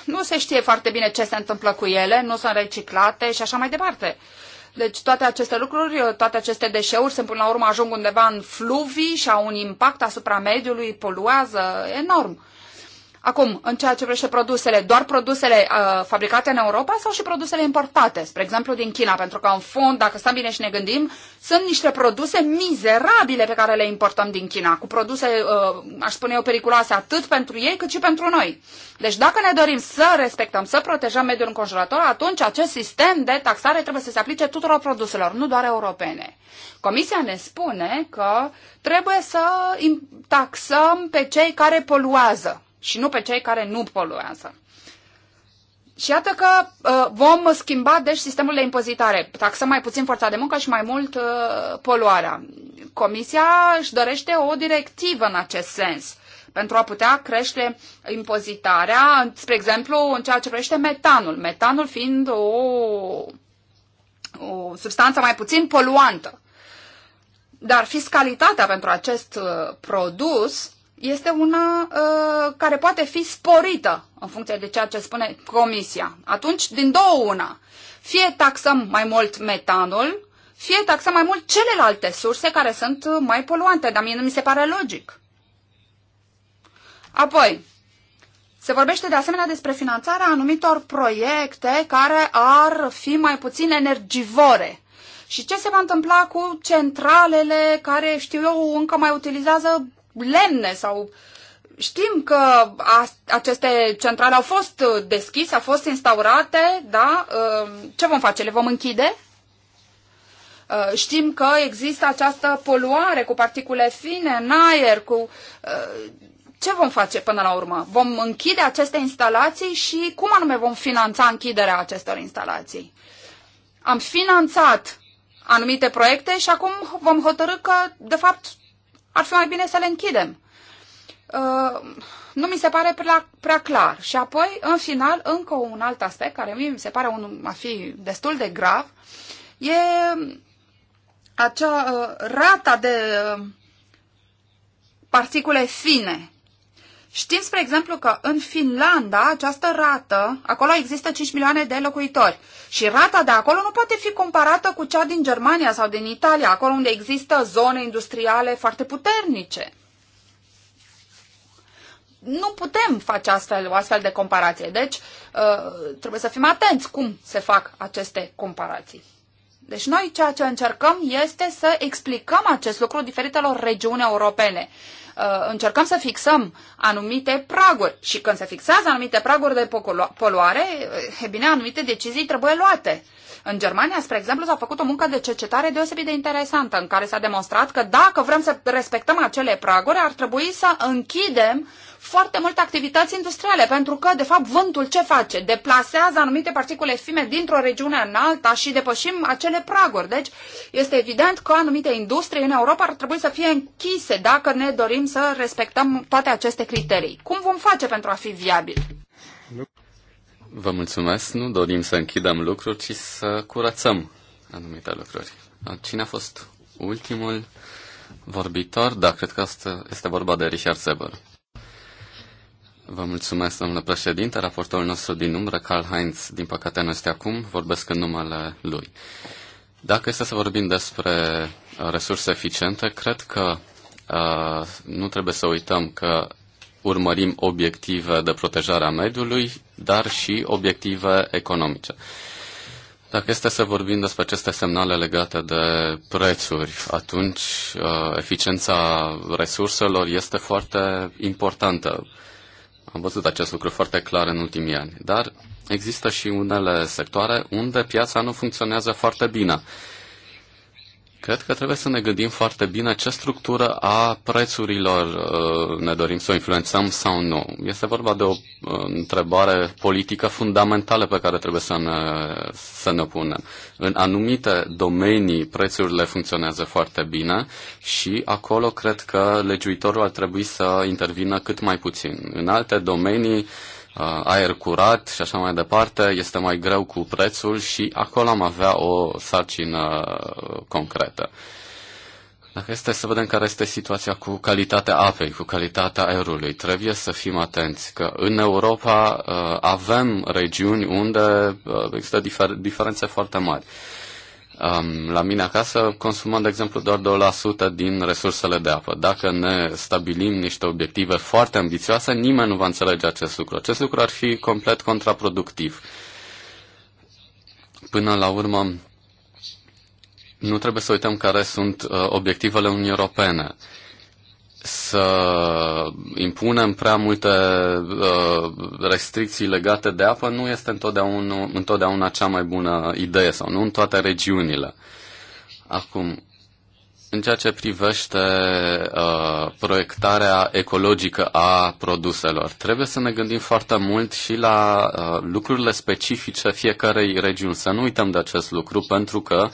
nu se știe foarte bine ce se întâmplă cu ele, nu sunt reciclate și așa mai departe. Uh, deci toate aceste lucruri, toate aceste deșeuri sunt până la urmă ajung undeva în fluvii și au un impact asupra mediului, poluează enorm. Acum, în ceea ce privește produsele, doar produsele uh, fabricate în Europa sau și produsele importate, spre exemplu din China, pentru că în fond, dacă stăm bine și ne gândim, sunt niște produse mizerabile pe care le importăm din China, cu produse, uh, aș spune eu, periculoase atât pentru ei cât și pentru noi. Deci dacă ne dorim să respectăm, să protejăm mediul înconjurător, atunci acest sistem de taxare trebuie să se aplice tuturor produselor, nu doar europene. Comisia ne spune că trebuie să taxăm pe cei care poluează și nu pe cei care nu poluează. Și iată că uh, vom schimba, deci, sistemul de impozitare. Taxăm mai puțin forța de muncă și mai mult uh, poluarea. Comisia își dorește o directivă în acest sens pentru a putea crește impozitarea, spre exemplu, în ceea ce privește metanul. Metanul fiind o, o substanță mai puțin poluantă. Dar fiscalitatea pentru acest uh, produs este una uh, care poate fi sporită în funcție de ceea ce spune Comisia. Atunci, din două una, fie taxăm mai mult metanul, fie taxăm mai mult celelalte surse care sunt uh, mai poluante, dar mie nu mi se pare logic. Apoi, se vorbește de asemenea despre finanțarea anumitor proiecte care ar fi mai puțin energivore. Și ce se va întâmpla cu centralele care, știu eu, încă mai utilizează lemne sau știm că a, aceste centrale au fost deschise, au fost instaurate, da? Uh, ce vom face? Le vom închide? Uh, știm că există această poluare cu particule fine în aer, cu... Uh, ce vom face până la urmă? Vom închide aceste instalații și cum anume vom finanța închiderea acestor instalații? Am finanțat anumite proiecte și acum vom hotărâ că, de fapt, ar fi mai bine să le închidem. Uh, nu mi se pare prea, prea clar. Și apoi, în final, încă un alt aspect, care mie mi se pare un, a fi destul de grav, e acea uh, rata de uh, particule fine Știm, spre exemplu, că în Finlanda această rată, acolo există 5 milioane de locuitori și rata de acolo nu poate fi comparată cu cea din Germania sau din Italia, acolo unde există zone industriale foarte puternice. Nu putem face astfel, o astfel de comparație, deci uh, trebuie să fim atenți cum se fac aceste comparații. Deci noi ceea ce încercăm este să explicăm acest lucru diferitelor regiuni europene. Uh, încercăm să fixăm anumite praguri și când se fixează anumite praguri de poluare, uh, e bine, anumite decizii trebuie luate. În Germania, spre exemplu, s-a făcut o muncă de cercetare deosebit de interesantă, în care s-a demonstrat că dacă vrem să respectăm acele praguri, ar trebui să închidem foarte multe activități industriale, pentru că, de fapt, vântul ce face? Deplasează anumite particule fime dintr-o regiune în alta și depășim acele praguri. Deci, este evident că anumite industrie în Europa ar trebui să fie închise dacă ne dorim să respectăm toate aceste criterii. Cum vom face pentru a fi viabil? Vă mulțumesc. Nu dorim să închidem lucruri, ci să curățăm anumite lucruri. Cine a fost ultimul vorbitor? Da, cred că asta este vorba de Richard Seber. Vă mulțumesc, domnule președinte. Raportorul nostru din umbră, Karl Heinz, din păcate nu este acum, vorbesc în numele lui. Dacă este să vorbim despre uh, resurse eficiente, cred că uh, nu trebuie să uităm că urmărim obiective de protejare a mediului, dar și obiective economice. Dacă este să vorbim despre aceste semnale legate de prețuri, atunci uh, eficiența resurselor este foarte importantă. Am văzut acest lucru foarte clar în ultimii ani, dar există și unele sectoare unde piața nu funcționează foarte bine. Cred că trebuie să ne gândim foarte bine ce structură a prețurilor uh, ne dorim să o influențăm sau nu. Este vorba de o uh, întrebare politică fundamentală pe care trebuie să ne, să ne punem. În anumite domenii prețurile funcționează foarte bine și acolo cred că legiuitorul ar trebui să intervină cât mai puțin. În alte domenii aer curat și așa mai departe, este mai greu cu prețul și acolo am avea o sarcină concretă. Dacă este să vedem care este situația cu calitatea apei, cu calitatea aerului, trebuie să fim atenți că în Europa avem regiuni unde există difer- diferențe foarte mari. Um, la mine acasă consumăm, de exemplu, doar 2% din resursele de apă. Dacă ne stabilim niște obiective foarte ambițioase, nimeni nu va înțelege acest lucru. Acest lucru ar fi complet contraproductiv. Până la urmă, nu trebuie să uităm care sunt uh, obiectivele Uniunii Europene. Uh, să impunem prea multe uh, restricții legate de apă nu este întotdeauna, întotdeauna cea mai bună idee sau nu în toate regiunile. Acum, în ceea ce privește uh, proiectarea ecologică a produselor, trebuie să ne gândim foarte mult și la uh, lucrurile specifice fiecarei regiuni. Să nu uităm de acest lucru, pentru că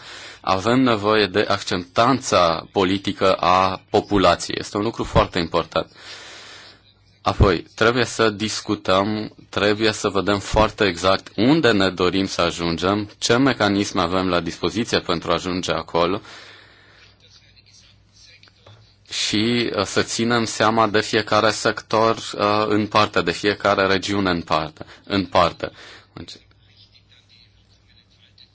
avem nevoie de acceptanța politică a populației. Este un lucru foarte important. Apoi, trebuie să discutăm, trebuie să vedem foarte exact unde ne dorim să ajungem, ce mecanisme avem la dispoziție pentru a ajunge acolo și uh, să ținem seama de fiecare sector uh, în parte, de fiecare regiune în parte. În parte. Deci,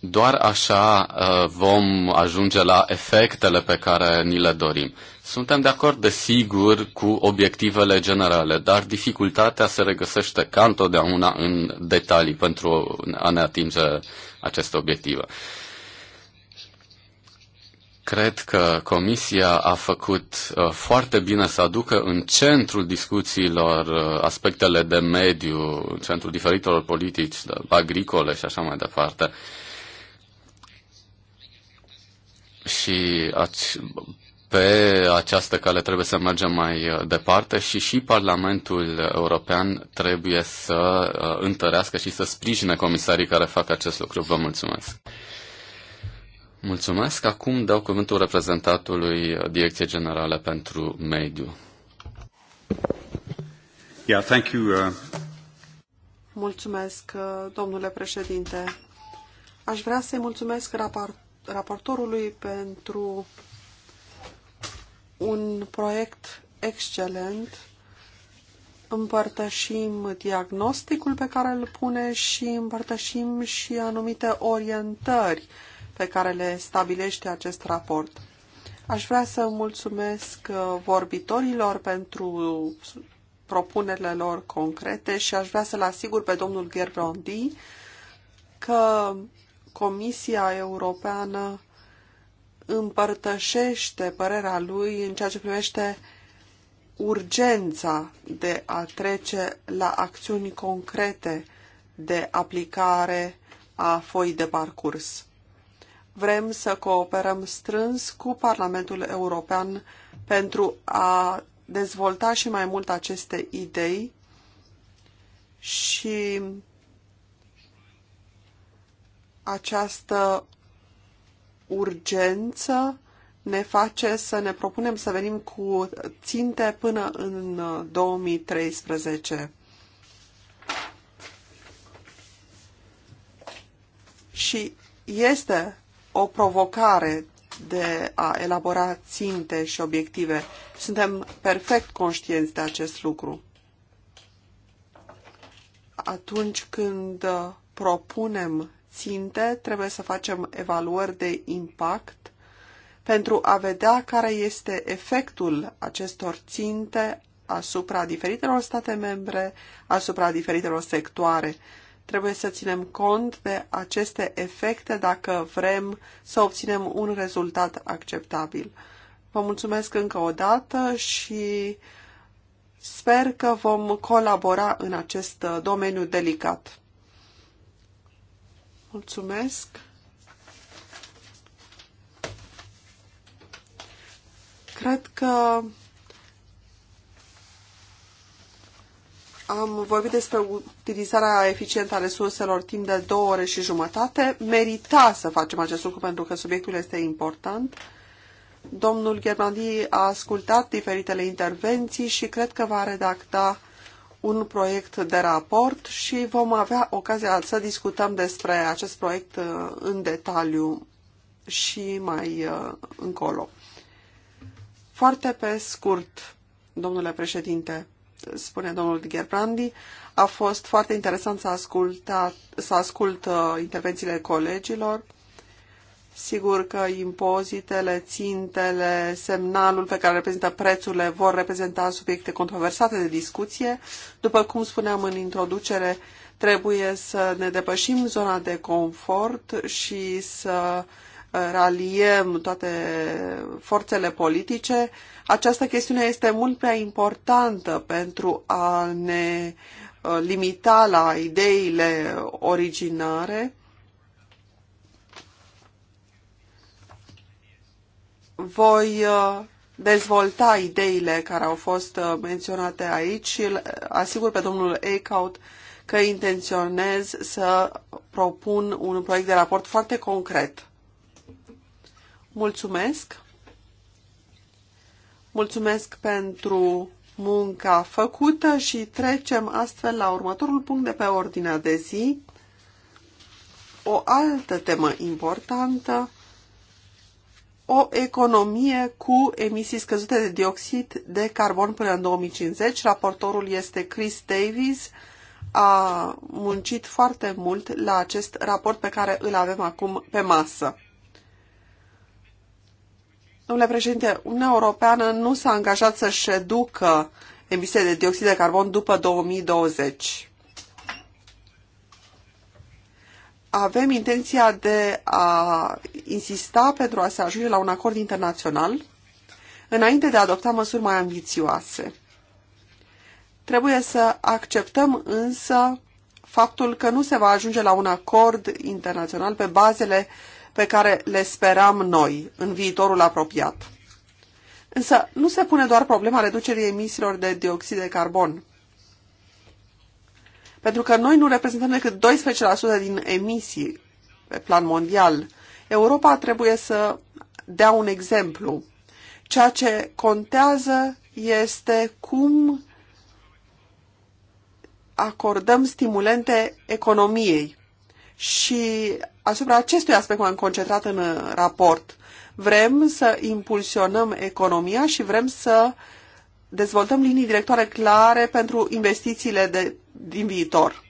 doar așa uh, vom ajunge la efectele pe care ni le dorim. Suntem de acord, desigur, cu obiectivele generale, dar dificultatea se regăsește ca întotdeauna în detalii pentru a ne atinge aceste obiective. Cred că Comisia a făcut uh, foarte bine să aducă în centrul discuțiilor uh, aspectele de mediu, în centrul diferitelor politici agricole și așa mai departe. și pe această cale trebuie să mergem mai uh, departe și și Parlamentul European trebuie să uh, întărească și să sprijine comisarii care fac acest lucru. Vă mulțumesc! Mulțumesc. Acum dau cuvântul reprezentatului Direcției Generale pentru Mediu. Yeah, thank you. Uh... Mulțumesc, uh, domnule președinte. Aș vrea să-i mulțumesc raport raportorului pentru un proiect excelent. Împărtășim diagnosticul pe care îl pune și împărtășim și anumite orientări pe care le stabilește acest raport. Aș vrea să mulțumesc vorbitorilor pentru propunerile lor concrete și aș vrea să-l asigur pe domnul Gerbrandi că Comisia Europeană împărtășește părerea lui în ceea ce privește urgența de a trece la acțiuni concrete de aplicare a foii de parcurs. Vrem să cooperăm strâns cu Parlamentul European pentru a dezvolta și mai mult aceste idei și această urgență ne face să ne propunem să venim cu ținte până în 2013. Uh, și este o provocare de a elabora ținte și obiective. Suntem perfect conștienți de acest lucru. Atunci când uh, propunem ținte, trebuie să facem evaluări de impact pentru a vedea care este efectul acestor ținte asupra diferitelor state membre, asupra diferitelor sectoare. Trebuie să ținem cont de aceste efecte dacă vrem să obținem un rezultat acceptabil. Vă mulțumesc încă o dată și sper că vom colabora în acest domeniu delicat. Mulțumesc. Cred că am vorbit despre utilizarea eficientă a resurselor timp de două ore și jumătate. Merita să facem acest lucru pentru că subiectul este important. Domnul Germandi a ascultat diferitele intervenții și cred că va redacta un proiect de raport și vom avea ocazia să discutăm despre acest proiect uh, în detaliu și mai uh, încolo. Foarte pe scurt, domnule președinte, spune domnul Gerbrandi, a fost foarte interesant să, ascult să ascult uh, intervențiile colegilor. Sigur că impozitele, țintele, semnalul pe care reprezintă prețurile vor reprezenta subiecte controversate de discuție. După cum spuneam în introducere, trebuie să ne depășim zona de confort și să uh, raliem toate forțele politice. Această chestiune este mult prea importantă pentru a ne uh, limita la ideile originare voi uh, dezvolta ideile care au fost uh, menționate aici și uh, asigur pe domnul Eichhout că intenționez să propun un proiect de raport foarte concret. Mulțumesc! Mulțumesc pentru munca făcută și trecem astfel la următorul punct de pe ordinea de zi. O altă temă importantă o economie cu emisii scăzute de dioxid de carbon până în 2050. Raportorul este Chris Davies. A muncit foarte mult la acest raport pe care îl avem acum pe masă. Domnule președinte, Uniunea Europeană nu s-a angajat să-și reducă emisiile de dioxid de carbon după 2020. avem intenția de a insista pentru a se ajunge la un acord internațional înainte de a adopta măsuri mai ambițioase. Trebuie să acceptăm însă faptul că nu se va ajunge la un acord internațional pe bazele pe care le speram noi în viitorul apropiat. Însă nu se pune doar problema reducerii emisiilor de dioxid de carbon. Pentru că noi nu reprezentăm decât 12% din emisii pe plan mondial. Europa trebuie să dea un exemplu. Ceea ce contează este cum acordăm stimulente economiei. Și asupra acestui aspect m-am concentrat în raport. Vrem să impulsionăm economia și vrem să dezvoltăm linii directoare clare pentru investițiile de din viitor.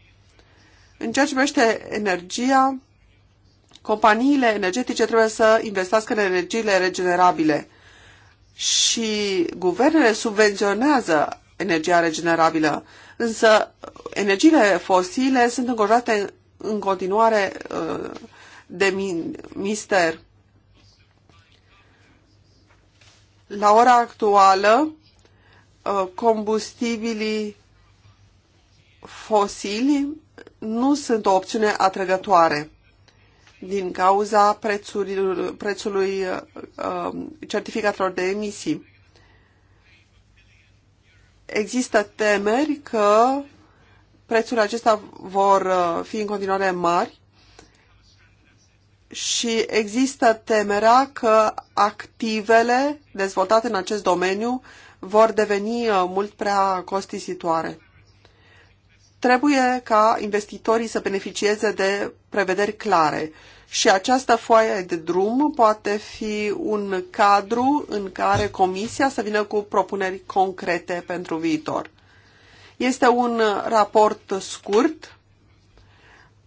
În ceea ce privește energia, companiile energetice trebuie să investească în energiile regenerabile și guvernele subvenționează energia regenerabilă, însă energiile fosile sunt încurajate în continuare uh, de mister. La ora actuală, uh, combustibilii fosili nu sunt o opțiune atrăgătoare din cauza prețului, prețului uh, certificatelor de emisii. Există temeri că prețurile acestea vor uh, fi în continuare mari și există temerea că activele dezvoltate în acest domeniu vor deveni uh, mult prea costisitoare. Trebuie ca investitorii să beneficieze de prevederi clare și această foaie de drum poate fi un cadru în care Comisia să vină cu propuneri concrete pentru viitor. Este un raport scurt.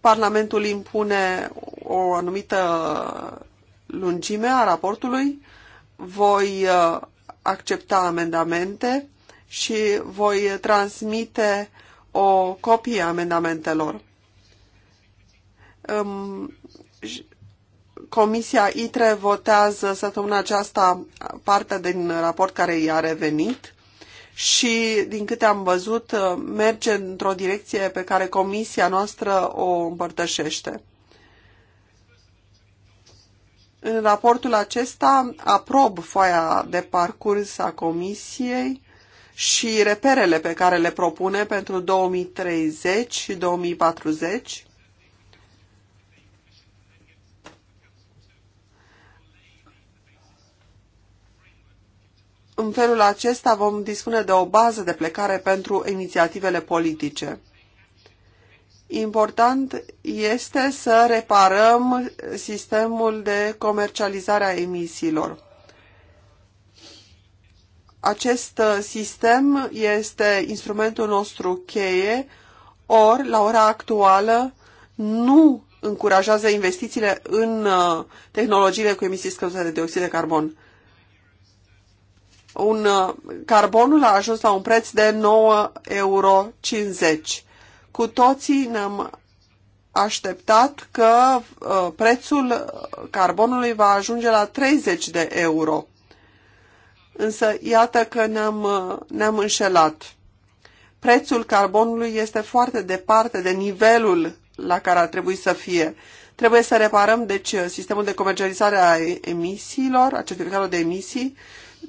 Parlamentul impune o anumită lungime a raportului. Voi uh, accepta amendamente și voi transmite o copie a amendamentelor. Comisia ITRE votează săptămâna aceasta partea din raport care i-a revenit și, din câte am văzut, merge într-o direcție pe care comisia noastră o împărtășește. În raportul acesta aprob foaia de parcurs a comisiei și reperele pe care le propune pentru 2030 și 2040. În felul acesta vom dispune de o bază de plecare pentru inițiativele politice. Important este să reparăm sistemul de comercializare a emisiilor. Acest uh, sistem este instrumentul nostru cheie, ori, la ora actuală, nu încurajează investițiile în uh, tehnologiile cu emisii scăzute de dioxid de carbon. Un, uh, carbonul a ajuns la un preț de 9,50 euro. Cu toții ne-am așteptat că prețul carbonului va ajunge la 30 de euro însă iată că ne-am, ne-am înșelat. Prețul carbonului este foarte departe de nivelul la care ar trebui să fie. Trebuie să reparăm, deci, sistemul de comercializare a emisiilor, a certificatelor de emisii,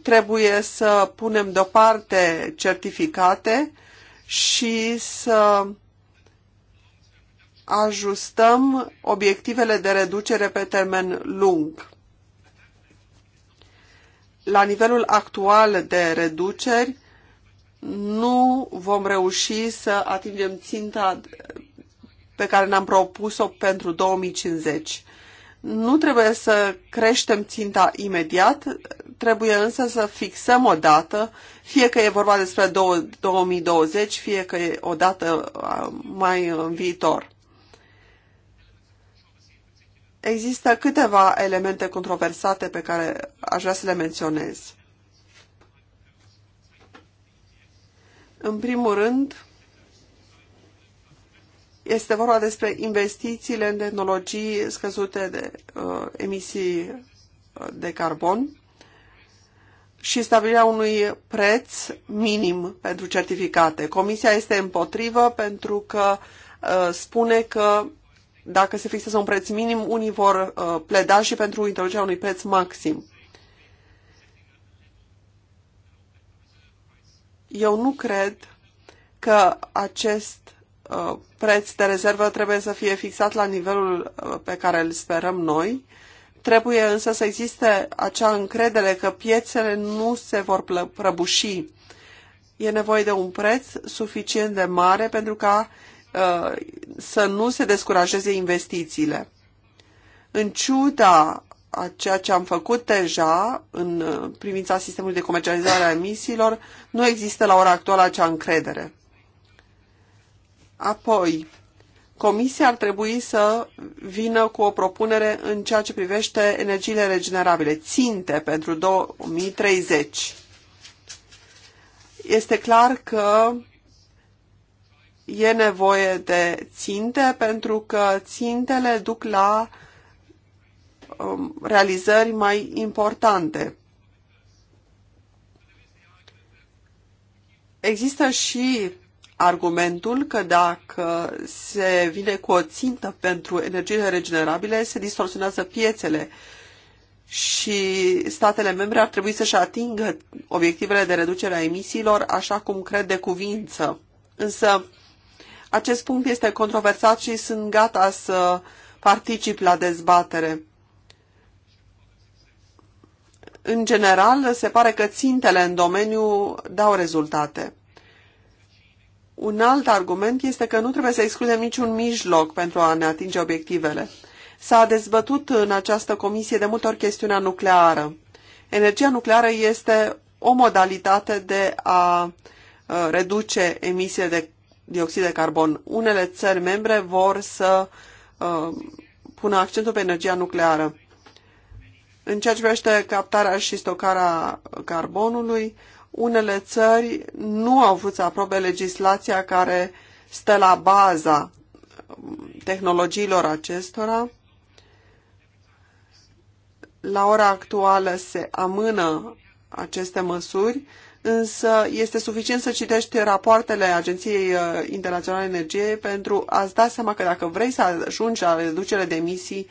trebuie să punem deoparte certificate și să ajustăm obiectivele de reducere pe termen lung la nivelul actual de reduceri nu vom reuși să atingem ținta pe care ne-am propus-o pentru 2050. Nu trebuie să creștem ținta imediat, trebuie însă să fixăm o dată, fie că e vorba despre 2020, fie că e o dată uh, mai uh, în viitor. Există câteva elemente controversate pe care aș vrea să le menționez. În primul rând, este vorba despre investițiile în tehnologii scăzute de uh, emisii uh, de carbon și stabilirea unui preț minim pentru certificate. Comisia este împotrivă pentru că uh, spune că dacă se fixează un preț minim, unii vor uh, pleda și pentru introducerea unui preț maxim. Eu nu cred că acest uh, preț de rezervă trebuie să fie fixat la nivelul uh, pe care îl sperăm noi. Trebuie însă să existe acea încredere că piețele nu se vor prăbuși. E nevoie de un preț suficient de mare pentru ca Uh, să nu se descurajeze investițiile. În ciuda a ceea ce am făcut deja în uh, privința sistemului de comercializare a emisiilor, nu există la ora actuală acea încredere. Apoi, Comisia ar trebui să vină cu o propunere în ceea ce privește energiile regenerabile, ținte pentru 2030. Este clar că e nevoie de ținte pentru că țintele duc la um, realizări mai importante. Există și argumentul că dacă se vine cu o țintă pentru energiile regenerabile, se distorsionează piețele și statele membre ar trebui să-și atingă obiectivele de reducere a emisiilor așa cum cred de cuvință. Însă acest punct este controversat și sunt gata să particip la dezbatere. În general, se pare că țintele în domeniu dau rezultate. Un alt argument este că nu trebuie să excludem niciun mijloc pentru a ne atinge obiectivele. S-a dezbătut în această comisie de multe ori chestiunea nucleară. Energia nucleară este o modalitate de a uh, reduce emisiile de dioxid de carbon. Unele țări membre vor să uh, pună accentul pe energia nucleară. În ceea ce privește captarea și stocarea carbonului, unele țări nu au vrut să aprobe legislația care stă la baza um, tehnologiilor acestora. La ora actuală se amână aceste măsuri însă este suficient să citești rapoartele Agenției uh, Internaționale Energiei pentru a-ți da seama că dacă vrei să ajungi la reducere de emisii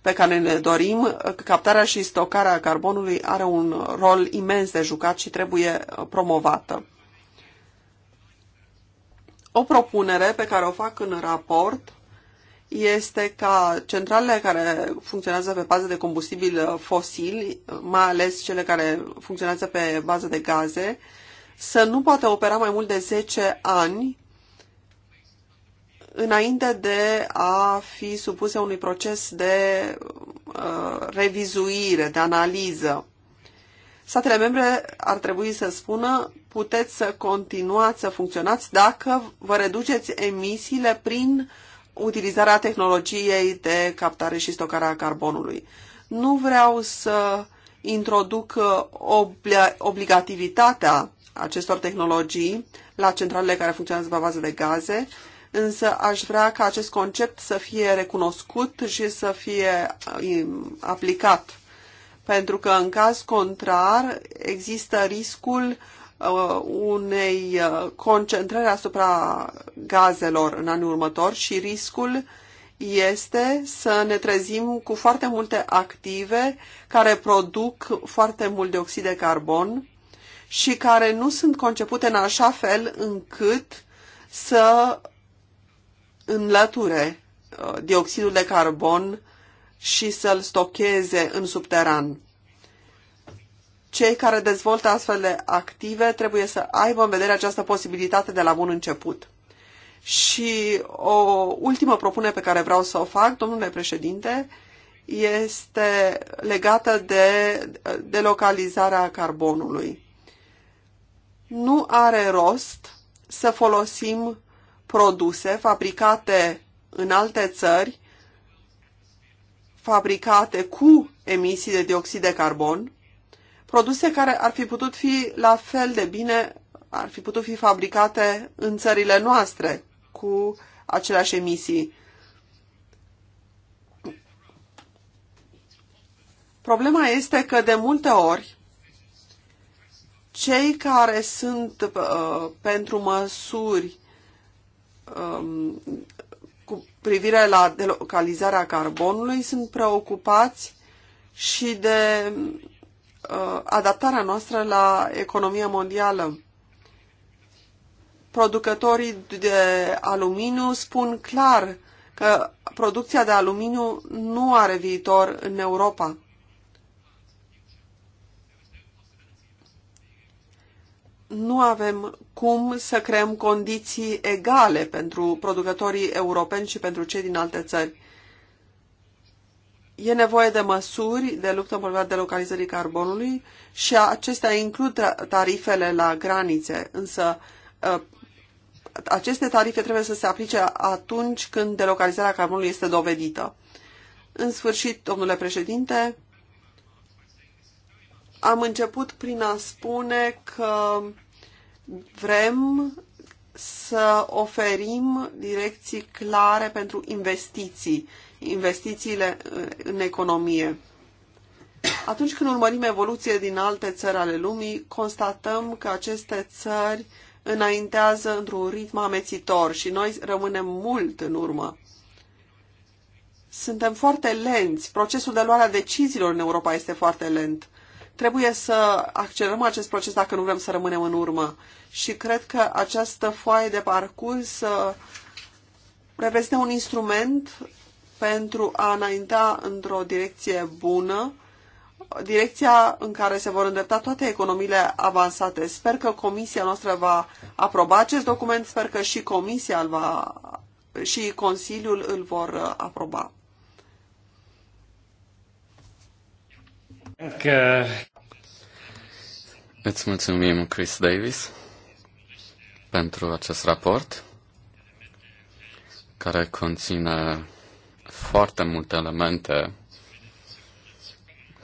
pe care ne dorim, uh, captarea și stocarea carbonului are un rol imens de jucat și trebuie uh, promovată. O propunere pe care o fac în raport este ca centralele care funcționează pe bază de combustibil fosil, mai ales cele care funcționează pe bază de gaze, să nu poată opera mai mult de 10 ani înainte de a fi supuse unui proces de uh, revizuire, de analiză. Statele membre ar trebui să spună puteți să continuați să funcționați dacă vă reduceți emisiile prin uh, utilizarea tehnologiei de captare și stocare a carbonului. Nu vreau să introduc uh, obligativitatea acestor tehnologii la centralele care funcționează pe bază de gaze, însă aș vrea ca acest concept să fie recunoscut și să fie uh, aplicat. Pentru că, în caz contrar, există riscul Uh, unei uh, concentrări asupra gazelor în anul următor și riscul este să ne trezim cu foarte multe active care produc foarte mult dioxid de carbon și care nu sunt concepute în așa fel încât să înlăture uh, dioxidul de carbon și să-l stocheze în subteran cei care dezvoltă astfel de active trebuie să aibă în vedere această posibilitate de la bun început. Și o ultimă propunere pe care vreau să o fac, domnule președinte, este legată de delocalizarea carbonului. Nu are rost să folosim produse fabricate în alte țări, fabricate cu emisii de dioxid de carbon, produse care ar fi putut fi la fel de bine, ar fi putut fi fabricate în țările noastre cu aceleași emisii. Problema este că de multe ori cei care sunt uh, pentru măsuri um, cu privire la delocalizarea carbonului sunt preocupați și de Uh, adaptarea noastră la economia mondială. Producătorii de aluminiu spun clar că producția de aluminiu nu are viitor în Europa. Nu avem cum să creăm condiții egale pentru producătorii europeni și pentru cei din alte țări. E nevoie de măsuri de luptă împotriva localizării carbonului și acestea includ tarifele la granițe, însă uh, aceste tarife trebuie să se aplice atunci când delocalizarea carbonului este dovedită. În sfârșit, domnule președinte, am început prin a spune că vrem să oferim direcții clare pentru investiții investițiile în economie. Atunci când urmărim evoluție din alte țări ale lumii, constatăm că aceste țări înaintează într-un ritm amețitor și noi rămânem mult în urmă. Suntem foarte lenți. Procesul de luare a deciziilor în Europa este foarte lent. Trebuie să accelerăm acest proces dacă nu vrem să rămânem în urmă. Și cred că această foaie de parcurs uh, reprezintă un instrument pentru a înainta într-o direcție bună, direcția în care se vor îndrepta toate economiile avansate. Sper că comisia noastră va aproba acest document, sper că și comisia îl va, și Consiliul îl vor aproba. Că... Îți mulțumim, Chris Davis, pentru acest raport care conține foarte multe elemente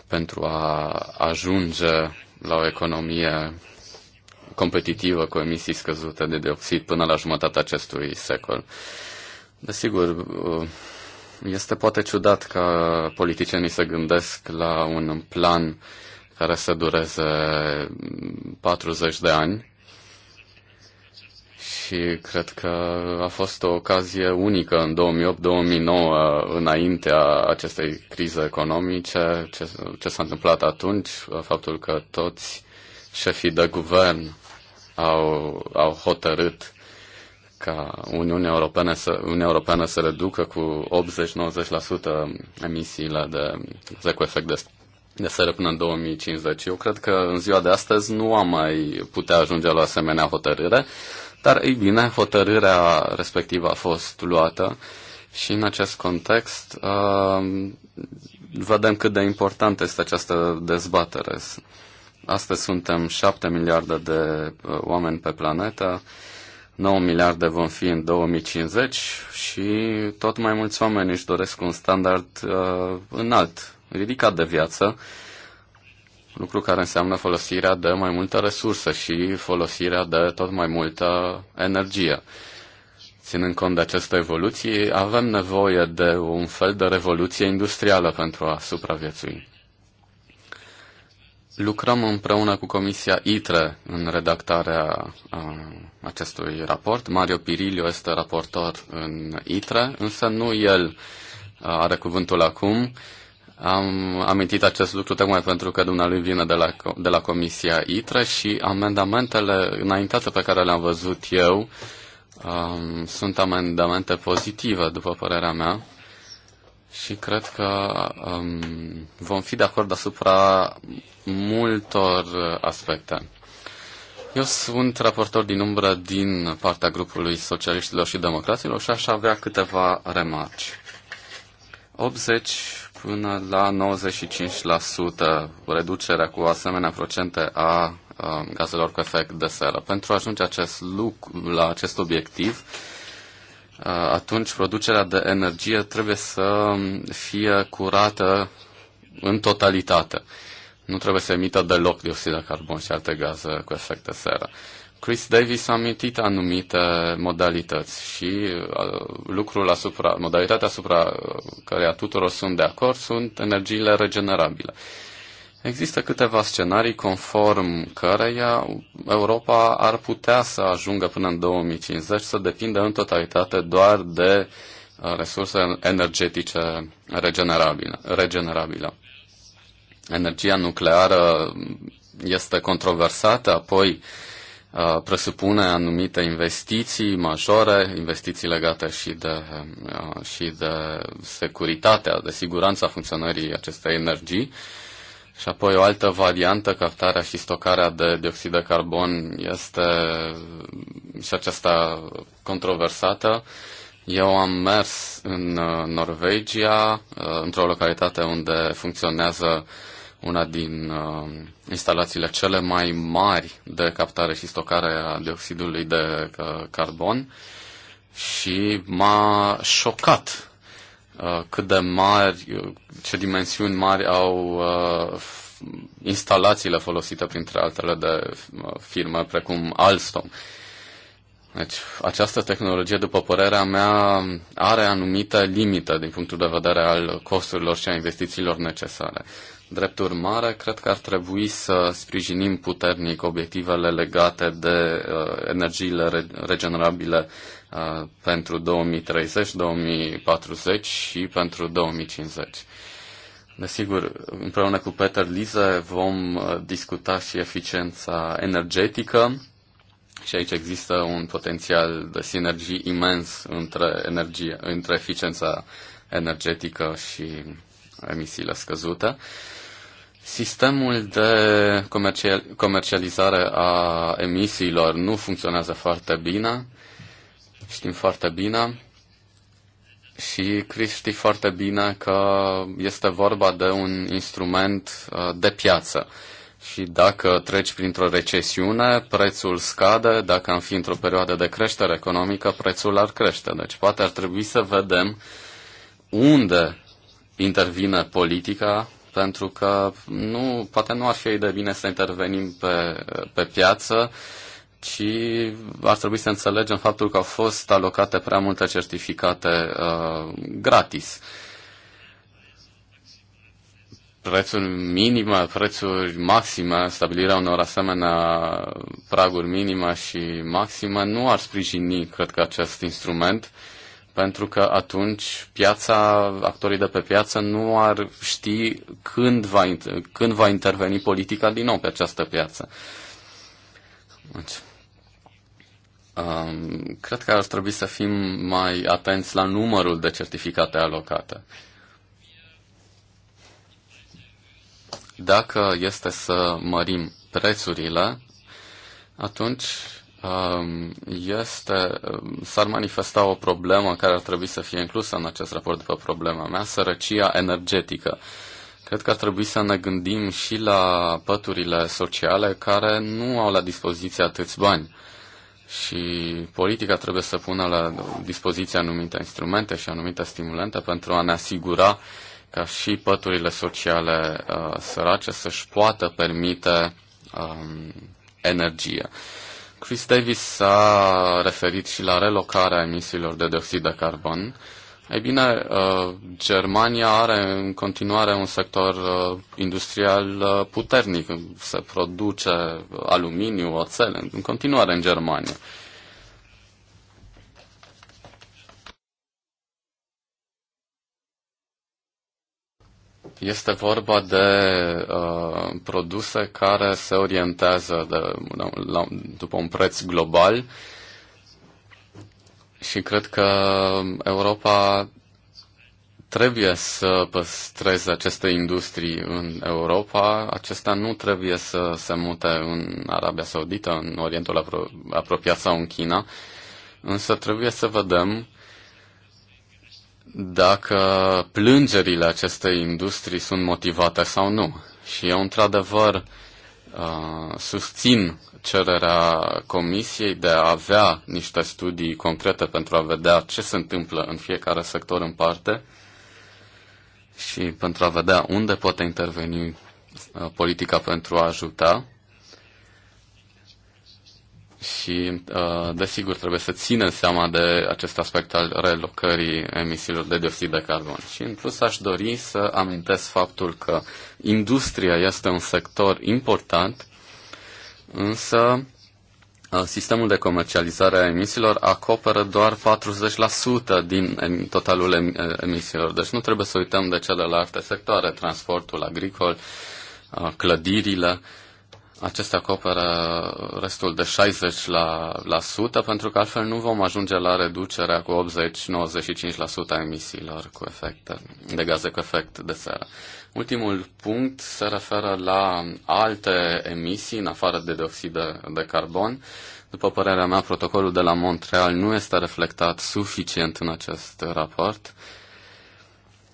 pentru a ajunge la o economie competitivă cu emisii scăzute de dioxid până la jumătatea acestui secol. Desigur, este poate ciudat că politicienii se gândesc la un plan care să dureze 40 de ani, și cred că a fost o ocazie unică în 2008-2009, înaintea acestei crize economice, ce, ce s-a întâmplat atunci, faptul că toți șefii de guvern au, au hotărât ca Uniunea Europeană să, Uniunea Europeană să reducă cu 80-90% emisiile de, de cu efect de de seră până în 2050. Eu cred că în ziua de astăzi nu am mai putea ajunge la asemenea hotărâre, dar, ei bine, hotărârea respectivă a fost luată și în acest context uh, vedem cât de importantă este această dezbatere. Astăzi suntem 7 miliarde de uh, oameni pe planetă, 9 miliarde vom fi în 2050 și tot mai mulți oameni își doresc un standard uh, înalt, ridicat de viață lucru care înseamnă folosirea de mai multă resursă și folosirea de tot mai multă energie. Ținând cont de această evoluție avem nevoie de un fel de revoluție industrială pentru a supraviețui. Lucrăm împreună cu Comisia ITRE în redactarea acestui raport. Mario Pirilio este raportor în ITRE, însă nu el are cuvântul acum. Am amintit acest lucru tocmai pentru că dumnealui vine de la, de la Comisia ITRE și amendamentele înaintate pe care le-am văzut eu um, sunt amendamente pozitive, după părerea mea, și cred că um, vom fi de acord asupra multor aspecte. Eu sunt raportor din umbră din partea grupului socialiștilor și democraților și aș avea câteva remarci. 80 până la 95% reducerea cu asemenea procente a gazelor cu efect de seră. Pentru a ajunge acest lucru, la acest obiectiv, atunci producerea de energie trebuie să fie curată în totalitate. Nu trebuie să emită deloc dioxid de carbon și alte gaze cu efect de seră. Chris Davis a amintit anumite modalități și uh, lucrul asupra, modalitatea asupra uh, care a tuturor sunt de acord sunt energiile regenerabile. Există câteva scenarii conform căreia Europa ar putea să ajungă până în 2050 să depindă în totalitate doar de uh, resurse energetice regenerabile. regenerabile. Energia nucleară este controversată, apoi uh, Uh, presupune anumite investiții majore, investiții legate și de, uh, și de securitatea, de siguranța funcționării acestei energii. Și apoi o altă variantă, captarea și stocarea de dioxid de carbon, este și aceasta controversată. Eu am mers în uh, Norvegia, într-o localitate unde funcționează una din uh, instalațiile cele mai mari de captare și stocare a dioxidului de uh, carbon și m-a șocat uh, cât de mari, ce dimensiuni mari au uh, instalațiile folosite printre altele de uh, firme precum Alstom. Deci, această tehnologie, după părerea mea, are anumite limite din punctul de vedere al costurilor și a investițiilor necesare. Drept urmare, cred că ar trebui să sprijinim puternic obiectivele legate de uh, energiile regenerabile uh, pentru 2030, 2040 și pentru 2050. Desigur, împreună cu Peter Lise vom uh, discuta și eficiența energetică și aici există un potențial de sinergii imens între, energie, între eficiența energetică și emisiile scăzute. Uh, Sistemul de comercializare a emisiilor nu funcționează foarte bine, știm foarte bine, și Chris știe foarte bine că este vorba de un instrument uh, de piață. Și dacă treci printr-o recesiune, prețul scade, dacă am fi într-o perioadă de creștere economică, prețul ar crește. Deci poate ar trebui să vedem unde intervine politica pentru că nu, poate nu ar fi de bine să intervenim pe, pe piață, ci ar trebui să înțelegem faptul că au fost alocate prea multe certificate uh, gratis. Prețuri minime, prețuri maxime, stabilirea unor asemenea praguri minime și maxime nu ar sprijini, cred că, acest instrument uh, pentru că atunci piața, actorii de pe piață nu ar ști când va, când va interveni politica din nou pe această piață. Deci, um, cred că ar trebui să fim mai atenți la numărul de certificate alocate. Dacă este să mărim prețurile, atunci Um, este, um, s-ar manifesta o problemă care ar trebui să fie inclusă în acest raport după problema mea, sărăcia energetică. Cred că ar trebui să ne gândim și la păturile sociale care nu au la dispoziție atâți bani. Și politica trebuie să pună la dispoziție anumite instrumente și anumite stimulente pentru a ne asigura ca și păturile sociale uh, sărace să-și poată permite um, energie. Uh, Chris Davis s-a referit și la relocarea emisiilor de dioxid de carbon. Ei bine, uh, Germania are în continuare un sector uh, industrial uh, puternic. Se produce aluminiu, oțel în continuare în Germania. Este vorba de uh, produse care se orientează de, la, la, după un preț global și cred că Europa trebuie să păstreze aceste industrii în Europa. Acestea nu trebuie să se mute în Arabia Saudită, în Orientul apropiat sau în China, însă trebuie să vedem dacă plângerile acestei industrii sunt motivate sau nu. Și eu, într-adevăr, uh, susțin cererea Comisiei de a avea niște studii concrete pentru a vedea ce se întâmplă în fiecare sector în parte și pentru a vedea unde poate interveni uh, politica pentru a ajuta și, uh, desigur, trebuie să ținem seama de acest aspect al relocării emisiilor de dioxid de carbon. Și, în plus, aș dori să amintesc faptul că industria este un sector important, însă uh, sistemul de comercializare a emisiilor acoperă doar 40% din totalul uh, emisiilor. Deci nu trebuie să uităm de celelalte sectoare, transportul agricol, clădirile acestea acoperă restul de 60%, la, la sută, pentru că altfel nu vom ajunge la reducerea cu 80-95% a emisiilor cu efect de gaze cu efect de seră. Ultimul punct se referă la alte emisii, în afară de dioxid de, de carbon. După părerea mea, protocolul de la Montreal nu este reflectat suficient în acest raport. Uh,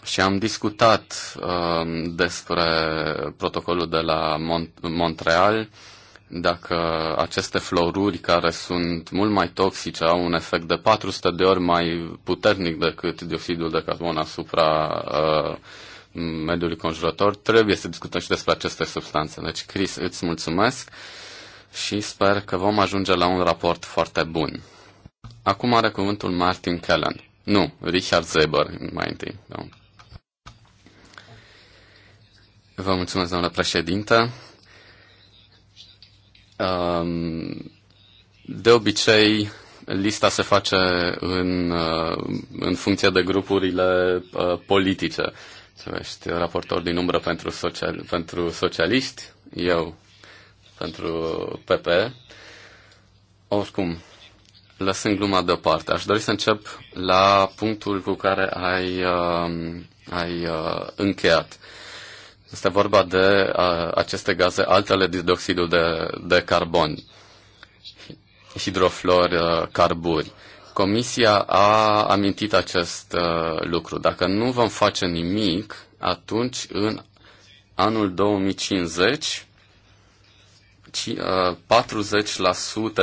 și am discutat uh, despre protocolul de la Mont- Montreal, dacă aceste floruri care sunt mult mai toxice au un efect de 400 de ori mai puternic decât dioxidul de carbon asupra uh, mediului conjurător, trebuie să discutăm și despre aceste substanțe. Deci, Chris, îți mulțumesc și sper că vom ajunge la un raport foarte bun. Acum are cuvântul Martin Kellen. Nu, Richard Zeber mai întâi. Da. Vă mulțumesc, doamnă președintă. Um, de obicei, lista se face în, uh, în funcție de grupurile uh, politice. Ești raportor din umbră pentru, social, pentru socialiști, eu pentru PP. Oricum, lăsând gluma deoparte, aș dori să încep la punctul cu care ai, uh, ai încheiat. Este vorba de a, aceste gaze, altele de dioxidul de, de carbon, hidroflor, carburi. Comisia a amintit acest uh, lucru. Dacă nu vom face nimic, atunci în anul 2050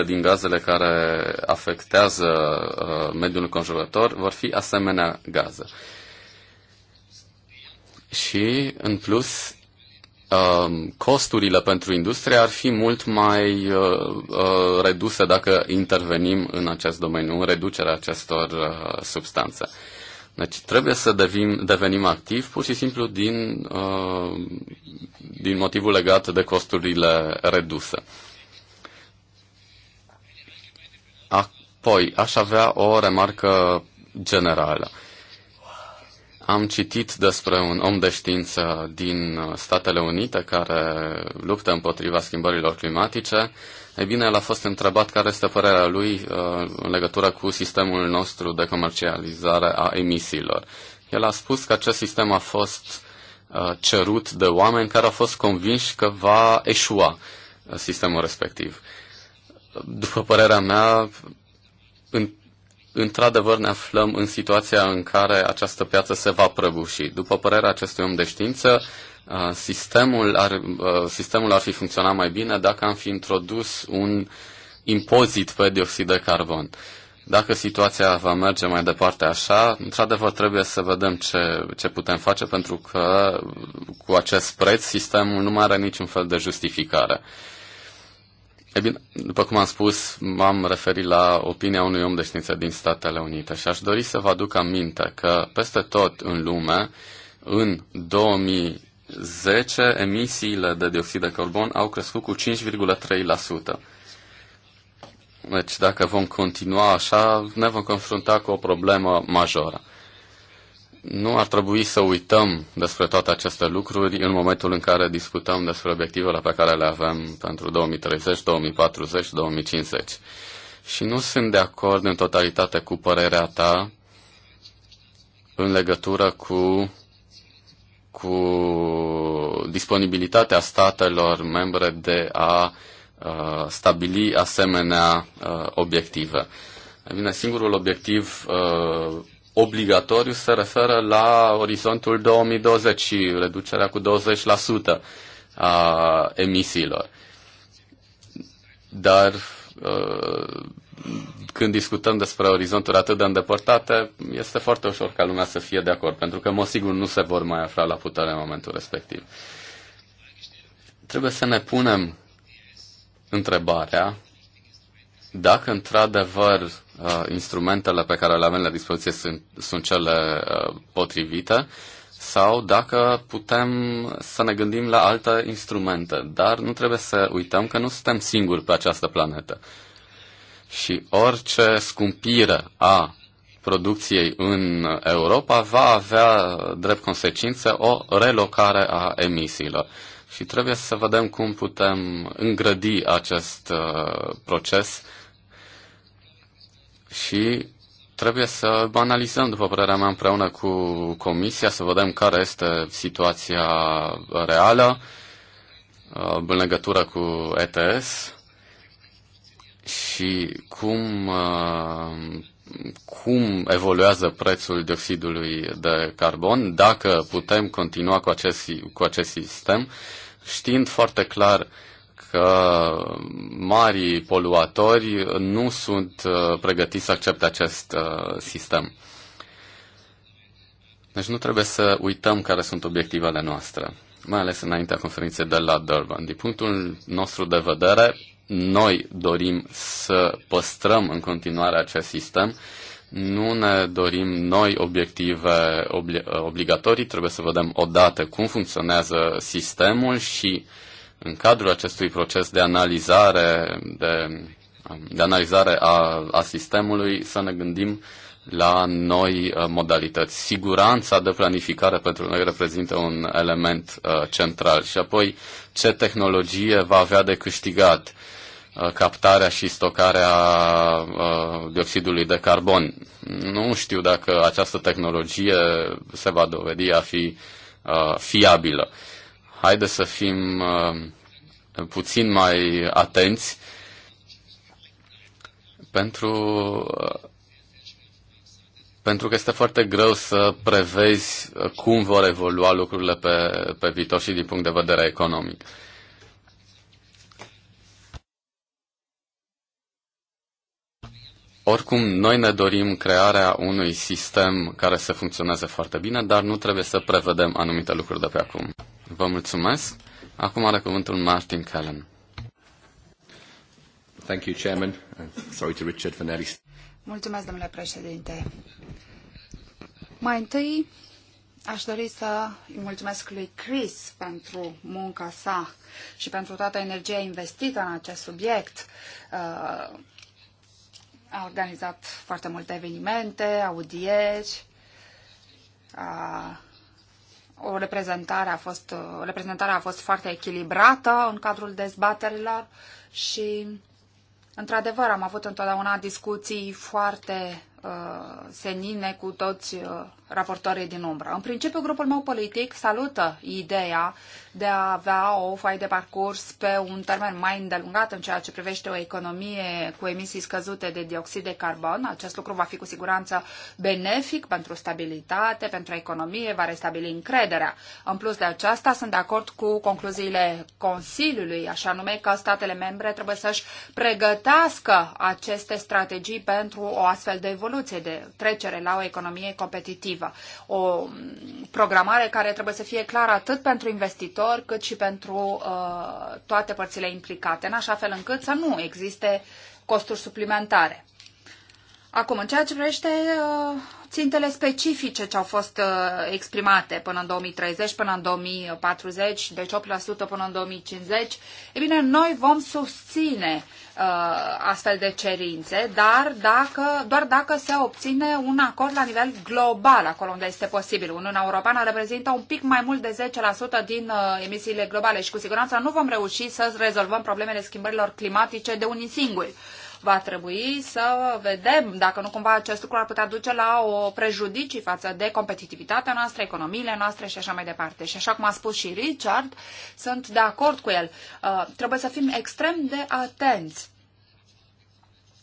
40% din gazele care afectează mediul înconjurător vor fi asemenea gaze și, în plus, um, costurile pentru industrie ar fi mult mai uh, uh, reduse dacă intervenim în acest domeniu, în reducerea acestor uh, substanțe. Deci trebuie să devim, devenim activ pur și simplu din, din motivul legat de costurile reduse. Apoi, aș avea o remarcă generală. Uh, am citit despre un om de știință din uh, Statele Unite care luptă împotriva schimbărilor climatice. Ei bine, el a fost întrebat care este părerea lui uh, în legătură cu sistemul nostru de comercializare a emisiilor. El a spus că acest sistem a fost uh, cerut de oameni care au fost convinși că va eșua sistemul respectiv. După părerea mea, în într-adevăr ne aflăm în situația în care această piață se va prăbuși. După părerea acestui om de știință, uh, sistemul ar, uh, sistemul ar fi funcționat mai bine dacă am fi introdus un impozit pe dioxid de carbon. Dacă situația va merge mai departe așa, într-adevăr trebuie să vedem ce, ce putem face, pentru că cu acest preț sistemul nu mai are niciun fel de justificare. E bine, după cum am spus, m-am referit la opinia unui om de știință din Statele Unite și aș dori să vă aduc aminte că peste tot în lume, în 2010, emisiile de dioxid de carbon au crescut cu 5,3%. Deci dacă vom continua așa, ne vom confrunta cu o problemă majoră. Nu ar trebui să uităm despre toate aceste lucruri în momentul în care discutăm despre obiectivele pe care le avem pentru 2030, 2040, 2050. Și nu sunt de acord în totalitate cu părerea ta în legătură cu, cu disponibilitatea statelor membre de a uh, stabili asemenea uh, obiective. Bine, singurul obiectiv uh, obligatoriu se referă la orizontul 2020 și reducerea cu 20% a emisiilor. Dar uh, când discutăm despre orizonturi atât de îndepărtate, este foarte ușor ca lumea să fie de acord, pentru că, mă sigur, nu se vor mai afla la putere în momentul respectiv. Trebuie să ne punem întrebarea dacă într-adevăr uh, instrumentele pe care le avem la dispoziție sunt, sunt cele uh, potrivite, sau dacă putem să ne gândim la alte instrumente. Dar nu trebuie să uităm că nu suntem singuri pe această planetă. Și orice scumpire a producției în Europa va avea drept consecință o relocare a emisiilor. Și trebuie să vedem cum putem îngrădi acest uh, proces uh, și trebuie să analizăm, după părerea mea, împreună cu Comisia, să vedem care este situația reală uh, în legătură cu ETS și cum, uh, cum evoluează prețul dioxidului de carbon, dacă putem continua cu acest, cu acest sistem, știind foarte clar uh, că mari poluatori nu sunt uh, pregătiți să accepte acest uh, sistem. Deci nu trebuie să uităm care sunt obiectivele noastre, mai ales înaintea conferinței de la Durban. Din punctul nostru de vedere, noi dorim să păstrăm în continuare acest sistem. Nu ne dorim noi obiective obli- obligatorii, trebuie să vedem odată cum funcționează sistemul și uh, în cadrul acestui proces de analizare, de, um, de analizare a, a sistemului, să ne gândim la noi uh, modalități. Siguranța de planificare pentru noi reprezintă un element uh, central și apoi ce tehnologie va avea de câștigat uh, captarea și stocarea uh, dioxidului de carbon. Nu știu dacă această tehnologie se va dovedi a fi uh, fiabilă haide să fim uh, puțin mai atenți pentru, uh, pentru că este foarte greu să prevezi cum vor evolua lucrurile pe, pe viitor și din punct de vedere economic. Oricum, noi ne dorim crearea unui sistem care să funcționeze foarte bine, dar nu trebuie să prevedem anumite lucruri de pe acum. Vă mulțumesc. Acum are cuvântul Martin Callan. Thank you, Chairman. Sorry to Richard Fanelli. Mulțumesc, domnule președinte. Mai întâi, aș dori să îi mulțumesc lui Chris pentru munca sa și pentru toată energia investită în acest subiect. Uh, a organizat foarte multe evenimente, audieri, a, o reprezentare a fost, o reprezentare a fost foarte echilibrată în cadrul dezbaterilor și, într-adevăr, am avut întotdeauna discuții foarte uh, senine cu toți uh, raportorii din umbră. În principiu, grupul meu politic salută ideea de a avea o foaie de parcurs pe un termen mai îndelungat în ceea ce privește o economie cu emisii scăzute de dioxid de carbon. Acest lucru va fi cu siguranță benefic pentru stabilitate, pentru economie, va restabili încrederea. În plus de aceasta, sunt de acord cu concluziile Consiliului, așa nume că statele membre trebuie să-și pregătească aceste strategii pentru o astfel de evoluție, de trecere la o economie competitivă obiectiva. O programare care trebuie să fie clară atât pentru investitori cât și pentru uh, toate părțile implicate, în așa fel încât să nu existe costuri suplimentare. Acum, în ceea ce privește uh, țintele specifice ce au fost uh, exprimate până în 2030, până în 2040, deci 8% până în 2050, e bine, noi vom susține uh, astfel de cerințe, dar dacă, doar dacă se obține un acord la nivel global, acolo unde este posibil. Uniunea Europeană reprezintă un pic mai mult de 10% din uh, emisiile globale și cu siguranță nu vom reuși să rezolvăm problemele schimbărilor climatice de unii singuri. Va trebui să vedem dacă nu cumva acest lucru ar putea duce la o prejudicii față de competitivitatea noastră, economiile noastre și așa mai departe. Și așa cum a spus și Richard, sunt de acord cu el. Uh, trebuie să fim extrem de atenți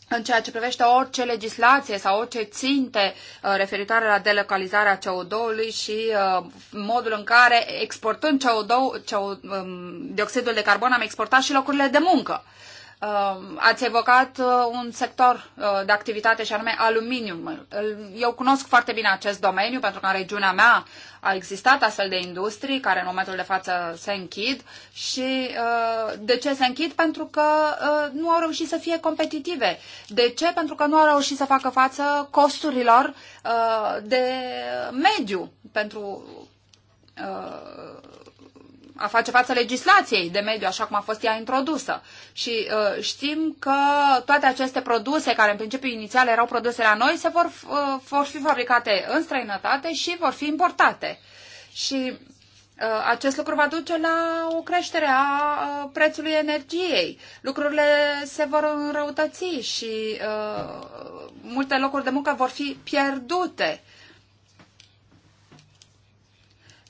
în ceea ce privește orice legislație sau orice ținte uh, referitoare la delocalizarea CO2-ului și uh, modul în care, exportând CO2, CO, um, dioxidul de carbon, am exportat și locurile de muncă. Um, ați evocat uh, un sector uh, de activitate și anume aluminium. Eu cunosc foarte bine acest domeniu pentru că în regiunea mea a existat astfel de industrii care în momentul de față se închid și uh, de ce se închid? Pentru că nu au reușit să fie competitive. De ce? Pentru că nu au reușit să facă față costurilor de mediu pentru a face față legislației de mediu așa cum a fost ea introdusă. Și uh, știm că toate aceste produse, care în principiu inițial erau produse la noi, se vor, uh, vor fi fabricate în străinătate și vor fi importate. Și uh, acest lucru va duce la o creștere a uh, prețului energiei. Lucrurile se vor înrăutăți și uh, multe locuri de muncă vor fi pierdute.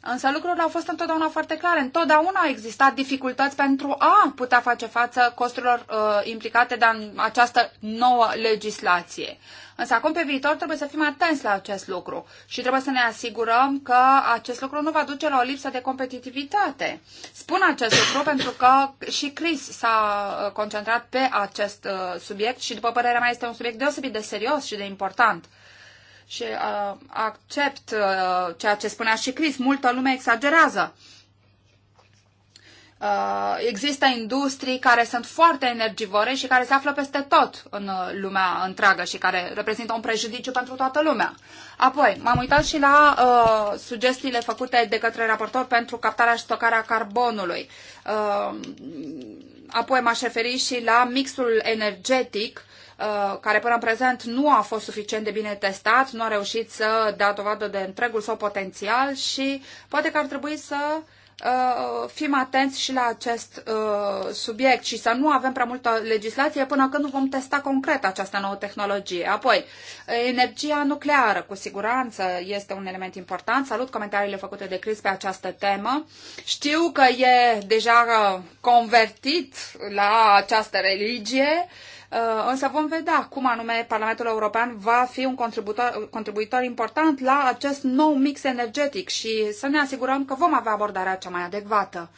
Însă lucrurile au fost întotdeauna foarte clare. Întotdeauna au existat dificultăți pentru a putea face față costurilor uh, implicate de această nouă legislație. Însă acum pe viitor trebuie să fim atenți la acest lucru și trebuie să ne asigurăm că acest lucru nu va duce la o lipsă de competitivitate. Spun acest lucru pentru că și Chris s-a uh, concentrat pe acest uh, subiect și după părerea mea este un subiect deosebit de serios și de important. Uh, și uh, accept uh, ceea ce spunea și Chris, multă lume exagerează. Uh, există industrii care sunt foarte energivore și care se află peste tot în uh, lumea întreagă și care reprezintă un prejudiciu pentru toată lumea. Apoi, m-am uitat și la uh, sugestiile făcute de către raportor pentru captarea și stocarea carbonului. Uh, apoi m-aș referi și la mixul energetic uh, Uh, care până în prezent nu a fost suficient de bine testat, nu a reușit să dea dovadă de întregul său potențial și poate că ar trebui să uh, fim atenți și la acest uh, subiect și să nu avem prea multă legislație până când nu vom testa concret această nouă tehnologie. Apoi, energia nucleară, cu siguranță, este un element important. Salut comentariile făcute de Cris pe această temă. Știu că e deja convertit la această religie, uh, Uh, însă vom vedea cum anume Parlamentul European va fi un contribuitor important la acest nou mix energetic și să ne asigurăm că vom avea abordarea cea mai adecvată.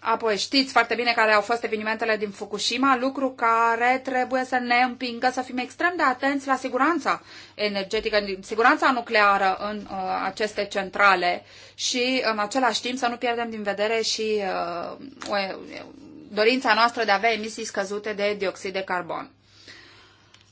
Apoi știți foarte bine care au fost evenimentele din Fukushima, lucru care trebuie să ne împingă să fim extrem de atenți la siguranța energetică, siguranța nucleară în uh, aceste centrale și în același timp să nu pierdem din vedere și uh, o, dorința noastră de a avea emisii scăzute de dioxid de carbon.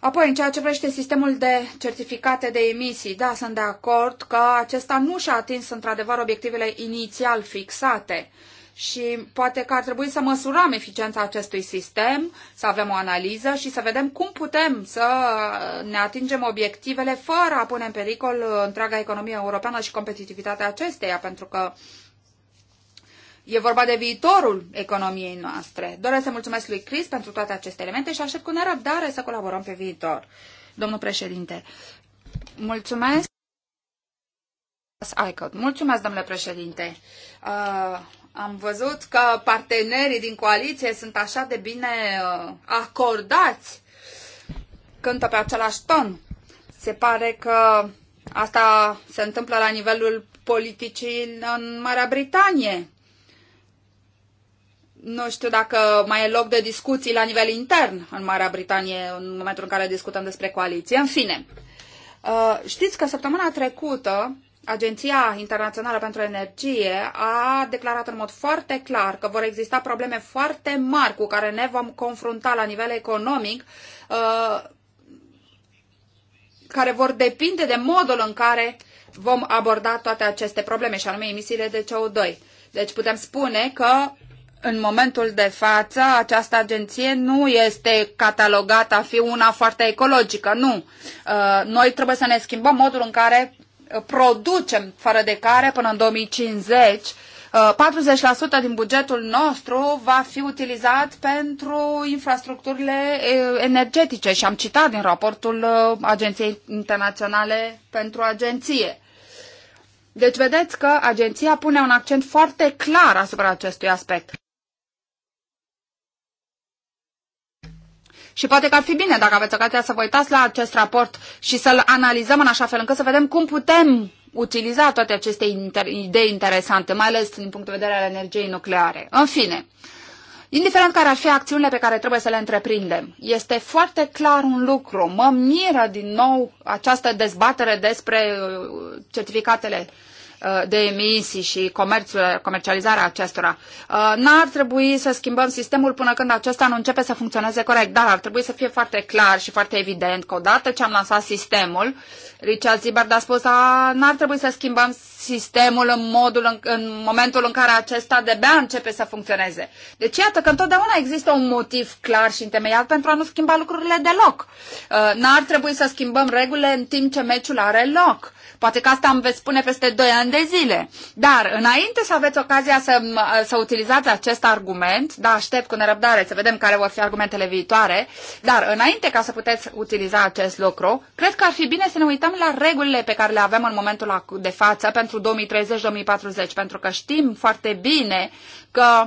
Apoi, în ceea ce privește sistemul de certificate de emisii, da, sunt de acord că acesta nu și-a atins într-adevăr obiectivele inițial fixate și poate că ar trebui să măsurăm eficiența acestui sistem, să avem o analiză și să vedem cum putem să ne atingem obiectivele fără a pune în pericol întreaga economie europeană și competitivitatea acesteia, pentru că uh, E vorba de viitorul economiei noastre. Doresc să mulțumesc lui Chris pentru toate aceste elemente și aștept cu nerăbdare să colaborăm pe viitor. Domnul președinte, mulțumesc. Mulțumesc, domnule președinte. Uh, am văzut că partenerii din coaliție sunt așa de bine uh, acordați. Cântă pe același ton. Se pare că asta se întâmplă la nivelul politicii în Marea Britanie nu știu dacă mai e loc de discuții la nivel intern în Marea Britanie în momentul în care discutăm despre coaliție. În fine, uh, știți că săptămâna trecută Agenția Internațională pentru Energie a declarat în mod foarte clar că vor exista probleme foarte mari cu care ne vom confrunta la nivel economic, uh, care vor depinde de modul în care vom aborda toate aceste probleme, și anume emisiile de CO2. Deci putem spune că în momentul de față, această agenție nu este catalogată a fi una foarte ecologică, nu. Uh, noi trebuie să ne schimbăm modul în care uh, producem, fără de care până în 2050 40% uh, din bugetul nostru va fi utilizat pentru infrastructurile energetice și am citat din raportul Agenției Internaționale pentru Agenție. Deci vedeți că agenția pune un accent foarte clar asupra acestui aspect. Și poate că ar fi bine dacă aveți ocazia să vă uitați la acest raport și să-l analizăm în așa fel încât să vedem cum putem utiliza toate aceste inter- idei interesante, mai ales din punct de vedere al energiei nucleare. În fine, indiferent care ar fi acțiunile pe care trebuie să le întreprindem, este foarte clar un lucru. Mă miră din nou această dezbatere despre uh, certificatele uh, Uh, de emisii și comerțul, comercializarea acestora. Uh, n-ar trebui să schimbăm sistemul până când acesta nu începe să funcționeze corect, dar ar trebui să fie foarte clar și foarte evident că odată ce am lansat sistemul, Richard Zibard a spus, a, n-ar trebui să schimbăm sistemul în, modul, în, în momentul în care acesta de-abia începe să funcționeze. Deci iată că întotdeauna există un motiv clar și întemeiat pentru a nu schimba lucrurile deloc. Uh, n-ar trebui să schimbăm regulile în timp ce meciul are loc Poate că asta îmi veți spune peste 2 ani de zile. Dar înainte să aveți ocazia să, să utilizați acest argument, da, aștept cu nerăbdare să vedem care vor fi argumentele viitoare, dar înainte ca să puteți utiliza acest lucru, cred că ar fi bine să ne uităm la regulile pe care le avem în momentul de față pentru 2030-2040, pentru că știm foarte bine că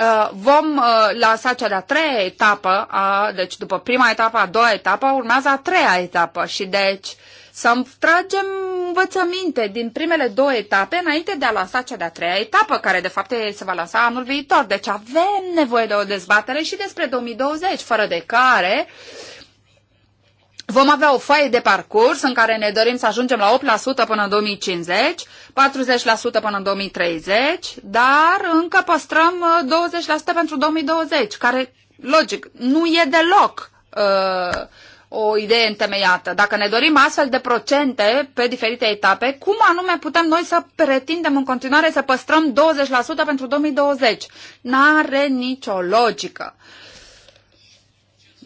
uh, vom uh, lansa cea de-a treia etapă, a, deci după prima etapă, a doua etapă, urmează a treia etapă și deci să tragem învățăminte din primele două etape înainte de a lansa cea de-a treia etapă, care de fapt se va lansa anul viitor. Deci avem nevoie de o dezbatere și despre 2020, fără de care Vom avea o foaie de parcurs în care ne dorim să ajungem la 8% până în 2050, 40% până în 2030, dar încă păstrăm 20% uh, pentru 2020, care, logic, nu e deloc uh, o idee întemeiată. Dacă ne dorim astfel de procente pe diferite etape, cum anume putem noi să pretindem în continuare să păstrăm 20% pentru 2020? N-are nicio logică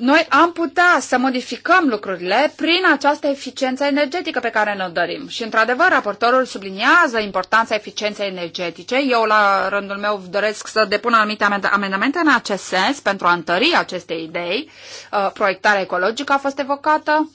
noi am putea să modificăm lucrurile prin această eficiență energetică pe care ne-o dorim. Și, într-adevăr, raportorul subliniază importanța eficienței energetice. Eu, la rândul meu, doresc să depun anumite amendamente în acest sens pentru a întări aceste idei. Uh, proiectarea ecologică a fost evocată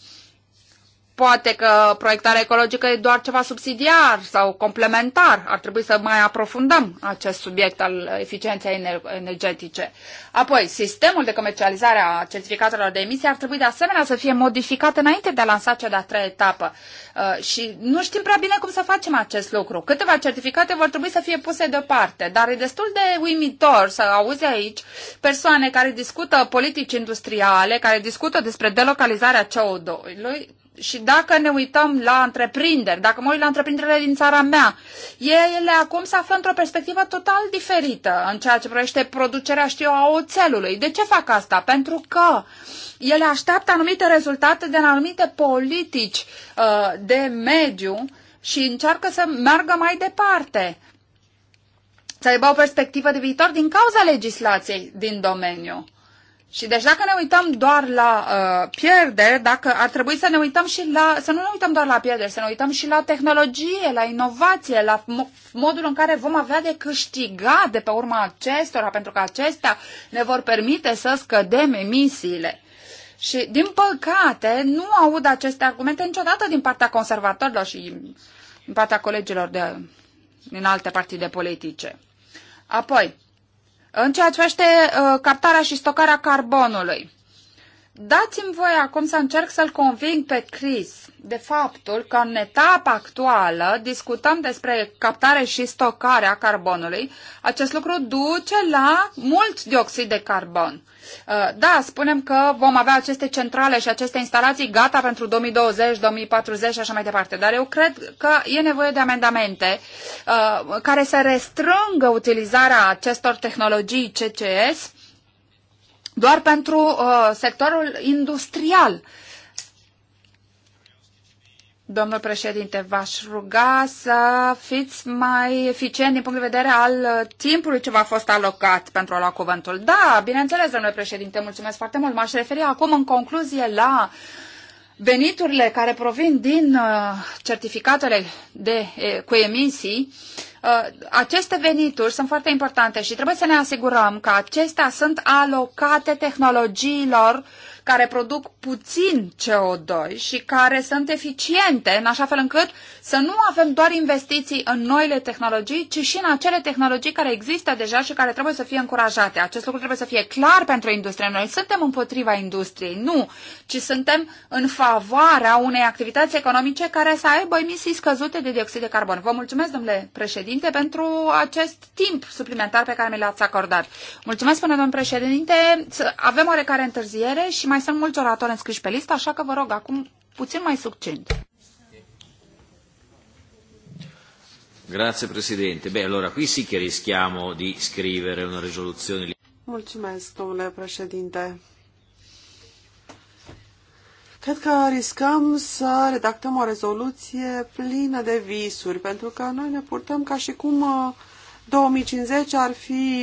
Poate că proiectarea ecologică e doar ceva subsidiar sau complementar. Ar trebui să mai aprofundăm acest subiect al eficienței energetice. Apoi, sistemul de comercializare a certificatelor de emisie ar trebui de asemenea să fie modificat înainte de a lansa cea de-a treia etapă. Uh, și nu știm prea bine cum să facem acest lucru. Câteva certificate vor trebui să fie puse deoparte, dar e destul de uimitor să auzi aici persoane care discută politici industriale, care discută despre delocalizarea CO2-ului, și dacă ne uităm la întreprinderi, dacă mă uit la întreprinderile din țara mea, ele acum se află într-o perspectivă total diferită în ceea ce privește producerea, știu a oțelului. De ce fac asta? Pentru că ele așteaptă anumite rezultate de anumite politici uh, de mediu și încearcă să meargă mai departe, să aibă o perspectivă de viitor din cauza legislației din domeniu. Și deci dacă ne uităm doar la uh, pierderi, dacă ar trebui să ne uităm și la, să nu ne uităm doar la pierderi, să ne uităm și la tehnologie, la inovație, la modul în care vom avea de câștigat de pe urma acestora, pentru că acestea ne vor permite să scădem emisiile. Și, din păcate, nu aud aceste argumente niciodată din partea conservatorilor și din partea colegilor de, din alte partide politice. Apoi, în ceea ce privește uh, captarea și stocarea carbonului, Dați-mi voi acum să încerc să-l conving pe Chris de faptul că în etapa actuală discutăm despre captare și stocare a carbonului. Acest lucru duce la mult dioxid de carbon. Uh, da, spunem că vom avea aceste centrale și aceste instalații gata pentru 2020, 2040 și așa mai departe, dar eu cred că e nevoie de amendamente uh, care să restrângă utilizarea acestor tehnologii CCS doar pentru uh, sectorul industrial. Domnul președinte, v-aș ruga să fiți mai eficient din punct de vedere al uh, timpului ce v-a fost alocat pentru a lua cuvântul. Da, bineînțeles, domnule președinte, mulțumesc foarte mult. M-aș referi acum în concluzie la uh, veniturile care provin din uh, certificatele de, cu emisii, uh, aceste venituri sunt foarte importante și trebuie să ne asigurăm că acestea sunt alocate tehnologiilor care produc puțin CO2 și care sunt eficiente în așa fel încât să nu avem doar investiții în noile tehnologii, ci și în acele tehnologii care există deja și care trebuie să fie încurajate. Acest lucru trebuie să fie clar pentru industrie. Noi suntem împotriva industriei, nu, ci suntem în favoarea unei activități economice care să aibă emisii scăzute de dioxid de carbon. Vă mulțumesc, domnule președinte, pentru acest timp suplimentar pe care mi l-ați acordat. Mulțumesc, până domnule președinte. Avem oarecare întârziere și mai mai sunt mulți oratori înscriși pe listă, așa că vă rog acum puțin mai succint. Grazie Presidente. Beh, allora qui sì che rischiamo di scrivere una risoluzione. Mulțumesc, domnule președinte. Cred că riscăm să redactăm o rezoluție plină de visuri, pentru că noi ne purtăm ca și cum 2050 uh, ar fi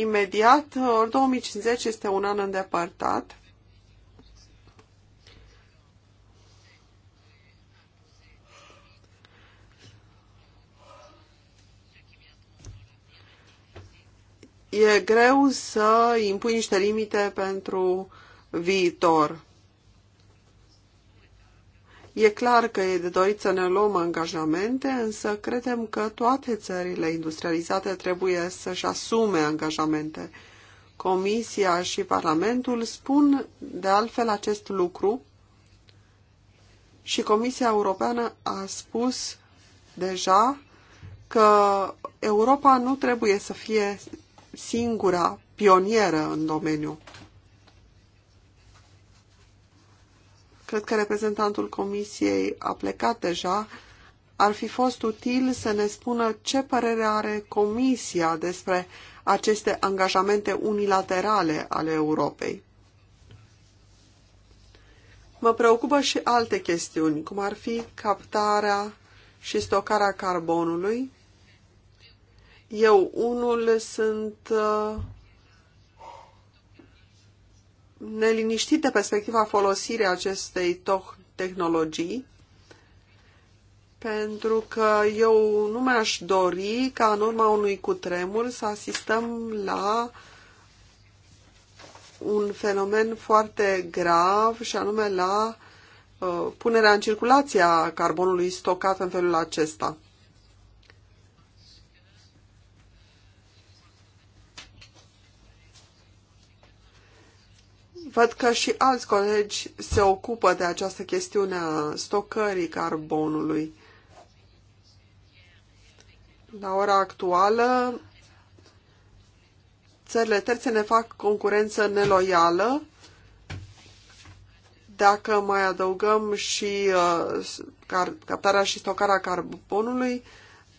imediat, ori 2050 este un an îndepărtat. E greu să impui niște limite pentru viitor. E clar că e de dorit să ne luăm angajamente, însă credem că toate țările industrializate trebuie să-și asume angajamente. Comisia și Parlamentul spun de altfel acest lucru și Comisia Europeană a spus deja că Europa nu trebuie să fie singura pionieră în domeniu. Cred că reprezentantul comisiei a plecat deja. Ar fi fost util să ne spună ce părere are comisia despre aceste angajamente unilaterale ale Europei. Mă preocupă și alte chestiuni, cum ar fi captarea și stocarea carbonului. Eu unul sunt uh, neliniștit de perspectiva folosirii acestei tehnologii, pentru că eu nu mi-aș dori ca în urma unui cutremur să asistăm la un fenomen foarte grav și anume la uh, punerea în circulație a carbonului stocat în felul acesta. Văd că și alți colegi se ocupă de această chestiune a stocării carbonului. La ora actuală, țările terțe ne fac concurență neloială. Dacă mai adăugăm și uh, captarea și stocarea carbonului, uh,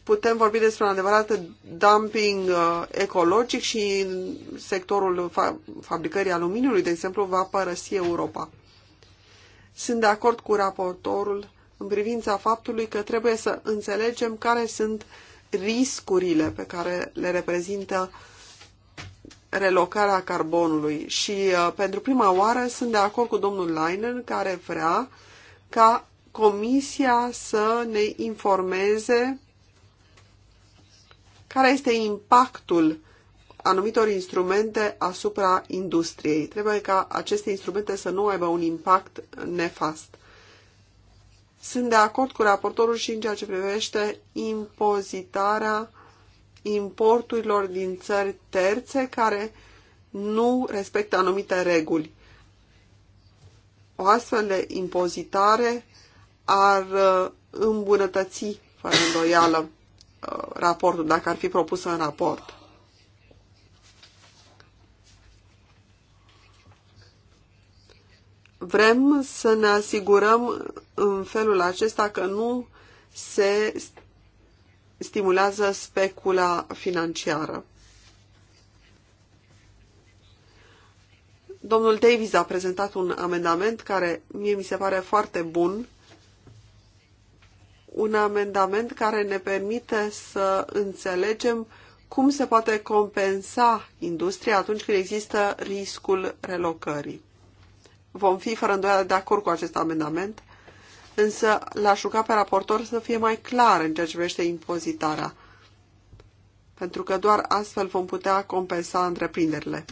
putem vorbi despre un adevărat dumping uh, ecologic și sectorul fa fabricării aluminiului, de exemplu, va părăsi Europa. Sunt de acord cu raportorul în privința faptului că trebuie să înțelegem care sunt riscurile pe care le reprezintă relocarea carbonului și uh, pentru prima oară sunt de acord cu domnul Leinen care vrea ca Comisia să ne informeze care este impactul anumitor instrumente asupra industriei. Trebuie ca aceste instrumente să nu aibă un impact nefast. Sunt de acord cu raportorul și în ceea ce privește impozitarea importurilor din țări terțe care nu respectă anumite reguli. O astfel de impozitare ar uh, îmbunătăți, fără îndoială, raportul, dacă ar fi propusă în raport. Vrem să ne asigurăm în felul acesta că nu se stimulează specula financiară. Domnul Davis a prezentat un amendament care mie mi se pare foarte bun un amendament care ne permite să înțelegem cum se poate compensa industria atunci când există riscul relocării. Vom fi fără îndoială de acord cu acest amendament, însă l-aș ruga pe raportor să fie mai clar în ceea ce privește impozitarea, pentru că doar astfel vom putea compensa întreprinderile.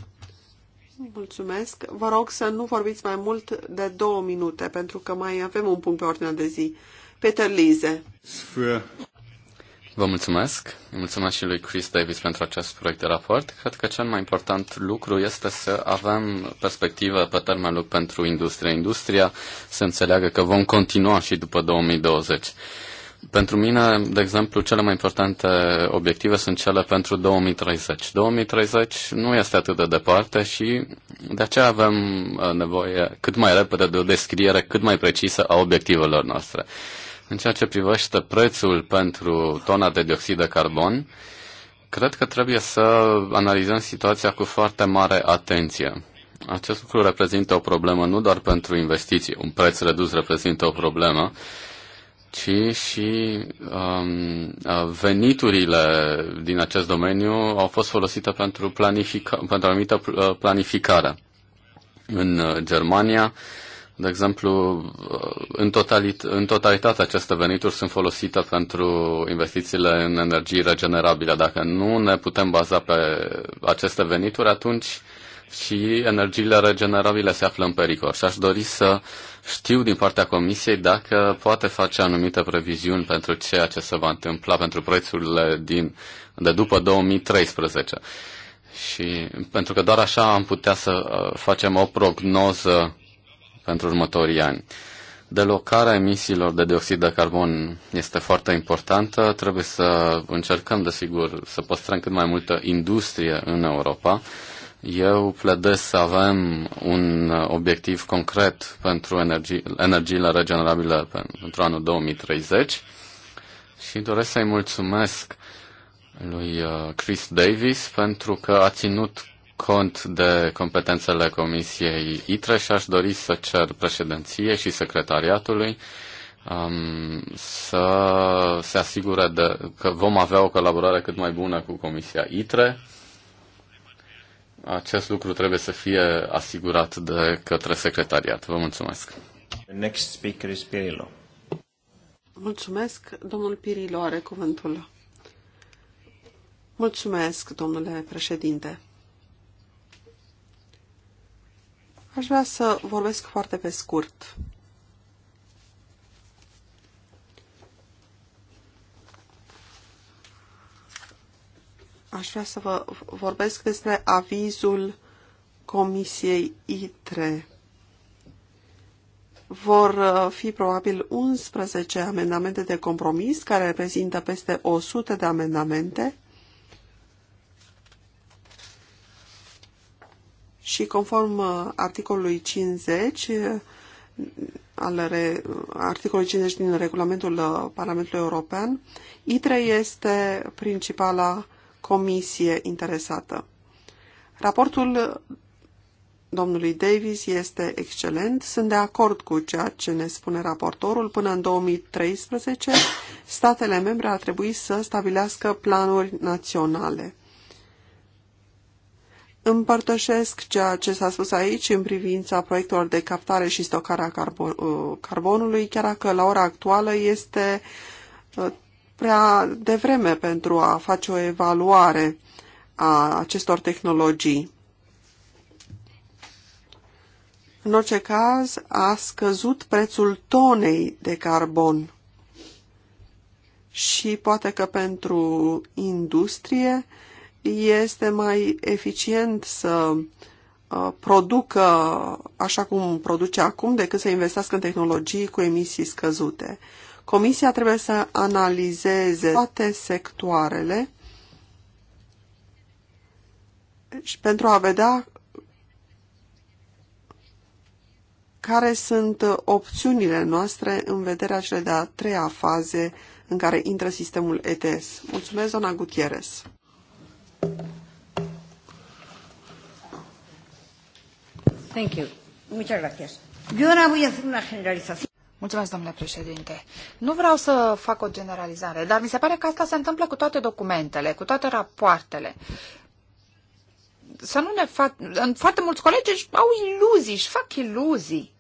Mulțumesc. Vă rog să nu vorbiți mai mult de două minute, pentru că mai avem un punct pe ordinea de zi. Peter Lise. Vă mulțumesc. Mulțumesc și lui Chris Davis pentru acest proiect de raport. Cred că cel mai important lucru este să avem perspectivă pe termen lung pentru industrie. Industria să înțeleagă că vom continua și după 2020. Pentru mine, de exemplu, cele mai importante obiective sunt cele pentru 2030. 2030 nu este atât de departe și de aceea avem uh, nevoie cât mai repede de o descriere cât mai precisă a obiectivelor noastre. În ceea ce privește prețul pentru tona de dioxid de carbon, cred că trebuie să analizăm situația cu foarte mare atenție. Acest lucru reprezintă o problemă nu doar pentru investiții, un preț redus reprezintă o problemă, ci și um, veniturile din acest domeniu au fost folosite pentru, planifica- pentru anumită uh, planificare. În uh, Germania, de exemplu, în, totalit- în totalitate aceste venituri sunt folosite pentru investițiile în energii regenerabile. Dacă nu ne putem baza pe aceste venituri, atunci și energiile regenerabile se află în pericol. Și aș dori să știu din partea Comisiei dacă poate face anumite previziuni pentru ceea ce se va întâmpla pentru prețurile din, de după 2013. Și pentru că doar așa am putea să uh, facem o prognoză pentru următorii ani. Delocarea emisiilor de dioxid de carbon este foarte importantă. Trebuie să încercăm, desigur, să păstrăm cât mai multă industrie în Europa. Eu pledez să avem un obiectiv concret pentru energie, energiile regenerabile pentru anul 2030 și doresc să-i mulțumesc lui uh, Chris Davis pentru că a ținut cont de competențele Comisiei ITRE și aș dori să cer președinției și secretariatului um, să se asigure de, că vom avea o colaborare cât mai bună cu Comisia ITRE. Acest lucru trebuie să fie asigurat de către secretariat. Vă mulțumesc. The next speaker is Pirilo. Mulțumesc. Domnul Pirilo are cuvântul. Mulțumesc, domnule președinte. Aș vrea să vorbesc foarte pe scurt. Aș vrea să vă vorbesc despre avizul Comisiei ITRE. Vor uh, fi probabil 11 amendamente de compromis, care reprezintă peste 100 de amendamente și conform uh, articolului 50 uh, al re, articolului 50 din regulamentul uh, Parlamentului European, ITRE este principala comisie interesată. Raportul domnului Davis este excelent. Sunt de acord cu ceea ce ne spune raportorul. Până în 2013, statele membre ar trebui să stabilească planuri naționale. Împărtășesc ceea ce s-a spus aici în privința proiectelor de captare și stocare a carbon, uh, carbonului, chiar dacă la ora actuală este uh, prea devreme pentru a face o evaluare a acestor tehnologii. În orice caz, a scăzut prețul tonei de carbon și poate că pentru industrie este mai eficient să uh, producă așa cum produce acum decât să investească în tehnologii cu emisii scăzute. Comisia trebuie să analizeze toate sectoarele și pentru a vedea care sunt opțiunile noastre în vederea cele de-a treia faze în care intră sistemul ETS. Mulțumesc, doamna Gutierrez. Thank you. Muchas gracias. Yo ahora voy a hacer una generalización. Mulțumesc, domnule președinte. Nu vreau să fac o generalizare, dar mi se pare că asta se întâmplă cu toate documentele, cu toate rapoartele. Să nu ne fac... Foarte mulți colegi au iluzii, își fac iluzii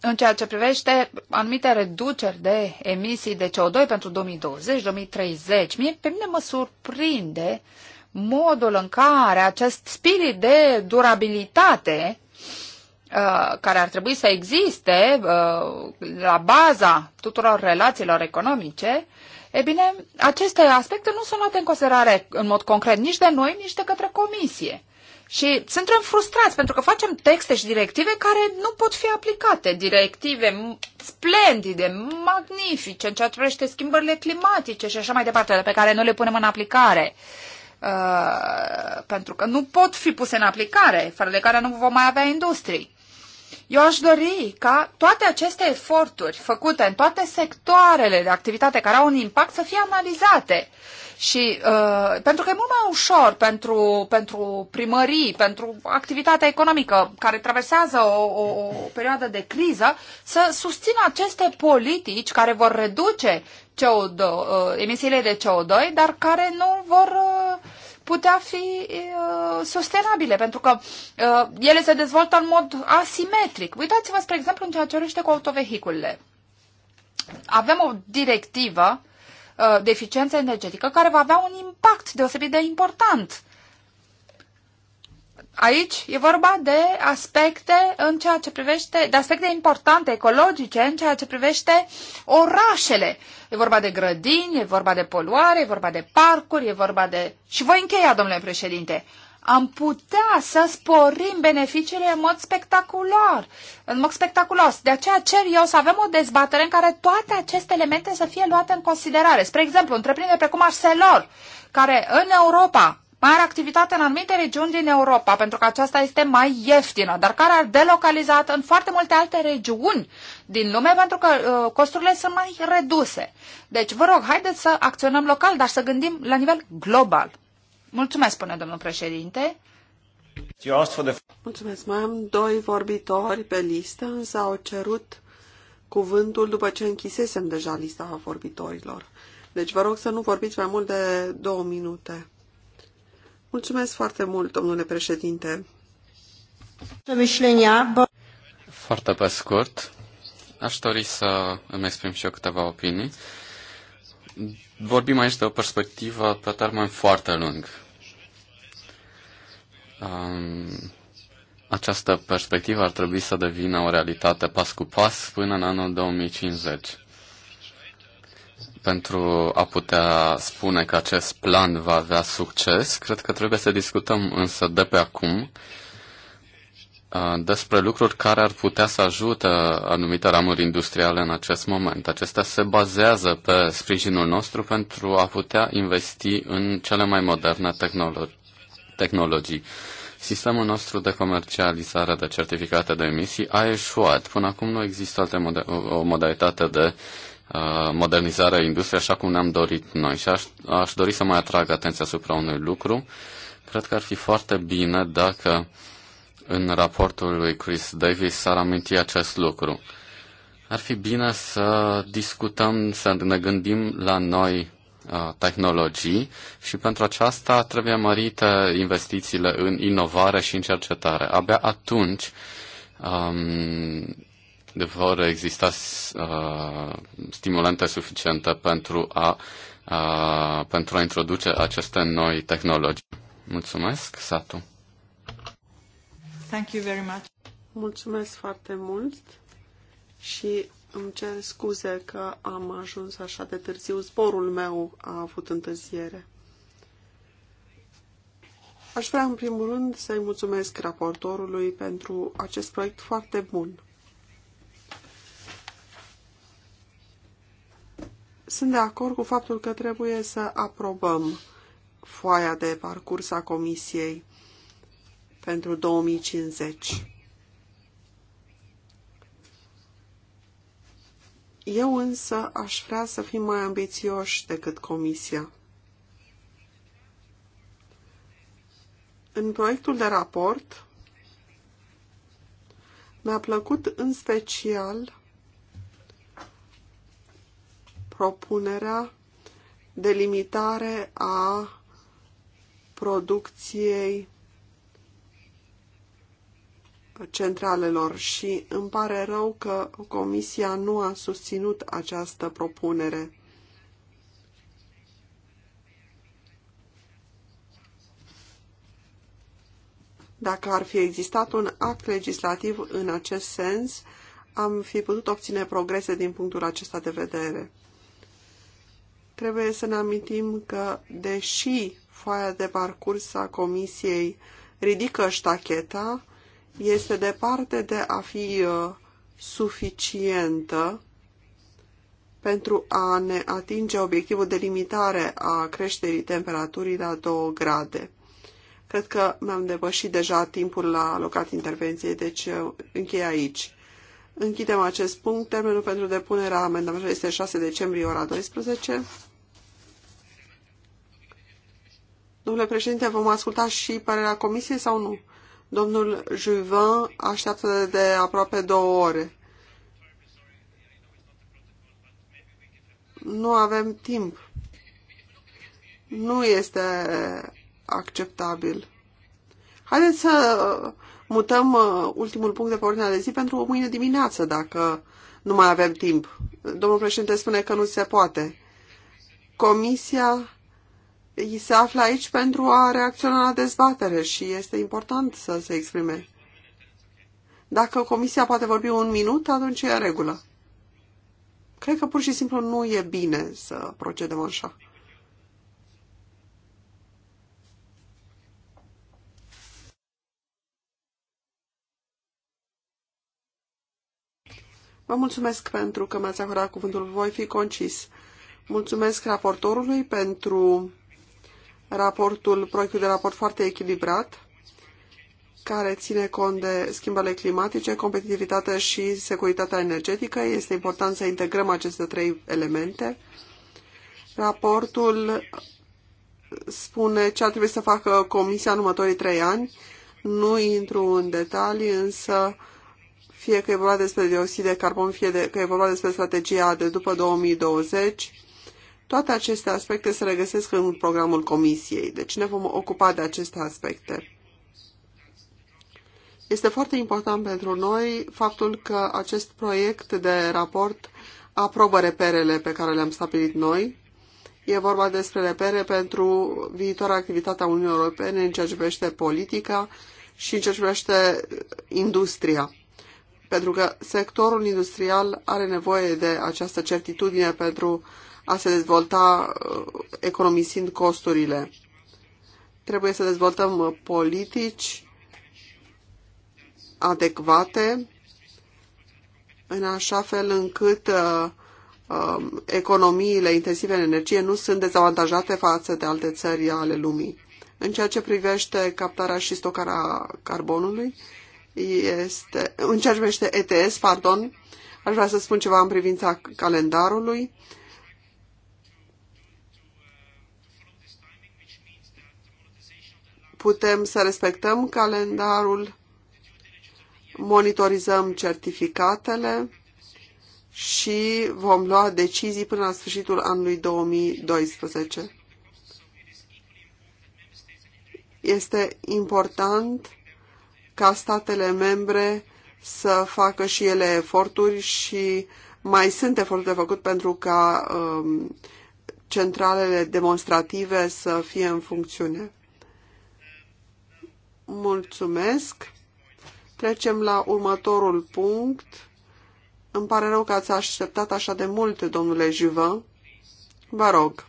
în ceea ce privește anumite reduceri de emisii de CO2 pentru 2020-2030. Mie, pe mine mă surprinde modul în care acest spirit de durabilitate uh, care ar trebui să existe uh, la baza tuturor relațiilor economice, e bine, aceste aspecte nu sunt luate în considerare în mod concret nici de noi, nici de către comisie. Și suntem frustrați pentru că facem texte și directive care nu pot fi aplicate. Directive splendide, magnifice în ceea ce privește schimbările climatice și așa mai departe, de pe care nu le punem în aplicare. Uh, pentru că nu pot fi puse în aplicare, fără de care nu vom mai avea industrii. Eu aș dori ca toate aceste eforturi făcute în toate sectoarele de activitate care au un impact să fie analizate. Și uh, pentru că e mult mai ușor pentru, pentru primării, pentru activitatea economică care traversează o, o, o perioadă de criză, să susțină aceste politici care vor reduce CO2, uh, emisiile de CO2, dar care nu vor uh, putea fi uh, sustenabile, pentru că uh, ele se dezvoltă în mod asimetric. Uitați-vă, spre exemplu, în ceea ce urește cu autovehiculele. Avem o directivă uh, de eficiență energetică care va avea un impact deosebit de important Aici e vorba de aspecte în ceea ce privește, de aspecte importante ecologice în ceea ce privește orașele. E vorba de grădini, e vorba de poluare, e vorba de parcuri, e vorba de... Și voi încheia, domnule președinte, am putea să sporim beneficiile în mod spectacular, în mod spectaculos. De aceea cer eu să avem o dezbatere în care toate aceste elemente să fie luate în considerare. Spre exemplu, întreprinderi precum Arcelor, care în Europa mai are activitate în anumite regiuni din Europa, pentru că aceasta este mai ieftină, dar care ar delocalizat în foarte multe alte regiuni din lume, pentru că uh, costurile sunt mai reduse. Deci, vă rog, haideți să acționăm local, dar să gândim la nivel global. Mulțumesc, spune domnul președinte. Mulțumesc. Mai am doi vorbitori pe listă, însă au cerut cuvântul după ce închisesem deja lista vorbitorilor. Deci vă rog să nu vorbiți mai mult de două minute. Mulțumesc foarte mult, domnule președinte. Foarte pe scurt, aș dori să îmi exprim și eu câteva opinii. Vorbim aici de o perspectivă pe termen foarte lung. Um, această perspectivă ar trebui să devină o realitate pas cu pas până în anul 2050 pentru a putea spune că acest plan va avea succes, cred că trebuie să discutăm însă de pe acum uh, despre lucruri care ar putea să ajute anumite ramuri industriale în acest moment. Acestea se bazează pe sprijinul nostru pentru a putea investi în cele mai moderne tehnolo- tehnologii. Sistemul nostru de comercializare de certificate de emisii a eșuat. Până acum nu există alte mod- o modalitate de Uh, modernizarea industriei așa cum ne-am dorit noi. Și aș, aș dori să mai atrag atenția asupra unui lucru. Cred că ar fi foarte bine dacă în raportul lui Chris Davis s-ar aminti acest lucru. Ar fi bine să discutăm, să ne gândim la noi uh, tehnologii și pentru aceasta trebuie mărite investițiile în inovare și în cercetare. Abia atunci um, de vor exista uh, stimulante suficiente pentru a, uh, pentru a introduce aceste noi tehnologii. Mulțumesc, Satu. Thank you very much. Mulțumesc foarte mult și îmi cer scuze că am ajuns așa de târziu. Zborul meu a avut întârziere. Aș vrea, în primul rând, să-i mulțumesc raportorului pentru acest proiect foarte bun. sunt de acord cu faptul că trebuie să aprobăm foaia de parcurs a Comisiei pentru 2050. Eu însă aș vrea să fim mai ambițioși decât Comisia. În proiectul de raport mi-a plăcut în special propunerea de limitare a producției centralelor și îmi pare rău că Comisia nu a susținut această propunere. Dacă ar fi existat un act legislativ în acest sens, am fi putut obține progrese din punctul acesta de vedere. Trebuie să ne amintim că, deși foaia de parcurs a Comisiei ridică ștacheta, este departe de a fi uh, suficientă pentru a ne atinge obiectivul de limitare a creșterii temperaturii la 2 grade. Cred că mi-am depășit deja timpul la alocat intervenției, deci uh, închei aici. Închidem acest punct. Termenul pentru depunerea amendamentului este 6 decembrie, ora 12. Domnule președinte, vom asculta și părerea comisiei sau nu? Domnul Juvin așteaptă de aproape două ore. Nu avem timp. Nu este acceptabil. Haideți să mutăm uh, ultimul punct de pe ordinea de zi pentru mâine dimineață, dacă nu mai avem timp. Domnul președinte spune că nu se poate. Comisia ei se află aici pentru a reacționa la dezbatere și este important să se exprime. Dacă comisia poate vorbi un minut, atunci e în regulă. Cred că pur și simplu nu e bine să procedăm așa. Vă mulțumesc pentru că mi-ați acordat cuvântul. Voi fi concis. Mulțumesc raportorului pentru raportul, proiectul de raport foarte echilibrat, care ține cont de schimbările climatice, competitivitatea și securitatea energetică. Este important să integrăm aceste trei elemente. Raportul spune ce ar trebui să facă Comisia în următorii trei ani. Nu intru în detalii, însă fie că e vorba despre dioxid de carbon, fie de, că e vorba despre strategia de după 2020, toate aceste aspecte se regăsesc în programul comisiei, deci ne vom ocupa de aceste aspecte. Este foarte important pentru noi faptul că acest proiect de raport aprobă reperele pe care le-am stabilit noi. E vorba despre repere pentru viitoarea activitatea Uniunii Europene în ceea ce privește politica și în ceea ce privește industria. Pentru că sectorul industrial are nevoie de această certitudine pentru uh, a se dezvolta uh, economisind costurile. Trebuie să dezvoltăm uh, politici adecvate în așa fel încât uh, um, economiile intensive în energie nu sunt dezavantajate față de alte țări ale lumii. În ceea ce privește captarea și stocarea carbonului, este, în ceea ce privește ETS, pardon, aș vrea să spun ceva în privința calendarului. putem să respectăm calendarul, monitorizăm certificatele și vom lua decizii până la sfârșitul anului 2012. Este important ca statele membre să facă și ele eforturi și mai sunt eforturi de făcut pentru ca um, centralele demonstrative să fie în funcțiune. Mulțumesc. Trecem la următorul punct. Îmi pare rău că ați așteptat așa de mult, domnule Juvă. Vă rog.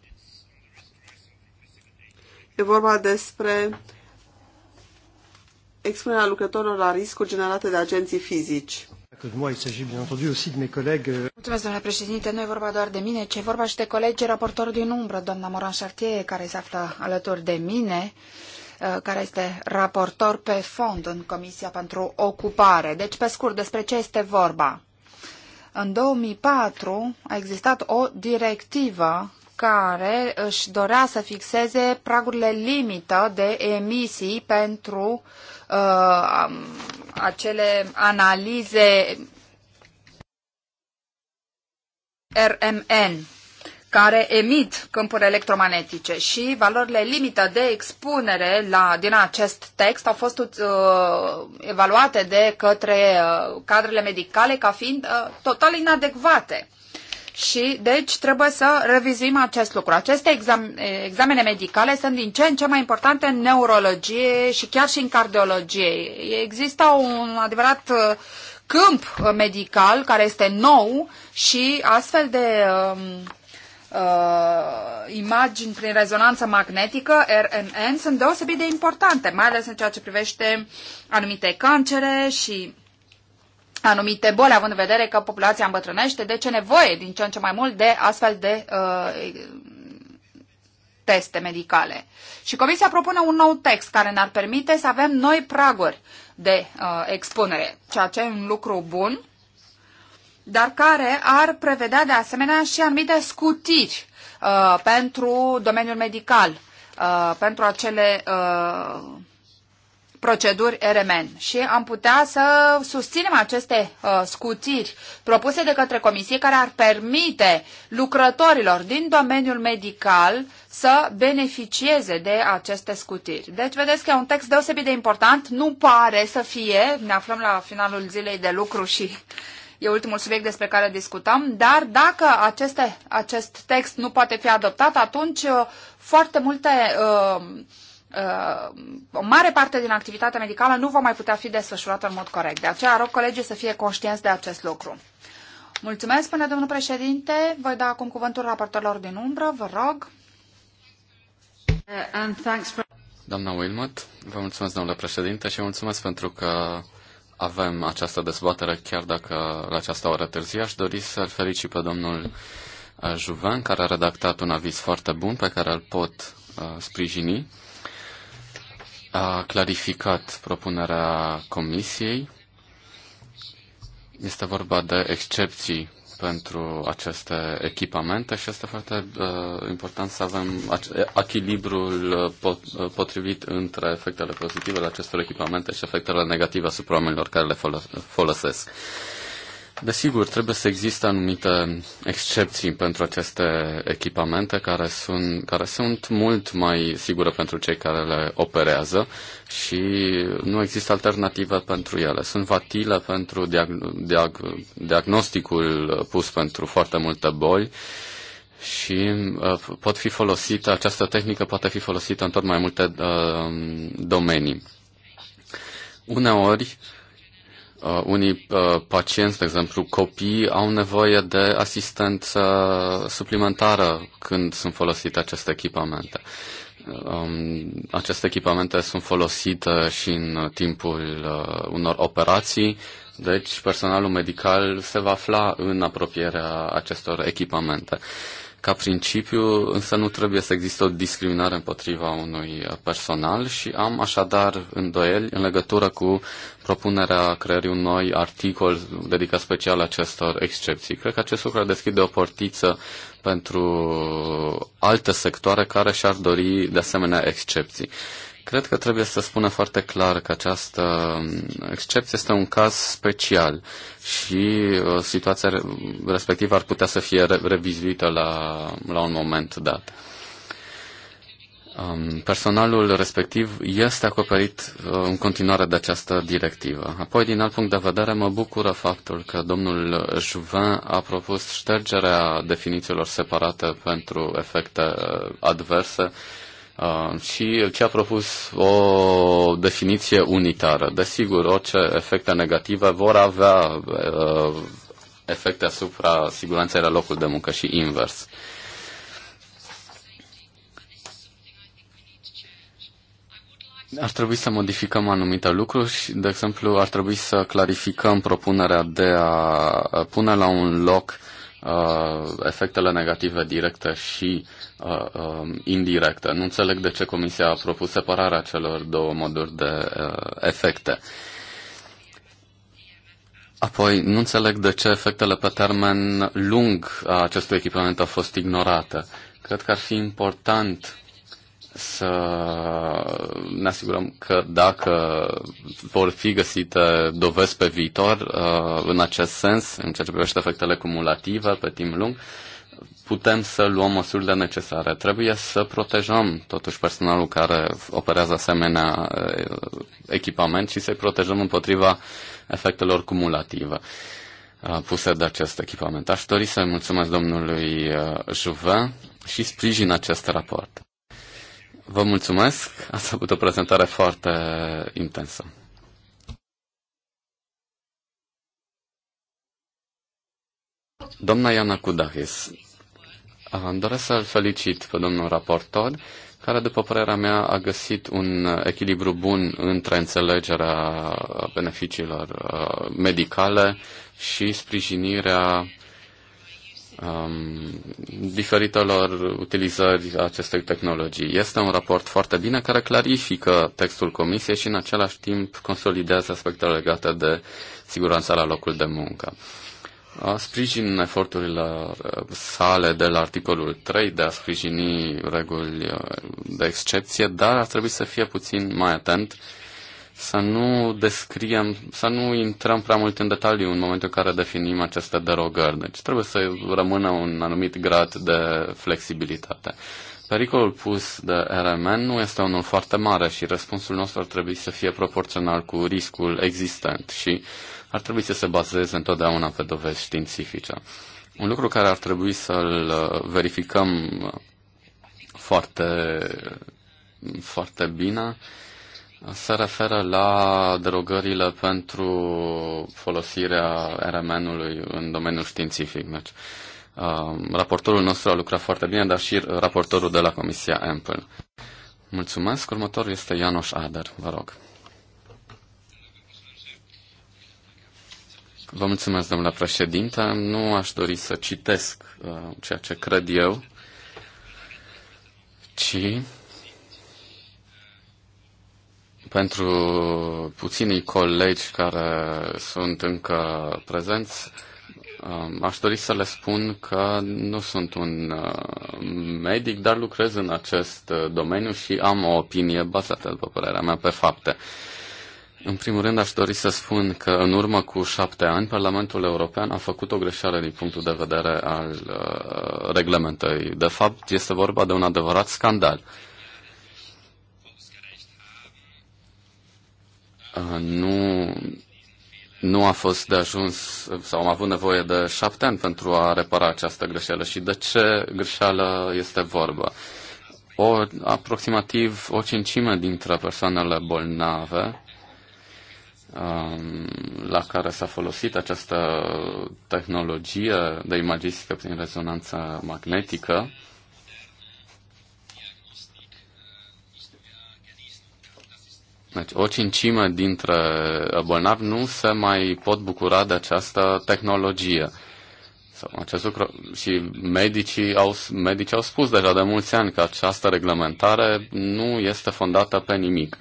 E vorba despre expunerea lucrătorilor la riscuri generate de agenții fizici. Euh, Mulțumesc, domnule președinte. Nu e vorba doar de mine, ci e vorba și de colegii raportori din umbră, doamna Moran Chartier, care se află alături de mine. Uh, Uh, care este raportor pe fond în Comisia pentru Ocupare. Deci, pe scurt, despre ce este vorba? În 2004 a existat o directivă care își dorea să fixeze pragurile limită de emisii pentru uh, um, acele analize RMN care emit câmpuri electromagnetice și valorile limită de expunere la, din acest text au fost uh, evaluate de către uh, cadrele medicale ca fiind uh, total inadecvate. Și deci trebuie să revizuim acest lucru. Aceste exam- examene medicale sunt din ce în ce mai importante în neurologie și chiar și în cardiologie. Există un adevărat uh, câmp medical care este nou și astfel de um, uh, imagini prin rezonanță magnetică, RMN, sunt deosebit de importante, mai ales în ceea ce privește anumite cancere și anumite boli, având în vedere că populația îmbătrânește, de deci ce nevoie din ce în ce mai mult de astfel de uh, teste medicale. Și Comisia propune un nou text care ne-ar permite să avem noi praguri de uh, expunere, ceea ce e un lucru bun dar care ar prevedea de asemenea și anumite scutiri uh, pentru domeniul medical, uh, pentru acele uh, proceduri RMN și am putea să susținem aceste uh, scutiri propuse de către comisie care ar permite lucrătorilor din domeniul medical să beneficieze de aceste scutiri. Deci vedeți că e un text deosebit de important, nu pare să fie, ne aflăm la finalul zilei de lucru și e ultimul subiect despre care discutăm, dar dacă aceste, acest text nu poate fi adoptat, atunci uh, foarte multe, uh, uh, o mare parte din activitatea medicală nu va mai putea fi desfășurată în mod corect. De aceea rog colegii să fie conștienți de acest lucru. Mulțumesc, spune domnul președinte. Voi da acum cuvântul raportorilor din umbră, vă rog. Uh, Doamna Wilmot, vă mulțumesc, domnule președinte, și mulțumesc pentru că avem această dezbatere chiar dacă la această oră târziu. Aș dori să-l felicit pe domnul uh, Juven, care a redactat un aviz foarte bun pe care îl pot uh, sprijini. A clarificat propunerea comisiei. Este vorba de excepții pentru aceste echipamente și este foarte uh, important să avem echilibrul uh, pot, uh, potrivit între efectele pozitive ale acestor echipamente și efectele negative asupra oamenilor care le folosesc. Desigur, trebuie să existe anumite excepții pentru aceste echipamente care sunt, care sunt mult mai sigure pentru cei care le operează și nu există alternative pentru ele. Sunt vatile pentru diag- diag- diagnosticul pus pentru foarte multe boli și uh, pot fi folosită, această tehnică poate fi folosită în tot mai multe uh, domenii. Uneori, uh, Uh, unii uh, pacienți, de exemplu copii, au nevoie de asistență suplimentară când sunt folosite aceste echipamente. Um, aceste echipamente sunt folosite și în timpul uh, unor operații, deci personalul medical se va afla în apropierea acestor echipamente. Uh, ca principiu, însă nu trebuie să existe o discriminare împotriva unui personal și am așadar îndoieli în legătură cu propunerea creării unui noi articol dedicat special acestor excepții. Cred că acest lucru deschide o portiță pentru alte sectoare care și-ar dori de asemenea excepții. Cred că trebuie să spună foarte clar că această excepție este un caz special și uh, situația respectivă ar putea să fie revizuită la, la un moment dat. Um, personalul respectiv este acoperit uh, în continuare de această directivă. Apoi, din alt punct de vedere, mă bucură faptul că domnul Juvin a propus ștergerea definițiilor separate pentru efecte uh, adverse Uh, și ce a propus o definiție unitară. Desigur, orice efecte negative vor avea uh, efecte asupra siguranței la locul de muncă și invers. Ar trebui să modificăm anumite lucruri și, de exemplu, ar trebui să clarificăm propunerea de a pune la un loc Uh, efectele negative directe și uh, um, indirecte. Nu înțeleg de ce Comisia a propus separarea celor două moduri de uh, efecte. Apoi, nu înțeleg de ce efectele pe termen lung a acestui echipament au fost ignorate. Cred că ar fi important să ne asigurăm că dacă vor fi găsite dovezi pe viitor uh, în acest sens, în ceea ce privește efectele cumulative pe timp lung, putem să luăm măsurile necesare. Trebuie să protejăm totuși personalul care operează asemenea uh, echipament și să-i protejăm împotriva efectelor cumulative uh, puse de acest echipament. Aș dori să-i mulțumesc domnului Juvin și sprijin acest raport. Vă mulțumesc, ați avut o prezentare foarte intensă. Doamna Iana Kudahis, doresc să-l felicit pe domnul raportor, care, după părerea mea, a găsit un echilibru bun între înțelegerea beneficiilor uh, medicale și sprijinirea um, diferitelor utilizări a acestei tehnologii. Este un raport foarte bine care clarifică textul comisiei și în același timp consolidează aspectele legate de siguranța la locul de muncă. Sprijin eforturile uh, sale de la articolul 3 de a sprijini reguli uh, de excepție, dar ar trebui să fie puțin mai atent să nu descriem, să nu intrăm prea mult în detaliu în momentul în care definim aceste derogări. Deci trebuie să rămână un anumit grad de flexibilitate. Pericolul pus de RMN nu este unul foarte mare și răspunsul nostru ar trebui să fie proporțional cu riscul existent și ar trebui să se bazeze întotdeauna pe dovezi științifice. Un lucru care ar trebui să-l uh, verificăm foarte, foarte bine se referă la derogările pentru folosirea RMN-ului în domeniul științific. Deci, uh, raportorul nostru a lucrat foarte bine, dar și raportorul de la Comisia Ample. Mulțumesc. Următorul este Ianoș Ader. Vă rog. Vă mulțumesc, domnule președinte. Nu aș dori să citesc uh, ceea ce cred eu, ci pentru puținii colegi care sunt încă prezenți, um, aș dori să le spun că nu sunt un uh, medic, dar lucrez în acest uh, domeniu și am o opinie bazată, după părerea mea, pe fapte. În primul rând, aș dori să spun că în urmă cu șapte ani, Parlamentul European a făcut o greșeală din punctul de vedere al uh, reglementării. De fapt, este vorba de un adevărat scandal. Uh, Uh, nu, nu a fost de ajuns sau am avut nevoie de șapte ani pentru a repara această greșeală. Și de ce greșeală este vorba? O, aproximativ o cincime dintre persoanele bolnave um, la care s-a folosit această tehnologie de imagistică prin rezonanță magnetică Deci o cincime dintre uh, bolnavi nu se mai pot bucura de această tehnologie. acest lucru, și medicii au, medicii au spus deja de mulți ani că această reglementare nu este fondată pe nimic.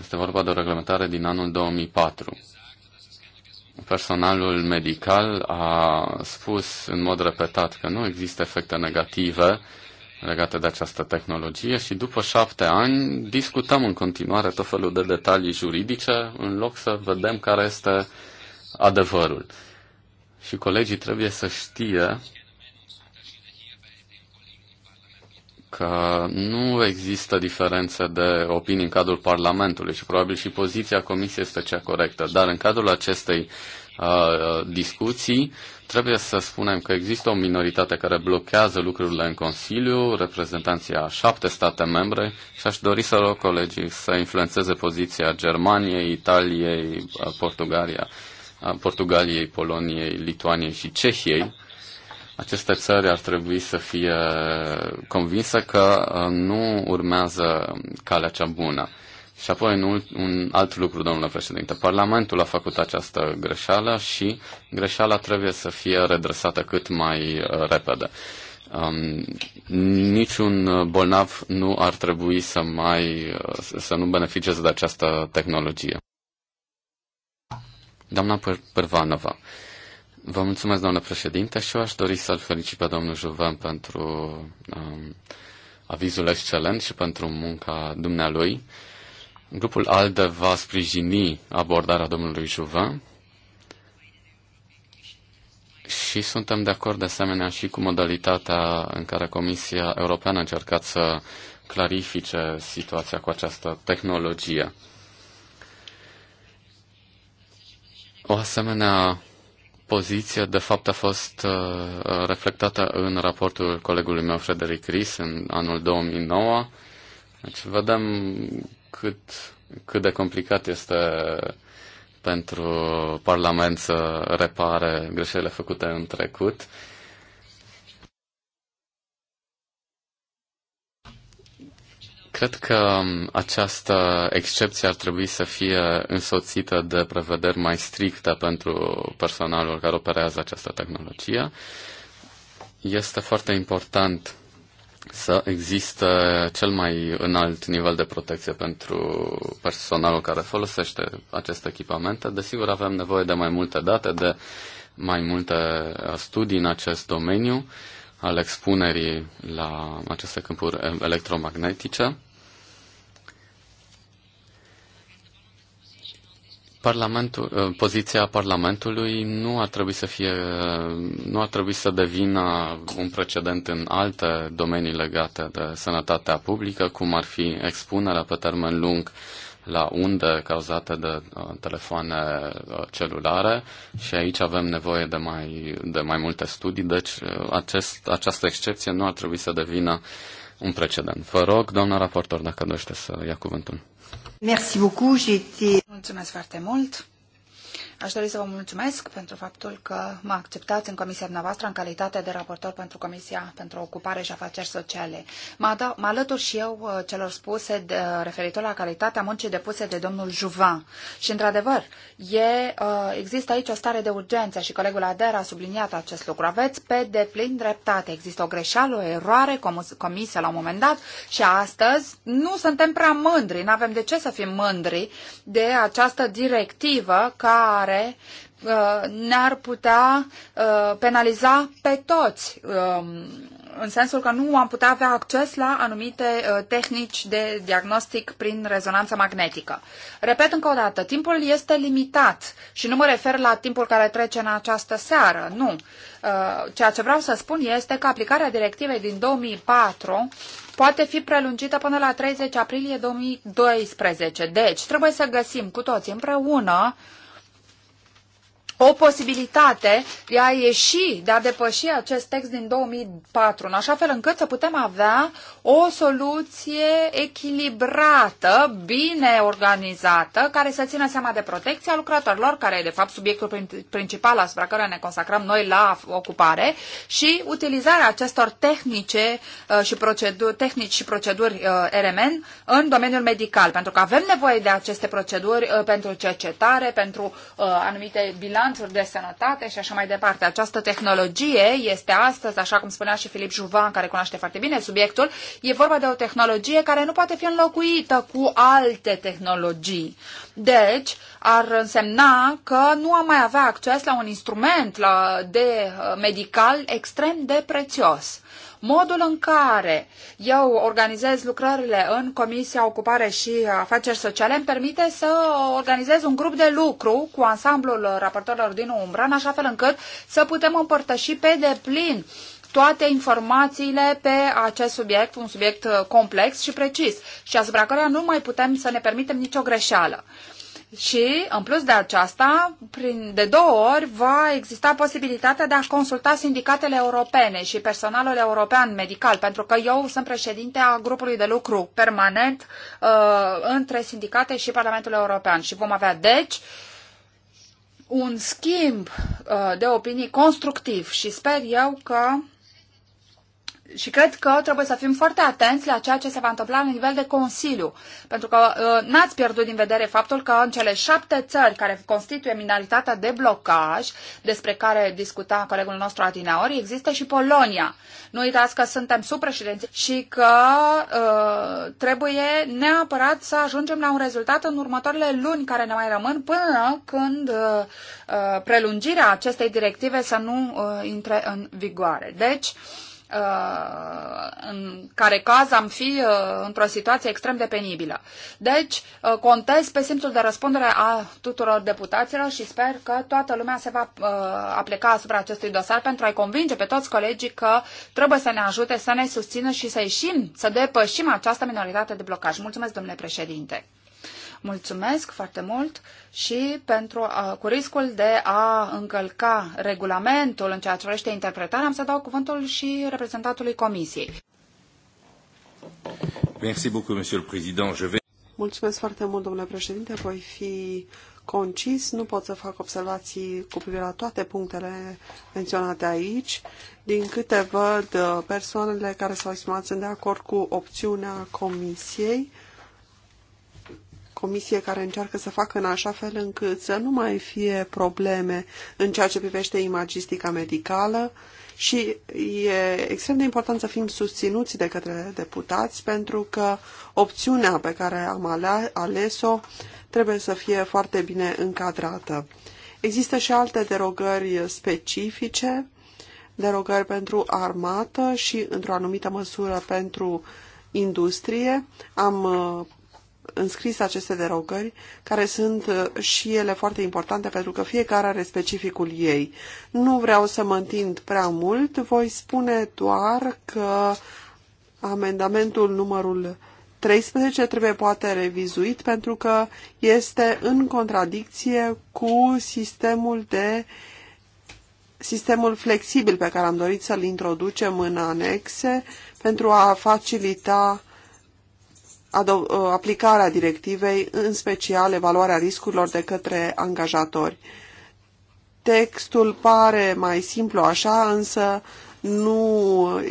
Este vorba de o reglementare din anul 2004. Personalul medical a spus în mod repetat că nu există efecte negative uh, legate de această tehnologie și după șapte ani discutăm în continuare tot felul de detalii juridice în loc să vedem care este adevărul. Și colegii trebuie să știe că nu există diferențe de opinii în cadrul Parlamentului și probabil și poziția Comisiei este cea corectă, dar în cadrul acestei uh, discuții uh, Trebuie să spunem că există o minoritate care blochează lucrurile în Consiliu, reprezentanții a șapte state membre și aș dori să rog colegii să influențeze poziția Germaniei, Italiei, Portugalia, Portugaliei, Poloniei, Lituaniei și Cehiei. Aceste țări ar trebui să fie convinse că uh, nu urmează calea cea bună. Și apoi un, un alt lucru, domnule președinte. Parlamentul a făcut această greșeală și greșeala trebuie să fie redresată cât mai uh, repede. Um, niciun bolnav nu ar trebui să mai uh, să nu beneficieze de această tehnologie. Doamna Pervanova, vă mulțumesc, domnule președinte, și eu aș dori să-l felicit pe domnul Juven pentru um, avizul excelent și pentru munca dumnealui. Grupul ALDE va sprijini abordarea domnului Juvan și suntem de acord de asemenea și cu modalitatea în care Comisia Europeană a încercat să clarifice situația cu această tehnologie. O asemenea poziție, de fapt, a fost uh, reflectată în raportul colegului meu, Frederic Ries, în anul 2009. Deci vedem cât, cât de complicat este pentru Parlament să repare greșelile făcute în trecut. Cred că această excepție ar trebui să fie însoțită de prevederi mai stricte pentru personalul care operează această tehnologie. Este foarte important să existe cel mai înalt nivel de protecție pentru personalul care folosește aceste echipamente. Desigur, avem nevoie de mai multe date, de mai multe studii în acest domeniu al expunerii la aceste câmpuri electromagnetice. Parlamentul, uh, poziția Parlamentului nu ar trebui să fie, uh, nu ar trebui să devină un precedent în alte domenii legate de sănătatea publică, cum ar fi expunerea pe termen lung la unde cauzate de uh, telefoane celulare și aici avem nevoie de mai, de mai multe studii, deci acest, această excepție nu ar trebui să devină un precedent. Vă rog, doamna raportor, dacă dorește să ia cuvântul. Mulțumesc foarte mult. Aș dori să vă mulțumesc pentru faptul că mă acceptați în comisia dumneavoastră în calitate de raportor pentru Comisia pentru Ocupare și Afaceri Sociale. Mă alătur și eu uh, celor spuse de, uh, referitor la calitatea muncii depuse de domnul Juvan. Și, într-adevăr, e, uh, există aici o stare de urgență și colegul Ader a subliniat acest lucru. Aveți pe deplin dreptate. Există o greșeală, o eroare comisă la un moment dat și astăzi nu suntem prea mândri, nu avem de ce să fim mândri de această directivă care care uh, ne-ar putea uh, penaliza pe toți, um, în sensul că nu am putea avea acces la anumite uh, tehnici de diagnostic prin rezonanță magnetică. Repet încă o dată, timpul este limitat și nu mă refer la timpul care trece în această seară, nu. Ceea ce vreau să spun este că aplicarea directivei din 2004 poate fi prelungită până la 30 aprilie 2012. Deci, trebuie să găsim cu toții împreună uh, o posibilitate de a ieși, de a depăși acest text din 2004, în așa fel încât să putem avea o soluție echilibrată, bine organizată, care să țină seama de protecția lucrătorilor, care e de fapt subiectul principal asupra care ne consacrăm noi la ocupare, și utilizarea acestor tehnice uh, și proceduri, tehnici și proceduri RMN uh, în domeniul medical, pentru că avem nevoie de aceste proceduri uh, pentru cercetare, pentru anumite bilanțe lanțuri de sănătate și așa mai departe. Această tehnologie este astăzi, așa cum spunea și Filip Juvan, care cunoaște foarte bine subiectul, e vorba de o tehnologie care nu poate fi înlocuită cu alte tehnologii. Deci, ar însemna că nu am mai avea acces la un instrument la, de uh, medical extrem de prețios. Modul în care eu organizez lucrările în Comisia Ocupare și Afaceri Sociale îmi permite să organizez un grup de lucru cu ansamblul raportorilor din umbră, în așa fel încât să putem împărtăși pe deplin toate informațiile pe acest subiect, un subiect complex și precis, și asupra căruia nu mai putem să ne permitem nicio greșeală și, în plus de aceasta, prin, de două ori va exista posibilitatea de a consulta sindicatele europene și personalul european medical, pentru că eu sunt președinte a grupului de lucru permanent uh, între sindicate și Parlamentul European și vom avea, deci, un schimb uh, de opinii constructiv și sper eu că și cred că trebuie să fim foarte atenți la ceea ce se va întâmpla la nivel de Consiliu, pentru că uh, n-ați pierdut din vedere faptul că în cele șapte țări care constituie minoritatea de blocaj, despre care discuta colegul nostru Adinaori, există și Polonia. Nu uitați că suntem subpreședinți și că uh, trebuie neapărat să ajungem la un rezultat în următoarele luni care ne mai rămân până când uh, uh, prelungirea acestei directive să nu uh, intre în vigoare. Deci, uh, Uh, în care caz am fi uh, într-o situație extrem de penibilă. Deci, uh, contez pe simțul de răspundere a tuturor deputaților și sper că toată lumea se va apleca asupra acestui dosar pentru a-i convinge pe toți colegii că trebuie să ne ajute, să ne susțină și să ieșim, să depășim această minoritate de blocaj. Mulțumesc, domnule președinte! Mulțumesc foarte mult și pentru, cu riscul de a încălca regulamentul în ceea ce privește interpretarea, am să dau cuvântul și reprezentantului Comisiei. Merci beaucoup, Monsieur le Président. Je vais... Mulțumesc foarte mult, domnule președinte. Voi fi concis, nu pot să fac observații cu privire la toate punctele menționate aici. Din câte văd, persoanele care s-au exprimat sunt de acord cu opțiunea comisiei comisie care încearcă să facă în așa fel încât să nu mai fie probleme în ceea ce privește imagistica medicală și e extrem de important să fim susținuți de către deputați pentru că opțiunea pe care am ales-o trebuie să fie foarte bine încadrată. Există și alte derogări specifice, derogări pentru armată și, într-o anumită măsură, pentru industrie. Am uh, înscris aceste derogări, care sunt uh, și ele foarte importante pentru că fiecare are specificul ei. Nu vreau să mă întind prea mult, voi spune doar că amendamentul numărul 13 trebuie poate revizuit pentru că este în contradicție cu sistemul de sistemul flexibil pe care am dorit să-l introducem în anexe pentru a facilita Uh, aplicarea directivei, în special evaluarea riscurilor de către angajatori. Textul pare mai simplu așa, însă nu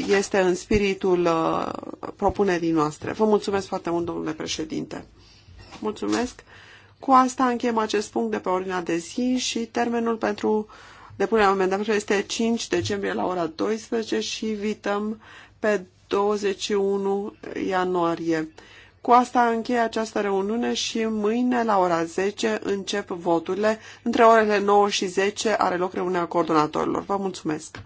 este în spiritul uh, propunerii noastre. Vă mulțumesc foarte mult, domnule președinte. Mulțumesc. Cu asta încheiem acest punct de pe ordinea de zi și termenul pentru depunerea amendamentului este 5 decembrie la ora 12 și vităm pe 21 ianuarie. Cu asta încheie această reuniune și mâine la ora 10 încep voturile. Între orele 9 și 10 are loc reuniunea coordonatorilor. Vă mulțumesc!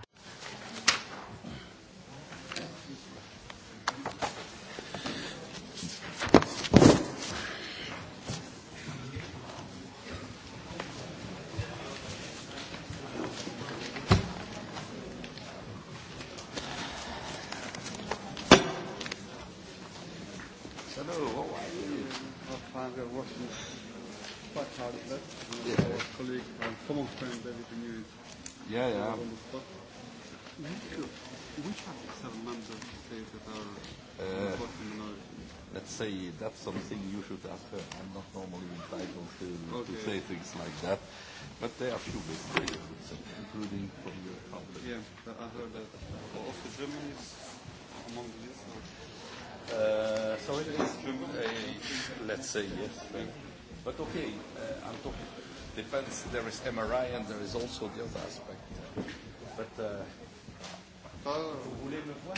Margaret Washington. Quite hard at that. Yeah. Our colleague and common friend David Newey. Yeah, yeah. On the spot. Which are the seven members of the state that are uh, in Let's say that's something you should ask her. I'm not normally entitled to, okay. to say things like that. But there are a few big players, including from your company. Yeah, I heard that. Also, Germany is among the Uh, so it is, uh, let's say yes. But okay, uh, I'm talking, depends, there is MRI and there is also the other aspect. But, uh, euh, Vous voulez me voir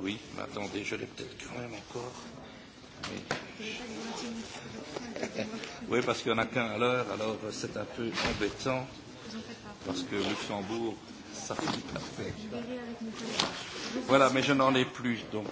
Oui, mais attendez, je l'ai peut-être quand même encore. Mais... oui, parce qu'il n'y en a qu'un à l'heure, alors c'est un peu embêtant. Vous en faites pas parce que Luxembourg, ça fait parfait. Voilà, mais je n'en ai plus, donc